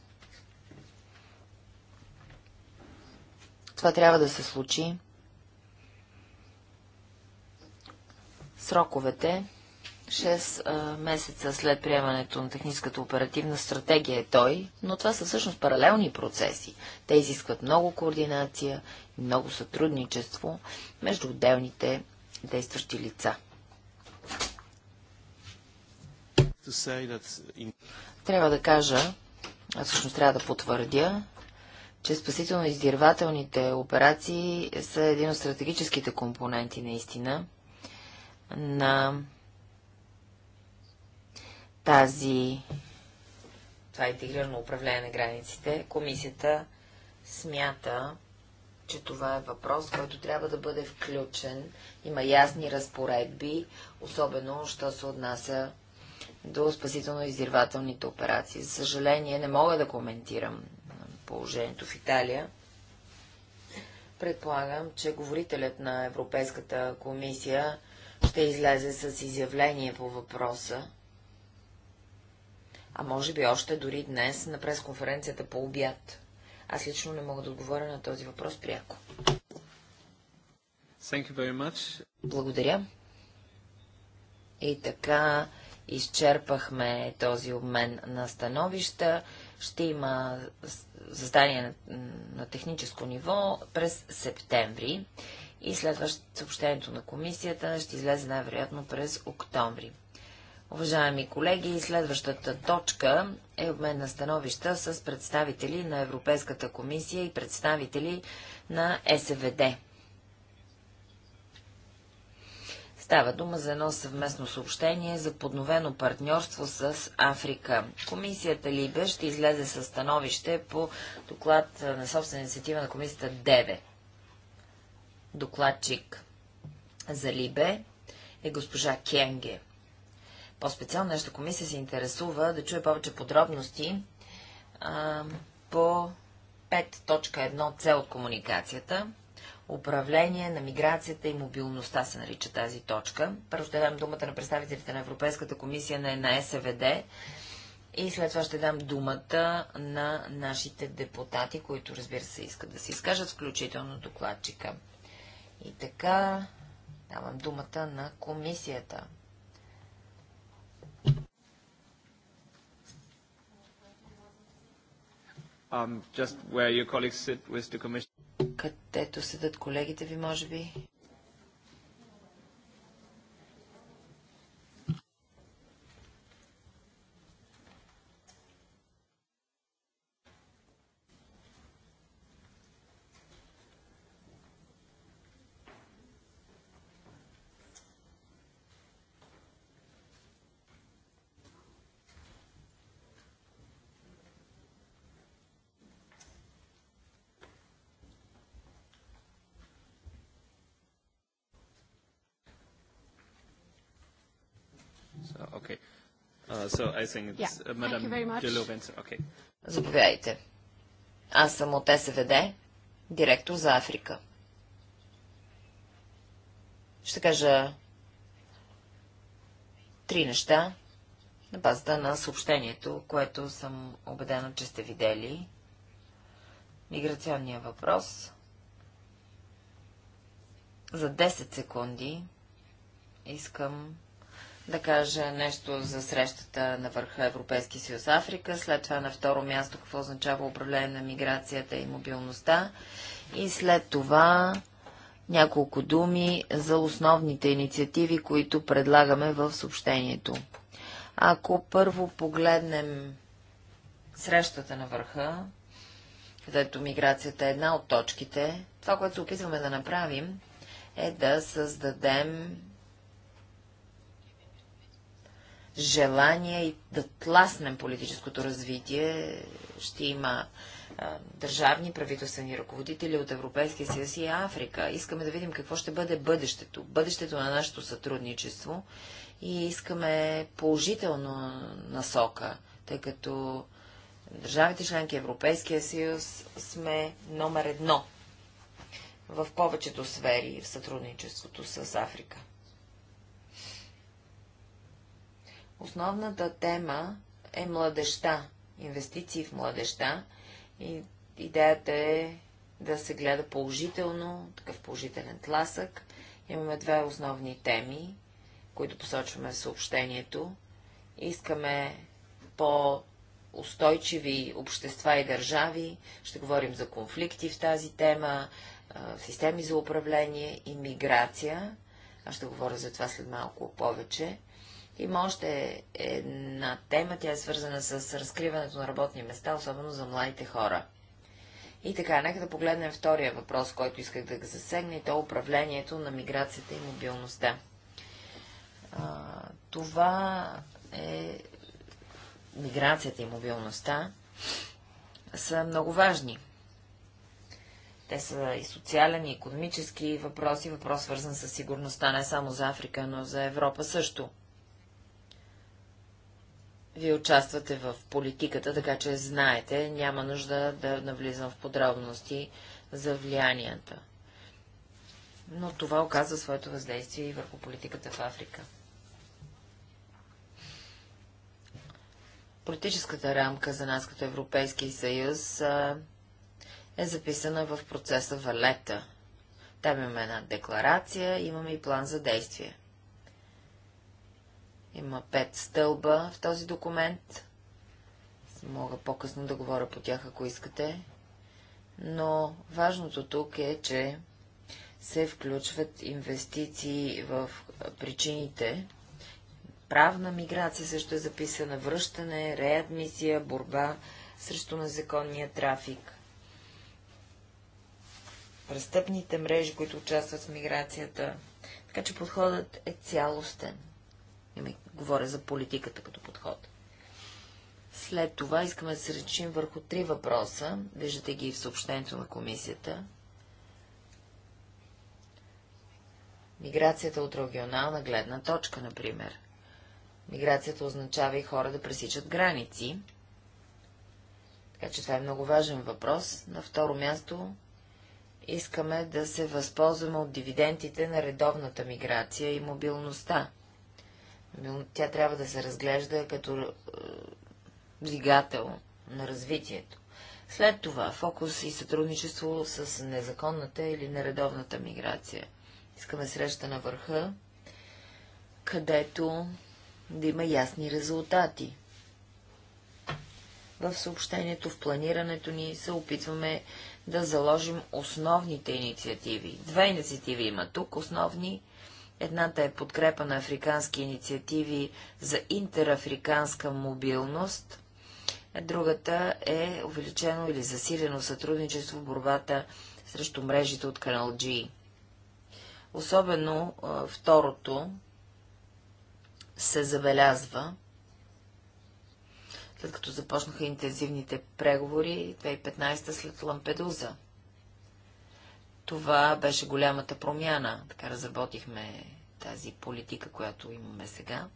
Това трябва да се случи. Сроковете 6 а, месеца след приемането на техническата оперативна стратегия е той, но това са всъщност паралелни процеси. Те изискват много координация и много сътрудничество между отделните действащи лица. Трябва да кажа, аз всъщност трябва да потвърдя, че спасително-издирвателните операции са един от стратегическите компоненти наистина на тази това интегрирано управление на границите. Комисията смята, че това е въпрос, който трябва да бъде включен. Има ясни разпоредби, особено, що се отнася до спасително-издирвателните операции. За съжаление, не мога да коментирам положението в Италия. Предполагам, че говорителят на Европейската комисия ще излезе с изявление по въпроса, а може би още дори днес на пресконференцията по обяд. Аз лично не мога да отговоря на този въпрос пряко. Thank you very much. Благодаря. И така изчерпахме този обмен на становища. Ще има задание на техническо ниво през септември и следващото съобщението на комисията ще излезе най-вероятно през октомври. Уважаеми колеги, следващата точка е обмен на становища с представители на Европейската комисия и представители на СВД. Става дума за едно съвместно съобщение за подновено партньорство с Африка. Комисията Либе ще излезе със становище по доклад на собствена инициатива на комисията ДЕВЕ. Докладчик за Либе е госпожа Кенге. По-специално нашата комисия се интересува да чуе повече подробности а, по 5.1 цел от комуникацията – управление на миграцията и мобилността се нарича тази точка. Първо ще дам думата на представителите на Европейската комисия на, на СВД и след това ще дам думата на нашите депутати, които разбира се искат да се изкажат, включително докладчика. И така давам думата на комисията. Um, just where your colleagues sit with the commission където седат колегите ви, може би. Uh, so I think it's yeah. uh, Madame de Okay. Заповядайте. Аз съм от СВД, директор за Африка. Ще кажа три неща на базата на съобщението, което съм убедена, че сте видели. Миграционния въпрос. За 10 секунди искам да каже нещо за срещата на върха Европейски съюз Африка, след това на второ място какво означава управление на миграцията и мобилността и след това няколко думи за основните инициативи, които предлагаме в съобщението. Ако първо погледнем срещата на върха, където миграцията е една от точките, това, което се опитваме да направим, е да създадем желание и да тласнем политическото развитие. Ще има а, държавни правителствени ръководители от Европейския съюз и Африка. Искаме да видим какво ще бъде бъдещето, бъдещето на нашето сътрудничество и искаме положително насока, тъй като държавите членки Европейския съюз сме номер едно в повечето сфери в сътрудничеството с Африка. Основната тема е младеща, инвестиции в младеща и идеята е да се гледа положително, такъв положителен тласък. Имаме две основни теми, които посочваме в съобщението. Искаме по устойчиви общества и държави, ще говорим за конфликти в тази тема, системи за управление и миграция. Аз ще говоря за това след малко повече. Има още една тема, тя е свързана с разкриването на работни места, особено за младите хора. И така, нека да погледнем втория въпрос, който исках да засегна, и то е управлението на миграцията и мобилността. А, това е миграцията и мобилността са много важни. Те са и социален, и економически въпроси, въпрос свързан с сигурността не само за Африка, но за Европа също. Вие участвате в политиката, така че знаете, няма нужда да навлизам в подробности за влиянията. Но това оказва своето въздействие и върху политиката в Африка. Политическата рамка за нас като Европейски съюз е записана в процеса Валета. Там имаме една декларация, имаме и план за действие. Има пет стълба в този документ. Мога по-късно да говоря по тях, ако искате. Но важното тук е, че се включват инвестиции в причините. Правна миграция също е записана, връщане, реадмисия, борба срещу незаконния трафик. Престъпните мрежи, които участват в миграцията. Така че подходът е цялостен. Нали, говоря за политиката като подход. След това искаме да се речим върху три въпроса. Виждате ги в съобщението на комисията. Миграцията от регионална гледна точка, например. Миграцията означава и хора да пресичат граници. Така че това е много важен въпрос. На второ място искаме да се възползваме от дивидендите на редовната миграция и мобилността но тя трябва да се разглежда като е, двигател на развитието. След това фокус и сътрудничество с незаконната или нередовната миграция. Искаме среща на върха, където да има ясни резултати. В съобщението, в планирането ни се опитваме да заложим основните инициативи. Две инициативи има тук, основни – Едната е подкрепа на африкански инициативи за интерафриканска мобилност, другата е увеличено или засилено сътрудничество в борбата срещу мрежите от канал G. Особено второто се забелязва, след като започнаха интензивните преговори 2015 след Лампедуза. Това беше голямата промяна. Така разработихме тази политика, която имаме сега.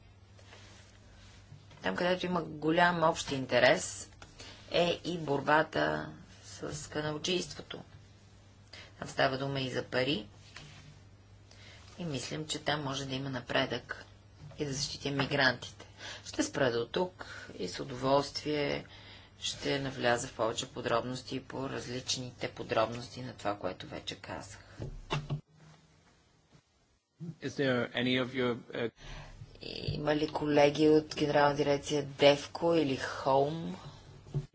Там, където има голям общ интерес, е и борбата с каналчийството. Там става дума и за пари. И мислим, че там може да има напредък и да защитим мигрантите. Ще спра до тук и с удоволствие ще навляза в повече подробности по различните подробности на това, което вече казах. Your... Uh, Има ли колеги от генерална дирекция Девко или Холм?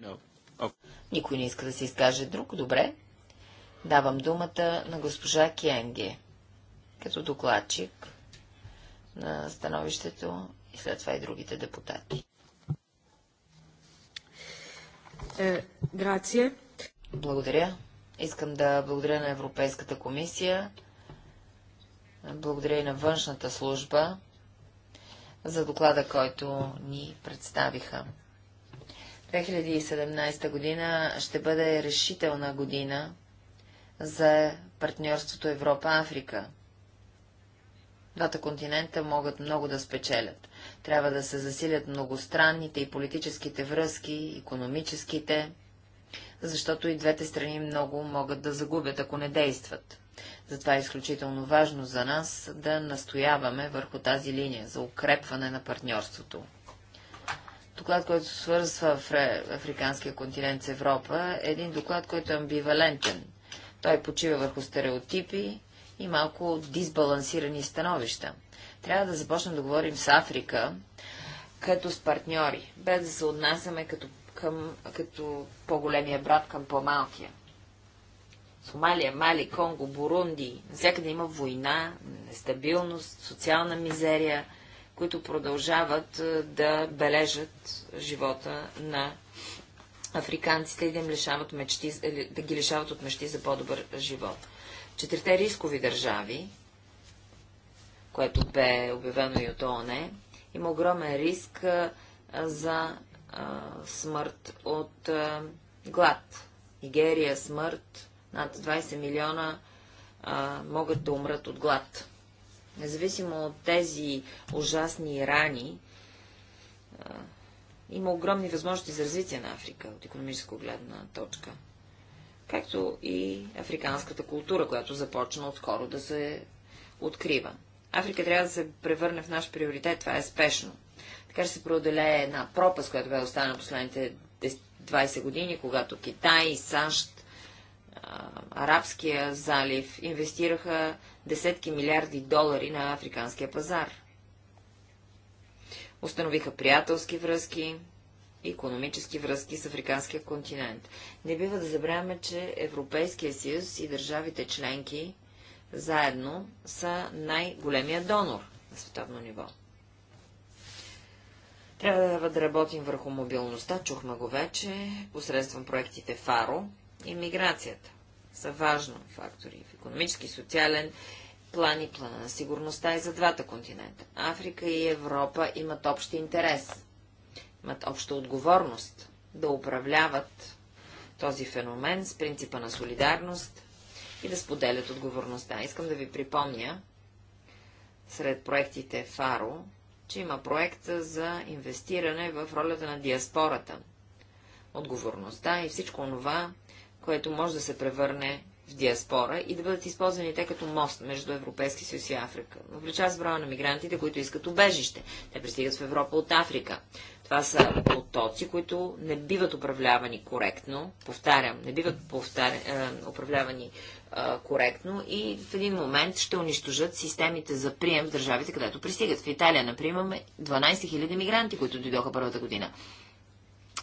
No. Okay. Никой не иска да се изкаже друг. Добре. Давам думата на госпожа Кенге, като докладчик на становището и след това и другите депутати. Е, грация. Благодаря. Искам да благодаря на Европейската комисия. Благодаря и на външната служба за доклада, който ни представиха. 2017 година ще бъде решителна година за партньорството Европа-Африка. Двата континента могат много да спечелят. Трябва да се засилят многостранните и политическите връзки, економическите, защото и двете страни много могат да загубят, ако не действат. Затова е изключително важно за нас да настояваме върху тази линия за укрепване на партньорството. Доклад, който свързва Африканския континент с Европа, е един доклад, който е амбивалентен. Той почива върху стереотипи и малко дисбалансирани становища. Трябва да започнем да говорим с Африка като с партньори, без да се отнасяме като, към, като по-големия брат към по-малкия. Сомалия, Мали, Конго, Бурунди, навсякъде има война, нестабилност, социална мизерия, които продължават е, да бележат живота на африканците и да, им лишават мечти, е, да ги лишават от мечти за по-добър живот. Четирите рискови държави което бе обявено и от ООН, има огромен риск за а, смърт от а, глад. Нигерия смърт, над 20 милиона а, могат да умрат от глад. Независимо от тези ужасни рани, а, има огромни възможности за развитие на Африка от економическо гледна точка. Както и африканската култура, която започна отскоро да се открива. Африка трябва да се превърне в наш приоритет. Това е спешно. Така ще се преодолее една пропаст, която бе останала последните 20 години, когато Китай, САЩ, Арабския залив инвестираха десетки милиарди долари на африканския пазар. Установиха приятелски връзки, економически връзки с африканския континент. Не бива да забравяме, че Европейския съюз и държавите членки заедно са най-големия донор на световно ниво. Трябва да работим върху мобилността, чухме го вече, посредством проектите ФАРО и миграцията. Са важно фактори в економически, социален план и плана на сигурността и за двата континента. Африка и Европа имат общ интерес, имат обща отговорност да управляват този феномен с принципа на солидарност и да споделят отговорността. Искам да ви припомня, сред проектите ФАРО, че има проект за инвестиране в ролята на диаспората, отговорността и всичко това, което може да се превърне в диаспора и да бъдат използвани те като мост между Европейски съюз и Африка. с броя на мигрантите, които искат убежище. Те пристигат в Европа от Африка. Това са потоци, които не биват управлявани коректно, повтарям, не биват повтаря, е, управлявани а, коректно и в един момент ще унищожат системите за прием в държавите, където пристигат. В Италия, например, 12 000 мигранти, които дойдоха първата година.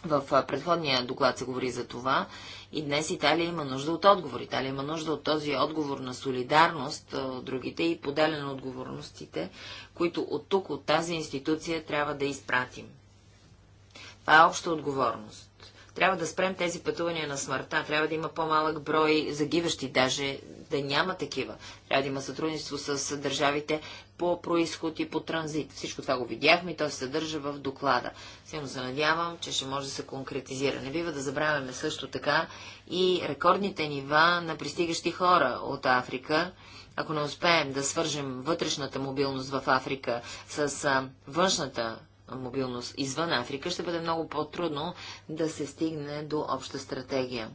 В предходния доклад се говори за това и днес Италия има нужда от отговор. Италия има нужда от този отговор на солидарност от другите и поделяне на отговорностите, които от тук, от тази институция трябва да изпратим. Това е обща отговорност. Трябва да спрем тези пътувания на смъртта. Трябва да има по-малък брой загиващи, даже да няма такива. Трябва да има сътрудничество с държавите по происход и по транзит. Всичко това го видяхме и то се съдържа в доклада. Силно се надявам, че ще може да се конкретизира. Не бива да забравяме също така и рекордните нива на пристигащи хора от Африка ако не успеем да свържем вътрешната мобилност в Африка с външната мобилност извън Африка, ще бъде много по-трудно да се стигне до обща стратегия.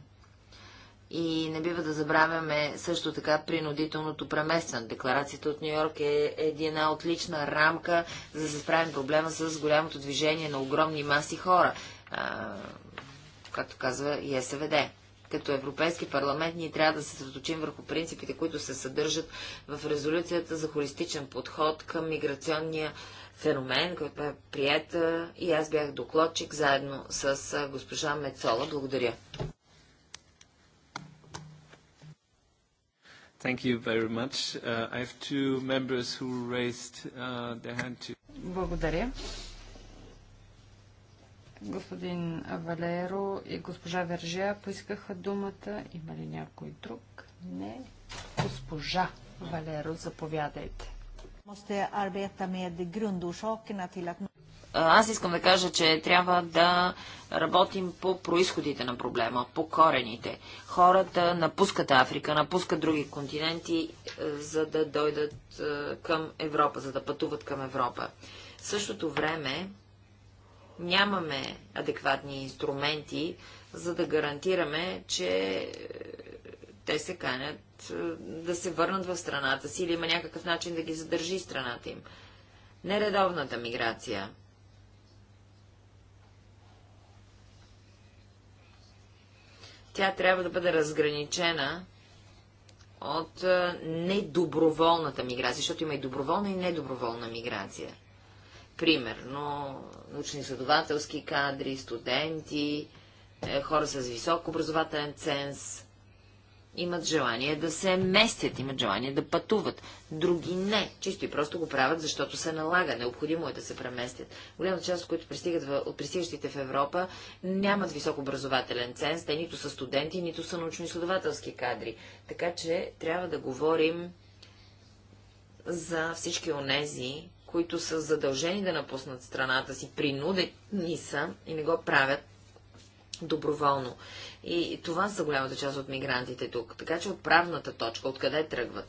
И не бива да забравяме също така принудителното преместване. Декларацията от Нью Йорк е една отлична рамка за да се справим проблема с голямото движение на огромни маси хора, а, както казва и СВД като Европейски парламент ние трябва да се съсредоточим върху принципите, които се съдържат в резолюцията за холистичен подход към миграционния феномен, който е прията и аз бях докладчик заедно с госпожа Мецола. Благодаря. Thank you very much. Uh, I have two members who raised uh, their hand to... Благодаря. Господин Валеро и госпожа Вержия поискаха думата. Има ли някой друг? Не. Госпожа Валеро, заповядайте. Аз искам да кажа, че трябва да работим по происходите на проблема, по корените. Хората напускат Африка, напускат други континенти, е, за да дойдат е, към Европа, за да пътуват към Европа. В същото време нямаме адекватни инструменти, за да гарантираме, че е, те се канят е, да се върнат в страната си или има някакъв начин да ги задържи страната им. Нередовната миграция. Тя трябва да бъде разграничена от е, недоброволната миграция, защото има и доброволна и недоброволна миграция. Примерно научно-изследователски кадри, студенти, е, хора с висок образователен ценз имат желание да се местят, имат желание да пътуват. Други не. Чисто и просто го правят, защото се налага. Необходимо е да се преместят. Голяма част, от които пристигат в, от пристигащите в Европа, нямат висок образователен ценз. Те нито са студенти, нито са научно-изследователски кадри. Така че трябва да говорим за всички онези, които са задължени да напуснат страната си, принудени са и не го правят доброволно. И това са голямата част от мигрантите тук. Така че отправната точка, откъде тръгват.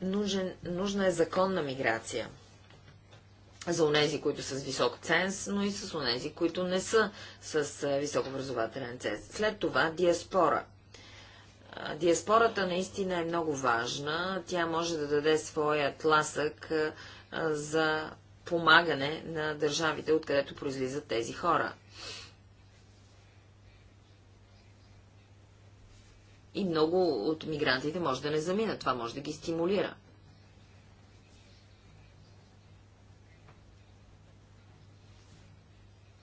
Нужен, нужна е законна миграция за онези, които са с висок ценз, но и с онези, които не са с високообразователен ценз. След това диаспора. Диаспората наистина е много важна. Тя може да даде своя тласък за помагане на държавите, откъдето произлизат тези хора. И много от мигрантите може да не заминат. Това може да ги стимулира.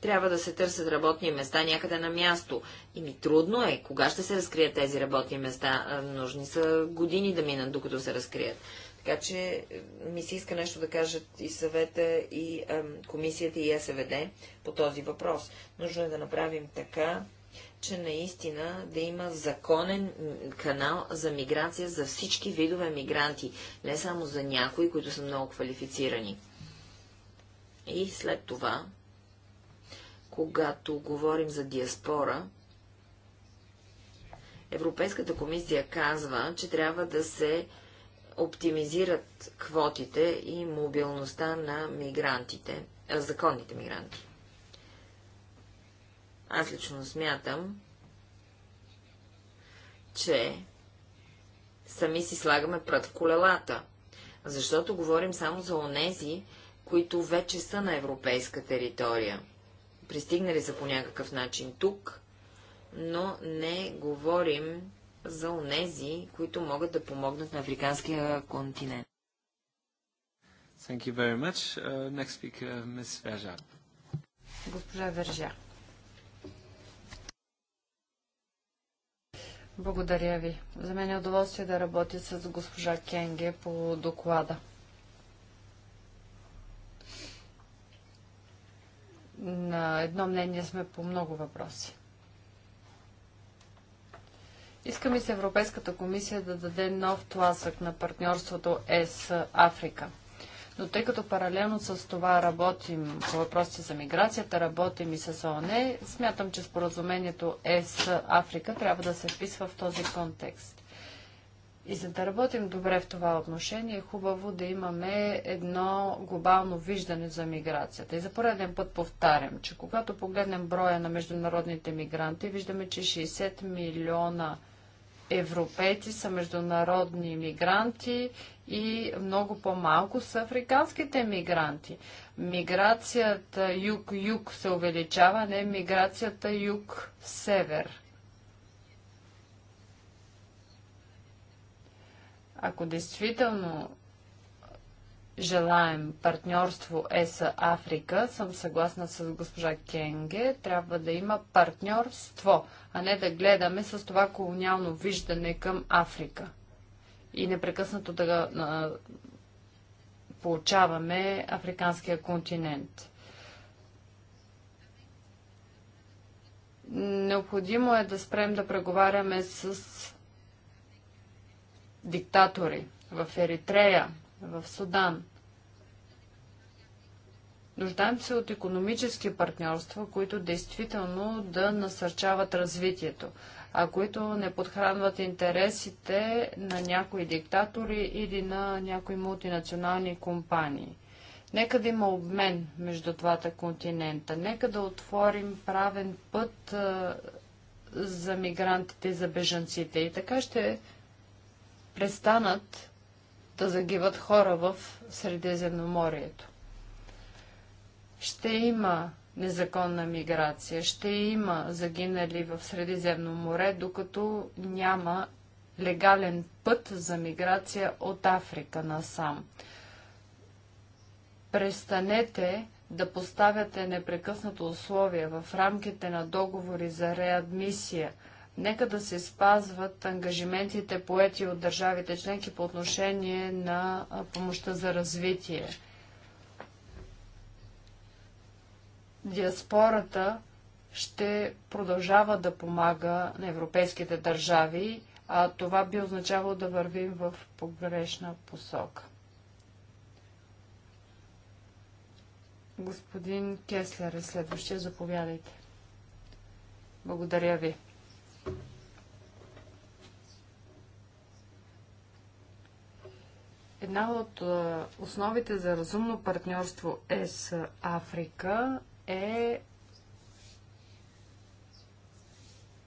трябва да се търсят работни места някъде на място. И ми трудно е. Кога ще се разкрият тези работни места? Нужни са години да минат, докато се разкрият. Така че е, ми се иска нещо да кажат и съвета, и ам, комисията, и СВД по този въпрос. Нужно е да направим така, че наистина да има законен канал за миграция за всички видове мигранти, не само за някои, които са много квалифицирани. И след това когато говорим за диаспора, Европейската комисия казва, че трябва да се оптимизират квотите и мобилността на мигрантите, законните мигранти. Аз лично смятам, че сами си слагаме прът в колелата, защото говорим само за онези, които вече са на европейска територия пристигнали са по някакъв начин тук, но не говорим за онези, които могат да помогнат на африканския континент. Thank you very much. Uh, next speaker, Ms. Verja. Госпожа Вержа. Благодаря ви. За мен е удоволствие да работя с госпожа Кенге по доклада. на едно мнение сме по много въпроси. Искаме се Европейската комисия да даде нов тласък на партньорството ЕС-Африка. Но тъй като паралелно с това работим по въпросите за миграцията, работим и с ООН, смятам, че споразумението ЕС-Африка трябва да се вписва в този контекст. И за да работим добре в това отношение, е хубаво да имаме едно глобално виждане за миграцията. И за пореден път повтарям, че когато погледнем броя на международните мигранти, виждаме, че 60 милиона европейци са международни мигранти и много по-малко са африканските мигранти. Миграцията юг-юг се увеличава, не миграцията юг-север. Ако действително желаем партньорство ЕСА Африка, съм съгласна с госпожа Кенге, трябва да има партньорство, а не да гледаме с това колониално виждане към Африка. И непрекъснато да а, получаваме африканския континент. Необходимо е да спрем да преговаряме с диктатори в Еритрея, в Судан. Нуждаем се от економически партньорства, които действително да насърчават развитието, а които не подхранват интересите на някои диктатори или на някои мултинационални компании. Нека да има обмен между двата континента. Нека да отворим правен път за мигрантите и за бежанците. И така ще престанат да загиват хора в Средиземноморието. Ще има незаконна миграция, ще има загинали в Средиземно море, докато няма легален път за миграция от Африка насам. Престанете да поставяте непрекъснато условия в рамките на договори за реадмисия – Нека да се спазват ангажиментите поети от държавите членки по отношение на помощта за развитие. Диаспората ще продължава да помага на европейските държави, а това би означавало да вървим в погрешна посока. Господин Кеслер е следващия. Заповядайте. Благодаря ви. Една от основите за разумно партньорство е с Африка е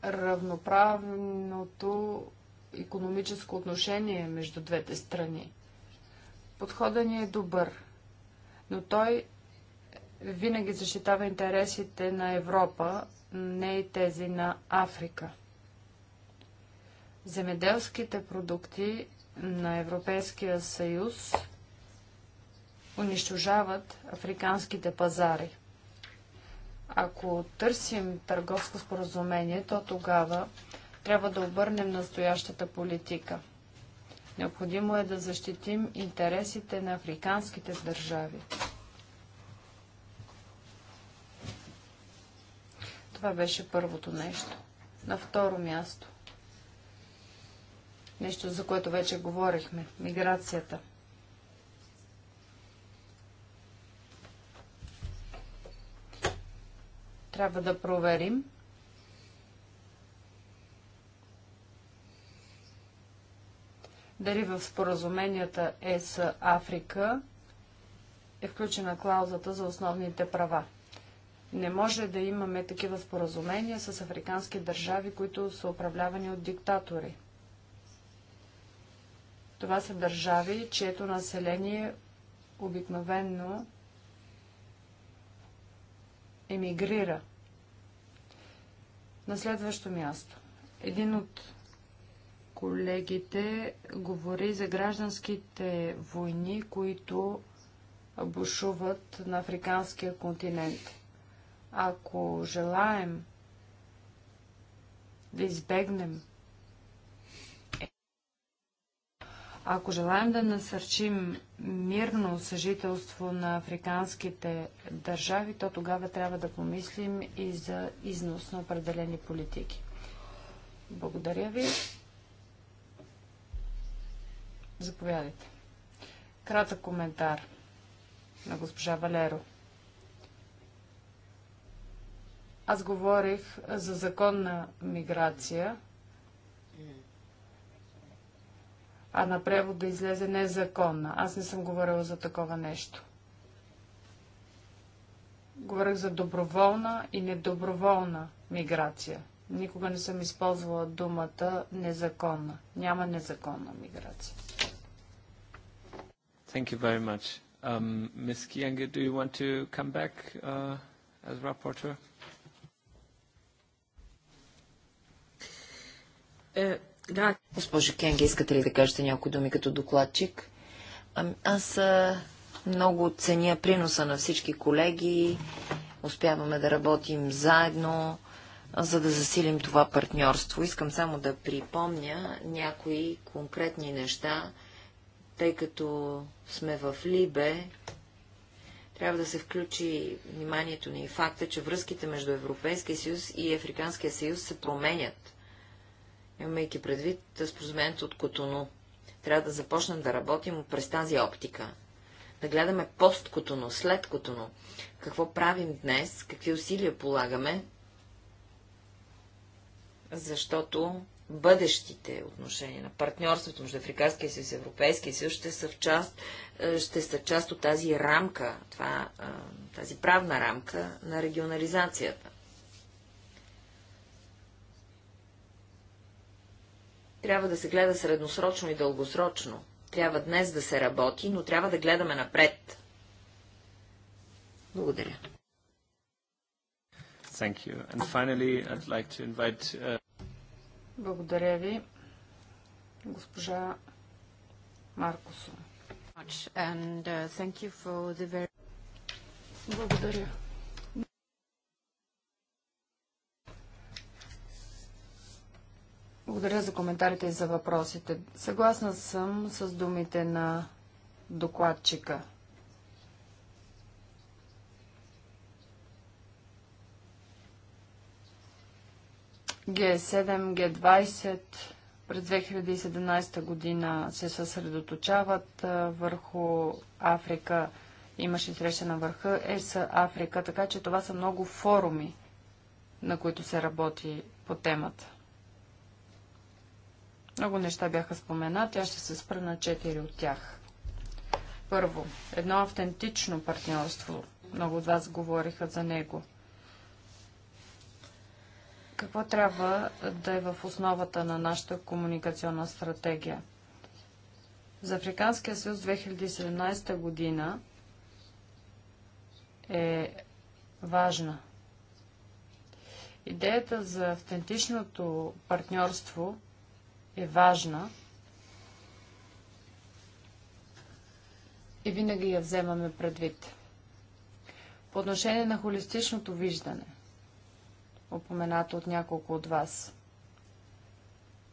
равноправното економическо отношение между двете страни. Подходът ни е добър, но той винаги защитава интересите на Европа, не и тези на Африка. Земеделските продукти на Европейския съюз унищожават африканските пазари. Ако търсим търговско споразумение, то тогава трябва да обърнем настоящата политика. Необходимо е да защитим интересите на африканските държави. Това беше първото нещо. На второ място. Нещо, за което вече говорихме. Миграцията. Трябва да проверим. Дали в споразуменията ЕС Африка е включена клаузата за основните права. Не може да имаме такива споразумения с африкански държави, които са управлявани от диктатори. Това са държави, чието население обикновенно емигрира. На следващо място. Един от колегите говори за гражданските войни, които бушуват на африканския континент. Ако желаем да избегнем Ако желаем да насърчим мирно съжителство на африканските държави, то тогава трябва да помислим и за износ на определени политики. Благодаря ви. Заповядайте. Кратък коментар на госпожа Валеро. Аз говорих за законна миграция а на превод да излезе незаконна. Аз не съм говорила за такова нещо. Говорих за доброволна и недоброволна миграция. Никога не съм използвала думата незаконна. Няма незаконна миграция. Thank you very much. Um, Ms. Kiange, do you want to come back uh, as rapporteur? Uh, да. Госпожо Кенге, искате ли да кажете някои думи като докладчик? А, аз много ценя приноса на всички колеги. Успяваме да работим заедно, за да засилим това партньорство. Искам само да припомня някои конкретни неща, тъй като сме в Либе, трябва да се включи вниманието ни и факта, че връзките между Европейския съюз и Африканския съюз се променят имайки предвид споразумението от Котону. Трябва да започнем да работим през тази оптика. Да гледаме пост Котону, след Котону. Какво правим днес, какви усилия полагаме, защото бъдещите отношения на партньорството между Африканския съюз и Европейския съюз ще са, в част, е, ще са част от тази рамка, това, е, тази правна рамка на регионализацията. Трябва да се гледа средносрочно и дългосрочно. Трябва днес да се работи, но трябва да гледаме напред. Благодаря. Thank you. And finally, I'd like to invite, uh... Благодаря ви, госпожа Маркосова. Uh, very... Благодаря. Благодаря за коментарите и за въпросите. Съгласна съм с думите на докладчика. Г7, Г20 през 2017 година се съсредоточават върху Африка. Имаше среща на върха ЕС Африка, така че това са много форуми, на които се работи по темата. Много неща бяха споменати, аз ще се спра на четири от тях. Първо, едно автентично партньорство. Много от вас говориха за него. Какво трябва да е в основата на нашата комуникационна стратегия? За Африканския съюз 2017 година е важна. Идеята за автентичното партньорство – е важна и винаги я вземаме предвид. По отношение на холистичното виждане, упоменато от няколко от вас,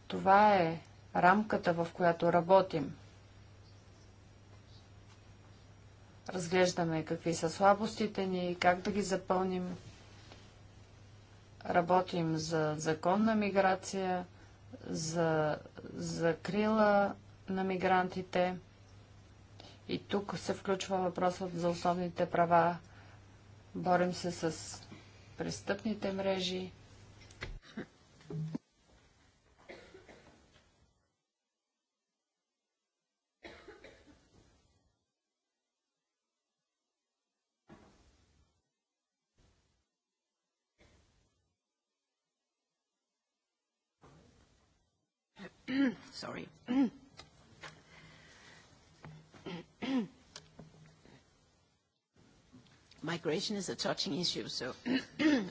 това е рамката, в която работим. Разглеждаме какви са слабостите ни, как да ги запълним. Работим за законна миграция, за закрила на мигрантите. И тук се включва въпросът за основните права. Борим се с престъпните мрежи. Sorry. Migration is a touching issue, so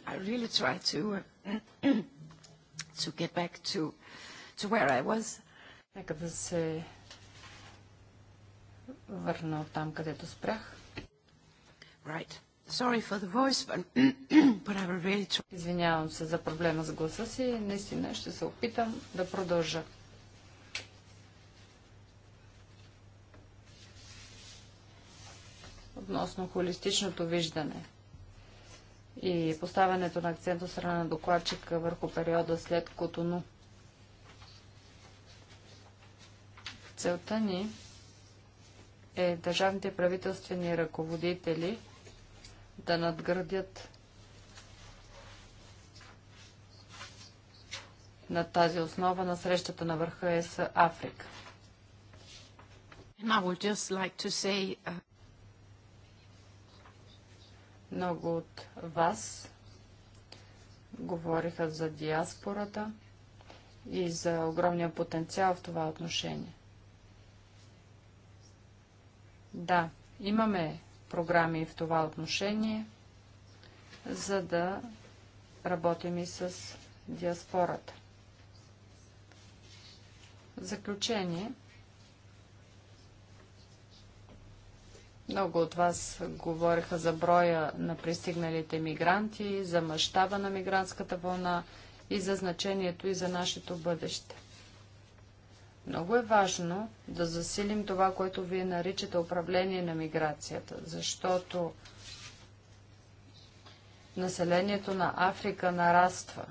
I really try to to get back to to where I was. Нека да се върна от там, където спрях. Right. Sorry for the voice, but, but I will really try. Извинявам се за проблема с гласа си. Наистина ще се опитам да продължа. относно холистичното виждане и поставянето на акцент от страна на докладчика върху периода след Котону. Целта ни е държавните правителствени ръководители да надградят на тази основа на срещата на върха ЕС Африка. Like say... Uh, много от вас говориха за диаспората и за огромния потенциал в това отношение. Да, имаме програми в това отношение, за да работим и с диаспората. заключение, Много от вас говориха за броя на пристигналите мигранти, за мащаба на мигрантската вълна и за значението и за нашето бъдеще. Много е важно да засилим това, което вие наричате управление на миграцията, защото населението на Африка нараства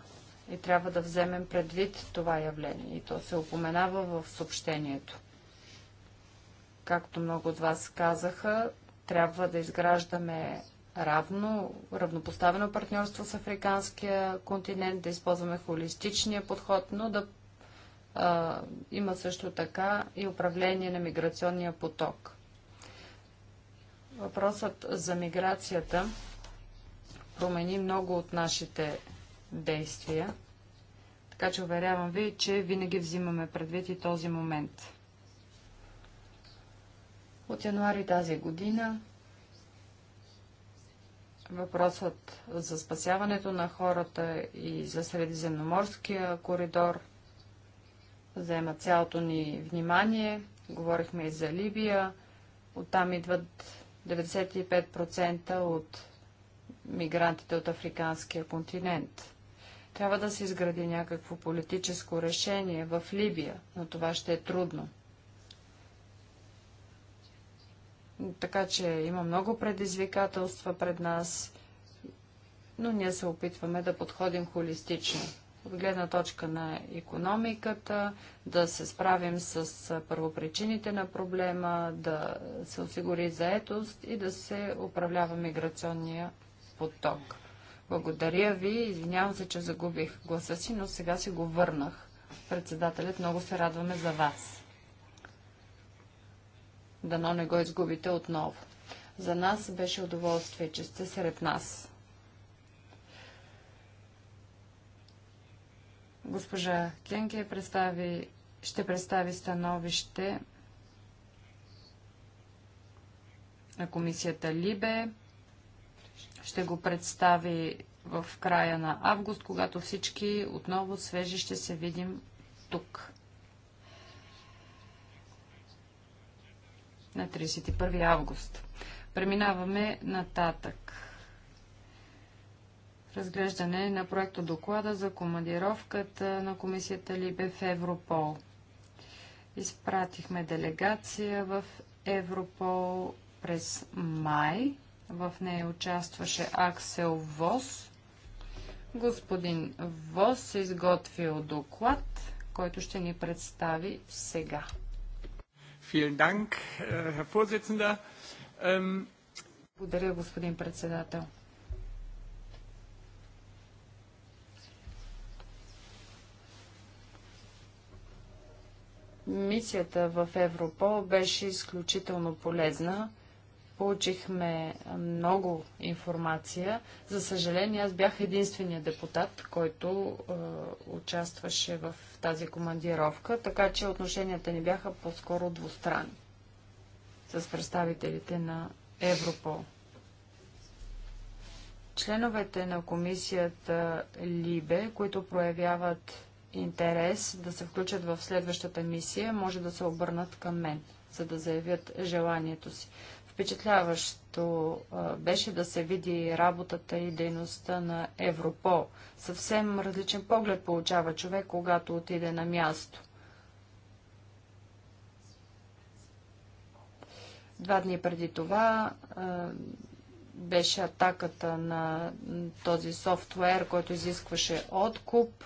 и трябва да вземем предвид това явление. И то се упоменава в съобщението. Както много от вас казаха, трябва да изграждаме равно, равнопоставено партньорство с африканския континент, да използваме холистичния подход, но да а, има също така и управление на миграционния поток. Въпросът за миграцията промени много от нашите действия, така че уверявам ви, че винаги взимаме предвид и този момент. От януари тази година въпросът за спасяването на хората и за средиземноморския коридор взема цялото ни внимание. Говорихме и за Либия. Оттам идват 95% от мигрантите от африканския континент. Трябва да се изгради някакво политическо решение в Либия, но това ще е трудно. Така че има много предизвикателства пред нас, но ние се опитваме да подходим холистично. От гледна точка на економиката, да се справим с първопричините на проблема, да се осигури заетост и да се управлява миграционния поток. Благодаря ви. Извинявам се, че загубих гласа си, но сега си го върнах. Председателят, много се радваме за вас. Дано не го изгубите отново. За нас беше удоволствие, че сте сред нас. Госпожа Кенке представи, ще представи становище на комисията Либе. Ще го представи в края на август, когато всички отново свежи ще се видим тук. на 31 август. Преминаваме нататък. Разглеждане на проекто доклада за командировката на комисията Либе в Европол. Изпратихме делегация в Европол през май. В нея участваше Аксел Вос. Господин Вос е изготвил доклад, който ще ни представи сега. Vielen Dank, äh, Herr Vorsitzender. Ähm, Благодаря, господин председател. Мисията в Европол беше изключително полезна Получихме много информация. За съжаление, аз бях единствения депутат, който е, участваше в тази командировка, така че отношенията ни бяха по-скоро двустранни с представителите на Европол. Членовете на комисията Либе, които проявяват интерес да се включат в следващата мисия, може да се обърнат към мен, за да заявят желанието си. Впечатляващо беше да се види работата и дейността на Европол. Съвсем различен поглед получава човек, когато отиде на място. Два дни преди това беше атаката на този софтуер, който изискваше откуп.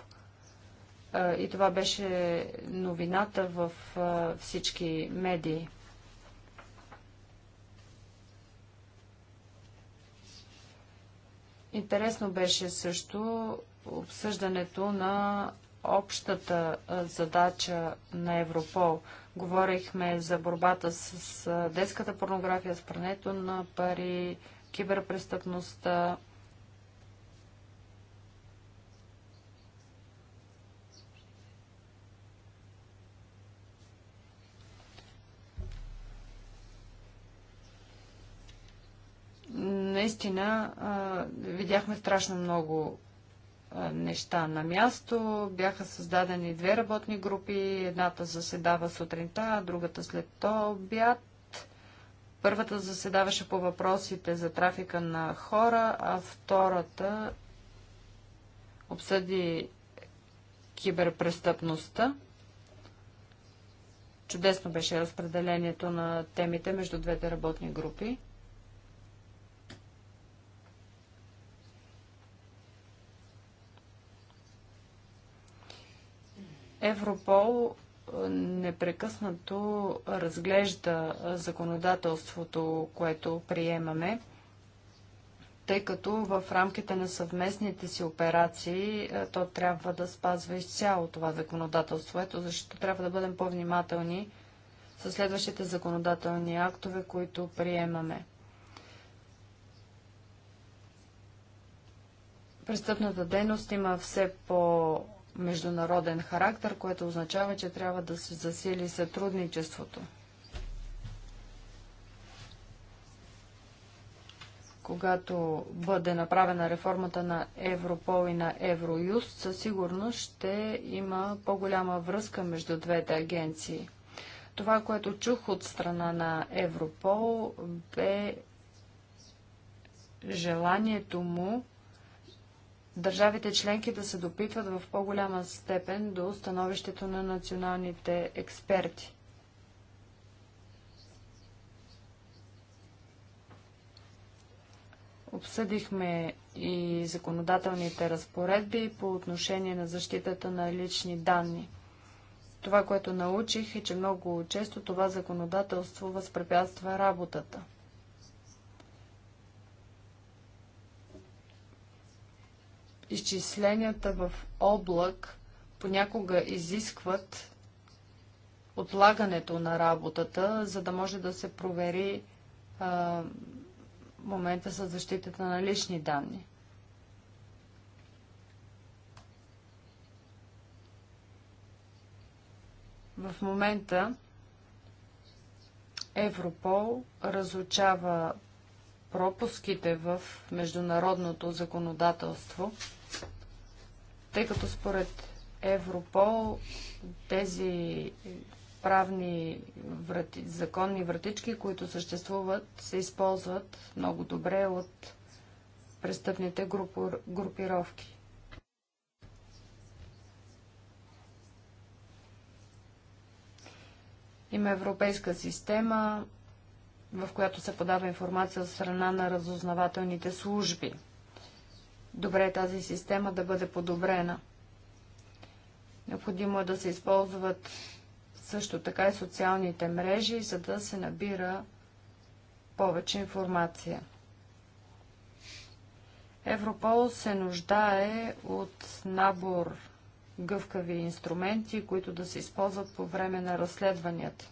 И това беше новината в всички медии. Интересно беше също обсъждането на общата задача на Европол. Говорихме за борбата с детската порнография, с прането на пари, киберпрестъпността, наистина а, видяхме страшно много а, неща на място. Бяха създадени две работни групи. Едната заседава сутринта, другата след обяд. Първата заседаваше по въпросите за трафика на хора, а втората обсъди киберпрестъпността. Чудесно беше разпределението на темите между двете работни групи. Европол е, непрекъснато разглежда е, законодателството, което приемаме, тъй като в рамките на съвместните си операции е, то трябва да спазва изцяло това законодателство. Ето защото трябва да бъдем по-внимателни с следващите законодателни актове, които приемаме. Престъпната дейност има все по- международен характер, което означава, че трябва да се засили сътрудничеството. Когато бъде направена реформата на Европол и на Евроюст, със сигурност ще има по-голяма връзка между двете агенции. Това, което чух от страна на Европол, бе желанието му държавите членки да се допитват в по-голяма степен до становището на националните експерти. Обсъдихме и законодателните разпоредби по отношение на защитата на лични данни. Това, което научих е, че много често това законодателство възпрепятства работата. изчисленията в облак понякога изискват отлагането на работата, за да може да се провери а, момента с защитата на лични данни. В момента Европол разучава пропуските в международното законодателство – тъй като според Европол тези правни врати, законни вратички, които съществуват, се използват много добре от престъпните групу, групировки. Има европейска система, в която се подава информация от страна на разузнавателните служби – добре е тази система да бъде подобрена. Необходимо е да се използват също така и социалните мрежи, за да се набира повече информация. Европол се нуждае от набор гъвкави инструменти, които да се използват по време на разследванията.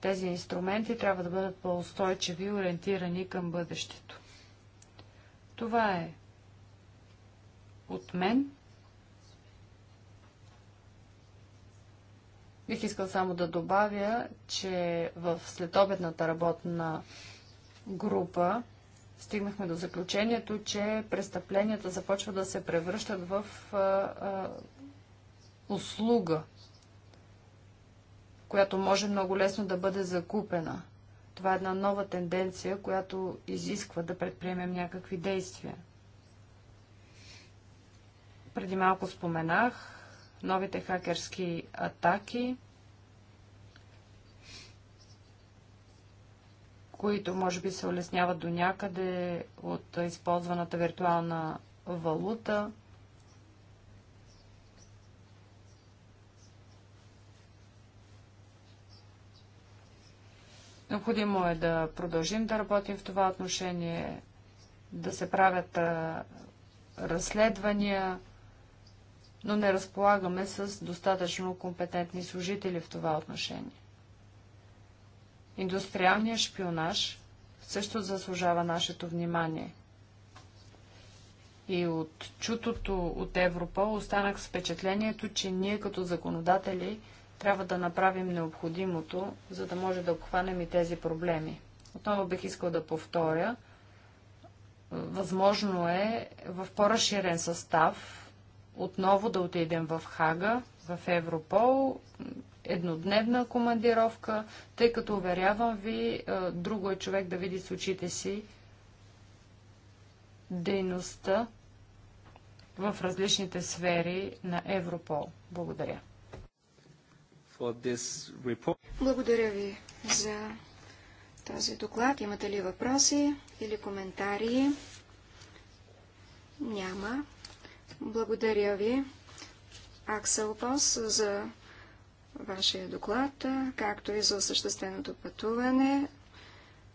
Тези инструменти трябва да бъдат по-устойчиви и ориентирани към бъдещето. Това е от мен. Бих искал само да добавя, че в следобедната работна група стигнахме до заключението, че престъпленията започват да се превръщат в а, а, услуга, която може много лесно да бъде закупена – това е една нова тенденция, която изисква да предприемем някакви действия. Преди малко споменах новите хакерски атаки, които може би се улесняват до някъде от използваната виртуална валута. Необходимо е да продължим да работим в това отношение, да се правят разследвания, но не разполагаме с достатъчно компетентни служители в това отношение. Индустриалният шпионаж също заслужава нашето внимание. И от чутото от Европа останах с впечатлението, че ние като законодатели – трябва да направим необходимото, за да може да обхванем и тези проблеми. Отново бих искал да повторя. Възможно е в по-разширен състав отново да отидем в Хага, в Европол, еднодневна командировка, тъй като, уверявам ви, друго е човек да види с очите си дейността в различните сфери на Европол. Благодаря. Благодаря ви за този доклад. Имате ли въпроси или коментари? Няма. Благодаря ви, Аксел Пос, за вашия доклад, както и за осъщественото пътуване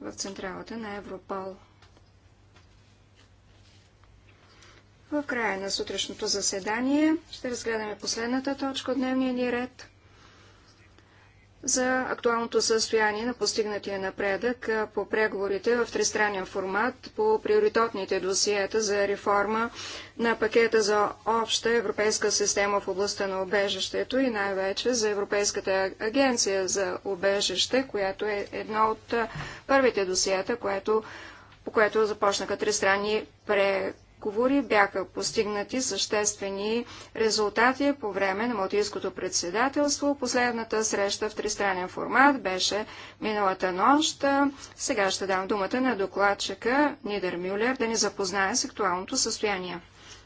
в централата на Европол. В края на сутрешното заседание ще разгледаме последната точка от дневния ни ред – за актуалното състояние на постигнатия напредък по преговорите в тристранен формат по приоритетните досиета за реформа на пакета за обща европейска система в областта на обежището и най-вече за Европейската агенция за обежище, която е едно от първите досиета, което, по което започнаха тристранни преговори преговори бяха постигнати съществени резултати по време на Малтийското председателство. Последната среща в тристранен формат беше миналата нощ. Сега ще дам думата на докладчика Нидер Мюлер да ни запознае с актуалното състояние.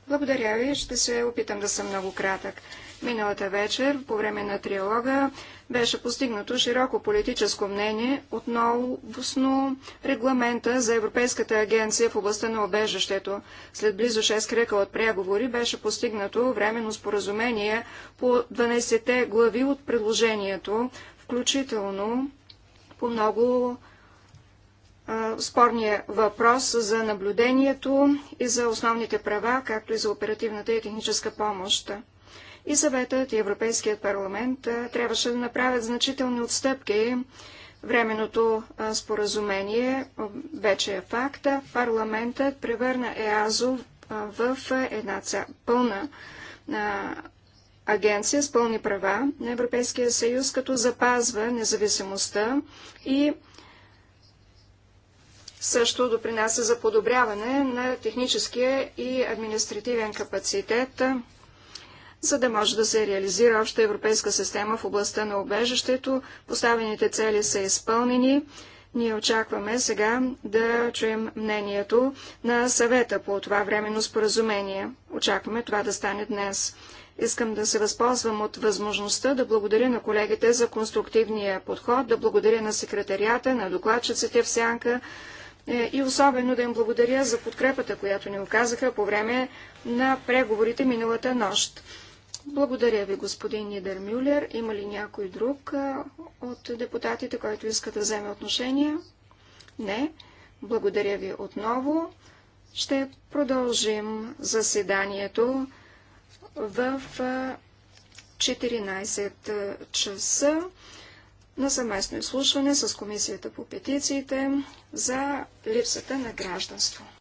Благодаря ви. Ще се опитам да съм много кратък. Миналата вечер, по време на триолога, беше постигнато широко политическо мнение относно регламента за Европейската агенция в областта на обежището. След близо 6 крека от преговори беше постигнато временно споразумение по 12-те глави от предложението, включително по много спорния въпрос за наблюдението и за основните права, както и за оперативната и техническа помощ. И съветът и Европейският парламент трябваше да направят значителни отстъпки. Временното споразумение вече е факта. Парламентът превърна ЕАЗО в една ця... пълна а, агенция с пълни права на Европейския съюз, като запазва независимостта и също допринася за подобряване на техническия и административен капацитет, за да може да се реализира обща европейска система в областта на обежището. Поставените цели са изпълнени. Ние очакваме сега да чуем мнението на съвета по това временно споразумение. Очакваме това да стане днес. Искам да се възползвам от възможността да благодаря на колегите за конструктивния подход, да благодаря на секретарията, на докладчиците в сянка, е, и особено да им благодаря за подкрепата, която ни оказаха по време на преговорите миналата нощ. Благодаря ви, господин Нидер Мюллер. Има ли някой друг от депутатите, който иска да вземе отношение? Не. Благодаря ви отново. Ще продължим заседанието в 14 часа на съвместно изслушване с Комисията по петициите за липсата на гражданство.